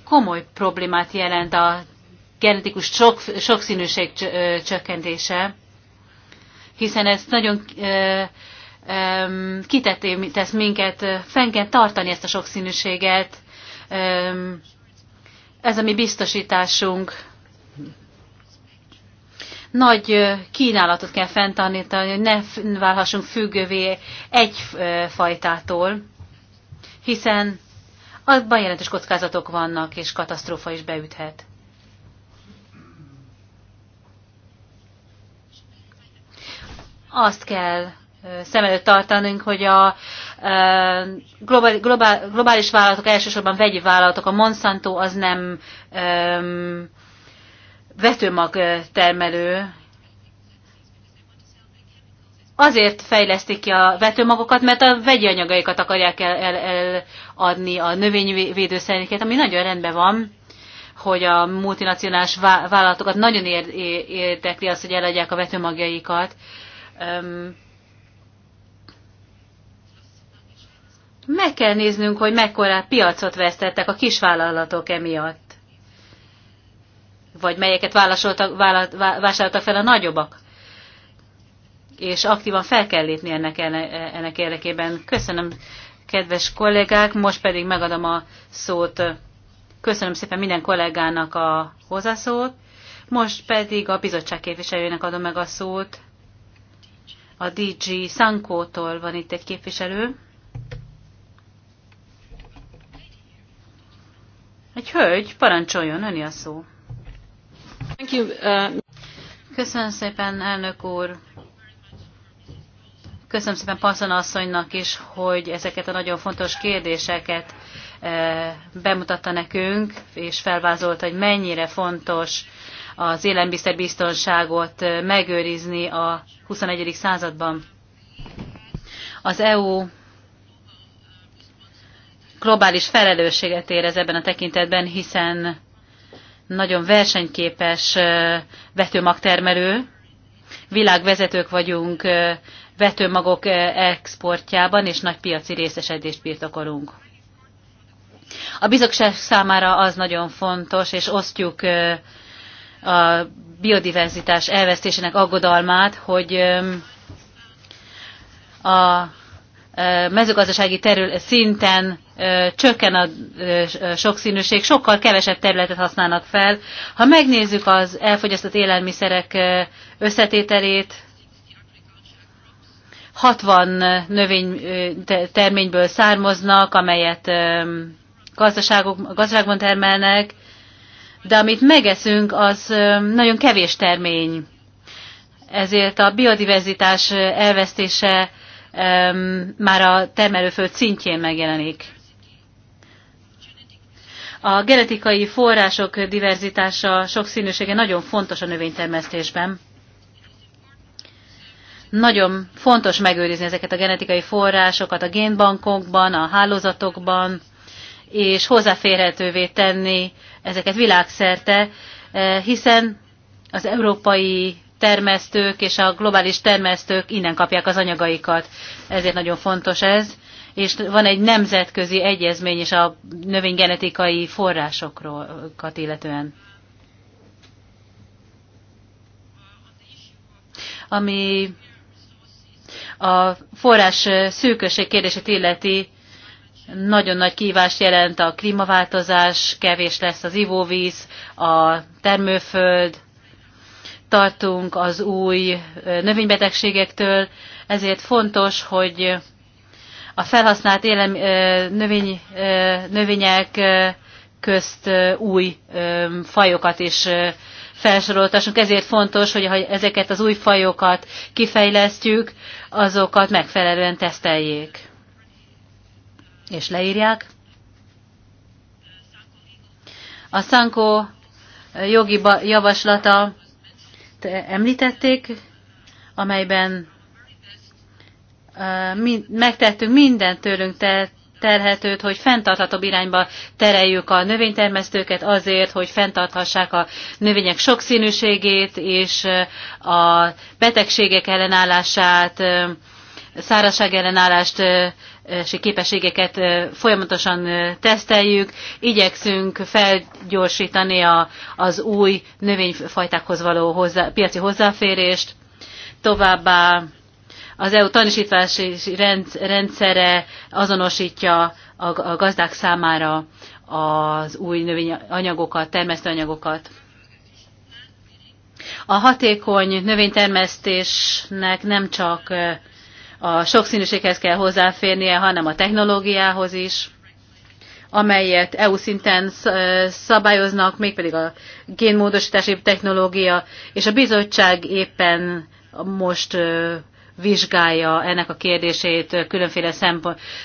Komoly problémát jelent a genetikus sok, sokszínűség csökkentése, hiszen ez nagyon kitetté tesz minket, fenn kell tartani ezt a sokszínűséget, ez a mi biztosításunk. Nagy kínálatot kell fenntartani, hogy ne válhassunk függővé egy fajtától, hiszen abban jelentős kockázatok vannak, és katasztrófa is beüthet. azt kell szem előtt tartanunk, hogy a globális vállalatok, elsősorban vegyi vállalatok, a Monsanto az nem vetőmag termelő, azért fejlesztik ki a vetőmagokat, mert a vegyi anyagaikat akarják eladni, el, el a növényvédőszereket, ami nagyon rendben van, hogy a multinacionális vállalatokat nagyon érdekli az, hogy eladják a vetőmagjaikat, meg kell néznünk, hogy mekkora piacot vesztettek a kisvállalatok emiatt. Vagy melyeket vállalt, vásároltak fel a nagyobbak. És aktívan fel kell lépni ennek, ennek érdekében. Köszönöm, kedves kollégák, most pedig megadom a szót. Köszönöm szépen minden kollégának a hozzászót. Most pedig a bizottság képviselőjének adom meg a szót a DG Sankótól van itt egy képviselő. Egy hölgy, parancsoljon, öni a szó. Thank you. Uh... Köszönöm szépen, elnök úr. Köszönöm szépen Passon asszonynak is, hogy ezeket a nagyon fontos kérdéseket eh, bemutatta nekünk, és felvázolta, hogy mennyire fontos az élelmiszerbiztonságot megőrizni a 21. században. Az EU globális felelősséget érez ebben a tekintetben, hiszen nagyon versenyképes vetőmagtermelő, világvezetők vagyunk vetőmagok exportjában, és nagy piaci részesedést birtokolunk. A bizottság számára az nagyon fontos, és osztjuk a biodiverzitás elvesztésének aggodalmát, hogy a mezőgazdasági terül szinten csökken a sokszínűség, sokkal kevesebb területet használnak fel. Ha megnézzük az elfogyasztott élelmiszerek összetételét, 60 terményből származnak, amelyet gazdaságok, gazdaságban termelnek, de amit megeszünk, az nagyon kevés termény. Ezért a biodiverzitás elvesztése már a termelőföld szintjén megjelenik. A genetikai források diverzitása, sokszínűsége nagyon fontos a növénytermesztésben. Nagyon fontos megőrizni ezeket a genetikai forrásokat a génbankokban, a hálózatokban, és hozzáférhetővé tenni ezeket világszerte, eh, hiszen az európai termesztők és a globális termesztők innen kapják az anyagaikat. Ezért nagyon fontos ez. És van egy nemzetközi egyezmény is a növénygenetikai forrásokat illetően. Ami a forrás szűkösség kérdését illeti, nagyon nagy kívás jelent a klímaváltozás, kevés lesz az ivóvíz, a termőföld, tartunk az új növénybetegségektől, ezért fontos, hogy a felhasznált élem, növény, növények közt új fajokat is felsoroltassunk. Ezért fontos, hogy ha ezeket az új fajokat kifejlesztjük, azokat megfelelően teszteljék és leírják. A Sanko jogi javaslata említették, amelyben megtettünk mindent tőlünk terhetőt, hogy fenntarthatóbb irányba tereljük a növénytermesztőket azért, hogy fenntarthassák a növények sokszínűségét és a betegségek ellenállását, szárazság ellenállást képességeket folyamatosan teszteljük, igyekszünk felgyorsítani a, az új növényfajtákhoz való hozzá, piaci hozzáférést, továbbá az EU tanúsítási rendszere azonosítja a gazdák számára az új növényanyagokat, termesztőanyagokat. A hatékony növénytermesztésnek nem csak a sokszínűséghez kell hozzáférnie, hanem a technológiához is, amelyet EU szinten szabályoznak, mégpedig a génmódosítási technológia, és a bizottság éppen most vizsgálja ennek a kérdését különféle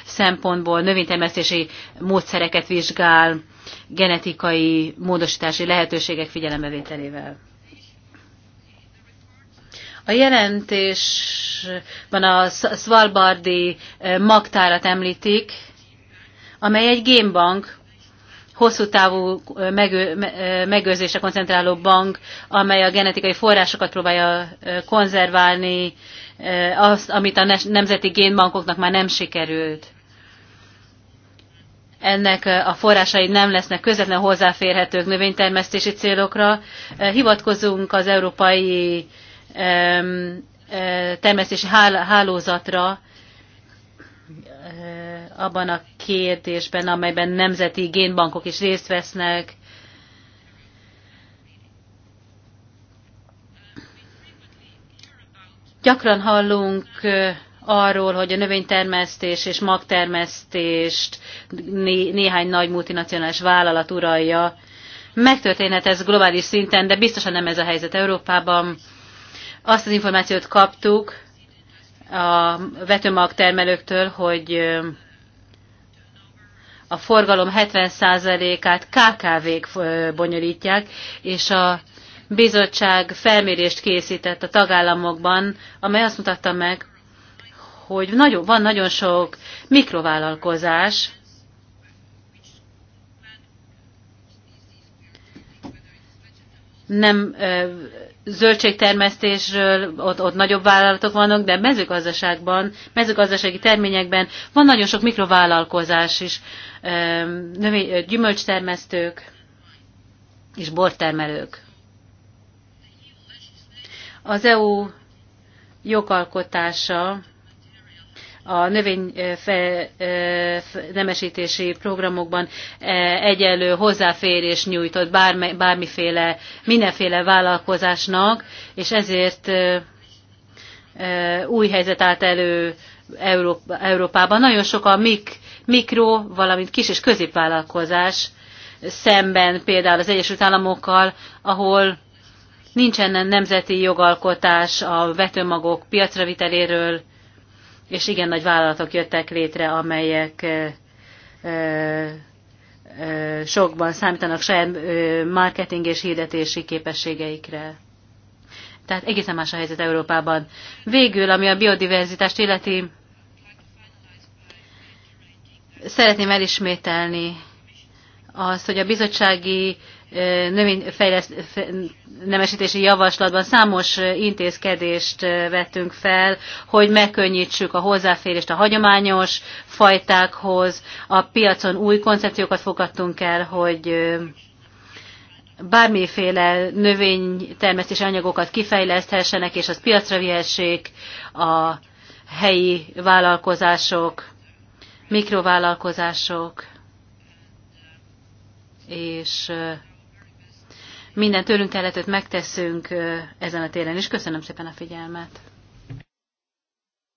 szempontból, növénytermesztési módszereket vizsgál, genetikai módosítási lehetőségek figyelembevételével. A jelentésben a Svalbardi eh, magtárat említik, amely egy gémbank, hosszú távú eh, megő, eh, megőrzésre koncentráló bank, amely a genetikai forrásokat próbálja konzerválni, azt, amit a nemzeti génbankoknak már nem sikerült. Ennek a forrásai nem lesznek közvetlen hozzáférhetők növénytermesztési célokra. Hivatkozunk az európai E, termesztési hálózatra e, abban a kérdésben, amelyben nemzeti génbankok is részt vesznek. Gyakran hallunk e, arról, hogy a növénytermesztés és magtermesztést néhány nagy multinacionális vállalat uralja. Megtörténhet ez globális szinten, de biztosan nem ez a helyzet Európában azt az információt kaptuk a vetőmag termelőktől, hogy a forgalom 70%-át KKV-k bonyolítják, és a bizottság felmérést készített a tagállamokban, amely azt mutatta meg, hogy nagyon, van nagyon sok mikrovállalkozás, nem zöldségtermesztésről, ott, ott nagyobb vállalatok vannak, de mezőgazdaságban, mezőgazdasági terményekben van nagyon sok mikrovállalkozás is, növény, gyümölcstermesztők és bortermelők. Az EU jogalkotása a növénynemesítési programokban egyenlő hozzáférés nyújtott bármi, bármiféle, mindenféle vállalkozásnak, és ezért új helyzet állt elő Európában. Nagyon sok a mik, mikro, valamint kis és középvállalkozás szemben például az Egyesült Államokkal, ahol nincsen nemzeti jogalkotás a vetőmagok piacra viteléről, és igen nagy vállalatok jöttek létre, amelyek sokban számítanak saját marketing és hirdetési képességeikre. Tehát egészen más a helyzet Európában. Végül, ami a biodiverzitást illeti, szeretném elismételni azt, hogy a bizottsági növényfejlesztési javaslatban számos intézkedést vettünk fel, hogy megkönnyítsük a hozzáférést a hagyományos fajtákhoz. A piacon új koncepciókat fogadtunk el, hogy bármiféle növénytermesztési anyagokat kifejleszthessenek, és az piacra vihessék a helyi vállalkozások, mikrovállalkozások, és minden tőlünk telhetőt megteszünk ezen a téren is. Köszönöm szépen a figyelmet.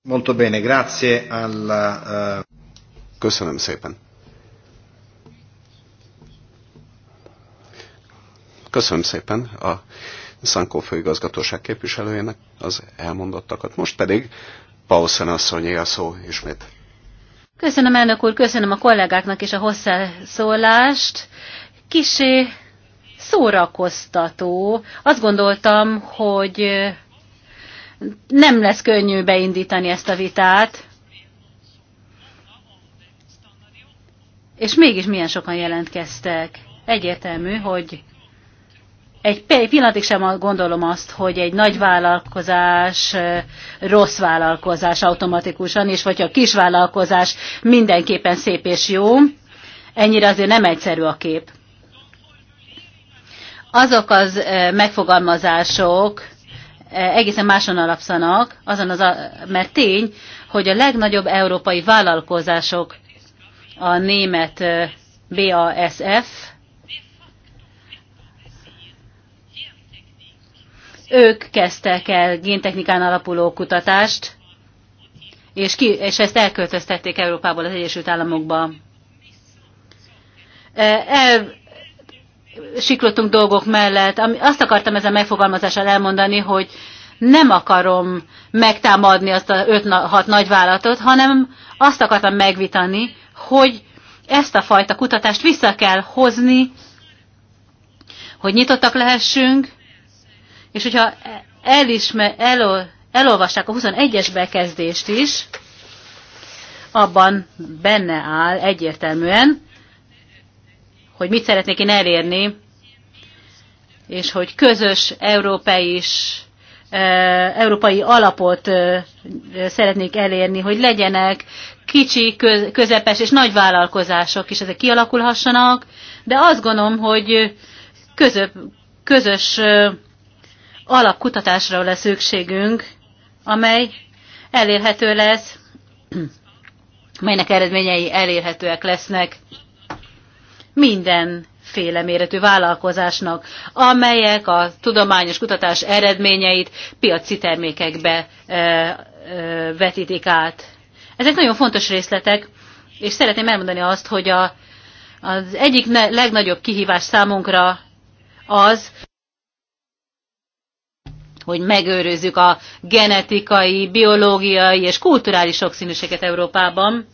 Molto bene, grazie alla, uh... Eh, köszönöm szépen. Köszönöm szépen a Szankó főigazgatóság képviselőjének az elmondottakat. Most pedig Paulsen asszonyé a szó ismét. Köszönöm elnök úr, köszönöm a kollégáknak is a hosszászólást. Kisé szórakoztató. Azt gondoltam, hogy nem lesz könnyű beindítani ezt a vitát. És mégis milyen sokan jelentkeztek. Egyértelmű, hogy egy pillanatig sem gondolom azt, hogy egy nagy vállalkozás rossz vállalkozás automatikusan, és vagy a kis vállalkozás mindenképpen szép és jó. Ennyire azért nem egyszerű a kép azok az megfogalmazások egészen máson alapszanak, azon az, mert tény, hogy a legnagyobb európai vállalkozások a német BASF, ők kezdtek el géntechnikán alapuló kutatást, és, ki, és ezt elköltöztették Európából az Egyesült Államokba. El, siklottunk dolgok mellett. Azt akartam ezzel megfogalmazással elmondani, hogy nem akarom megtámadni azt a 5-6 nagyvállalatot, hanem azt akartam megvitani, hogy ezt a fajta kutatást vissza kell hozni, hogy nyitottak lehessünk, és hogyha elismer, el elolvassák a 21-es bekezdést is, abban benne áll egyértelműen, hogy mit szeretnék én elérni, és hogy közös európai is e, európai alapot e, szeretnék elérni, hogy legyenek kicsi, közepes és nagy vállalkozások is ezek kialakulhassanak, de azt gondolom, hogy közö, közös e, alapkutatásra lesz szükségünk, amely elérhető lesz, melynek eredményei elérhetőek lesznek mindenféle méretű vállalkozásnak, amelyek a tudományos kutatás eredményeit piaci termékekbe vetítik át. Ezek nagyon fontos részletek, és szeretném elmondani azt, hogy a, az egyik ne, legnagyobb kihívás számunkra az, hogy megőrözzük a genetikai, biológiai és kulturális sokszínűséget Európában,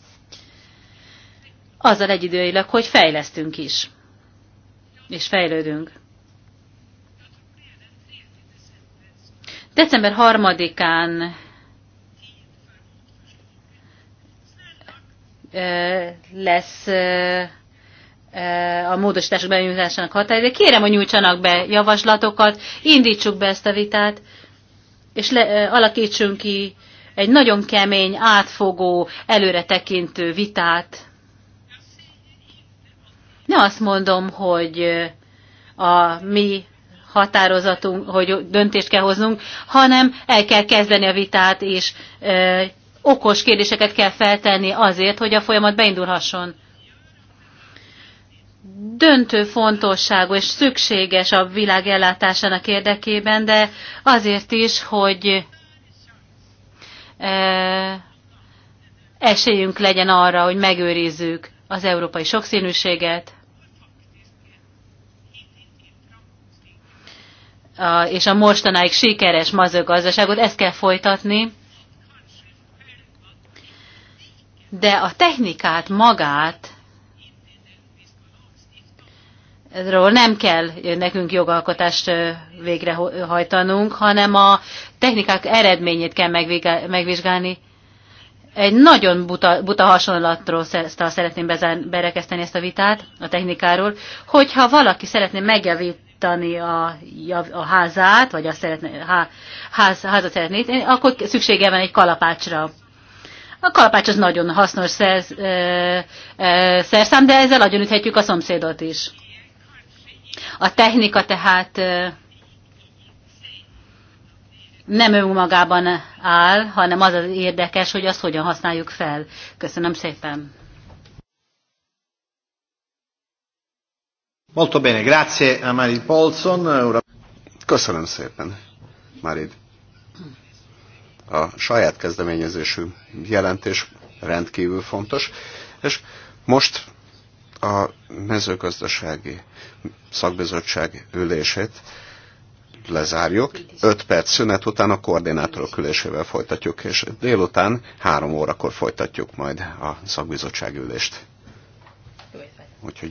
azzal egyidőileg, hogy fejlesztünk is, és fejlődünk. December 3-án lesz a módosítások benyújtásának határideje. Kérem, hogy nyújtsanak be javaslatokat, indítsuk be ezt a vitát, és le, alakítsunk ki egy nagyon kemény, átfogó, előretekintő vitát ne azt mondom, hogy a mi határozatunk, hogy döntést kell hoznunk, hanem el kell kezdeni a vitát, és ö, okos kérdéseket kell feltenni azért, hogy a folyamat beindulhasson. Döntő fontosságú és szükséges a világ ellátásának érdekében, de azért is, hogy ö, esélyünk legyen arra, hogy megőrizzük az európai sokszínűséget, és a mostanáig sikeres mazőgazdaságot, ezt kell folytatni, de a technikát magát erről nem kell nekünk jogalkotást végrehajtanunk, hanem a technikák eredményét kell megvizsgálni. Egy nagyon buta, buta hasonlatról szeretném berekeszteni ezt a vitát a technikáról, hogyha valaki szeretné megjavít, javítani a, a házát, vagy a szeretne, há, ház, házat szeretné, akkor szüksége van egy kalapácsra. A kalapács az nagyon hasznos szersz, ö, ö, szerszám, de ezzel nagyon üthetjük a szomszédot is. A technika tehát ö, nem önmagában áll, hanem az az érdekes, hogy azt hogyan használjuk fel. Köszönöm szépen! Molto bene, grazie a Marit Paulson. Köszönöm szépen, Marit. A saját kezdeményezésű jelentés rendkívül fontos, és most a mezőgazdasági szakbizottság ülését lezárjuk. Öt perc szünet után a koordinátorok ülésével folytatjuk, és délután három órakor folytatjuk majd a szakbizottság ülést. Úgyhogy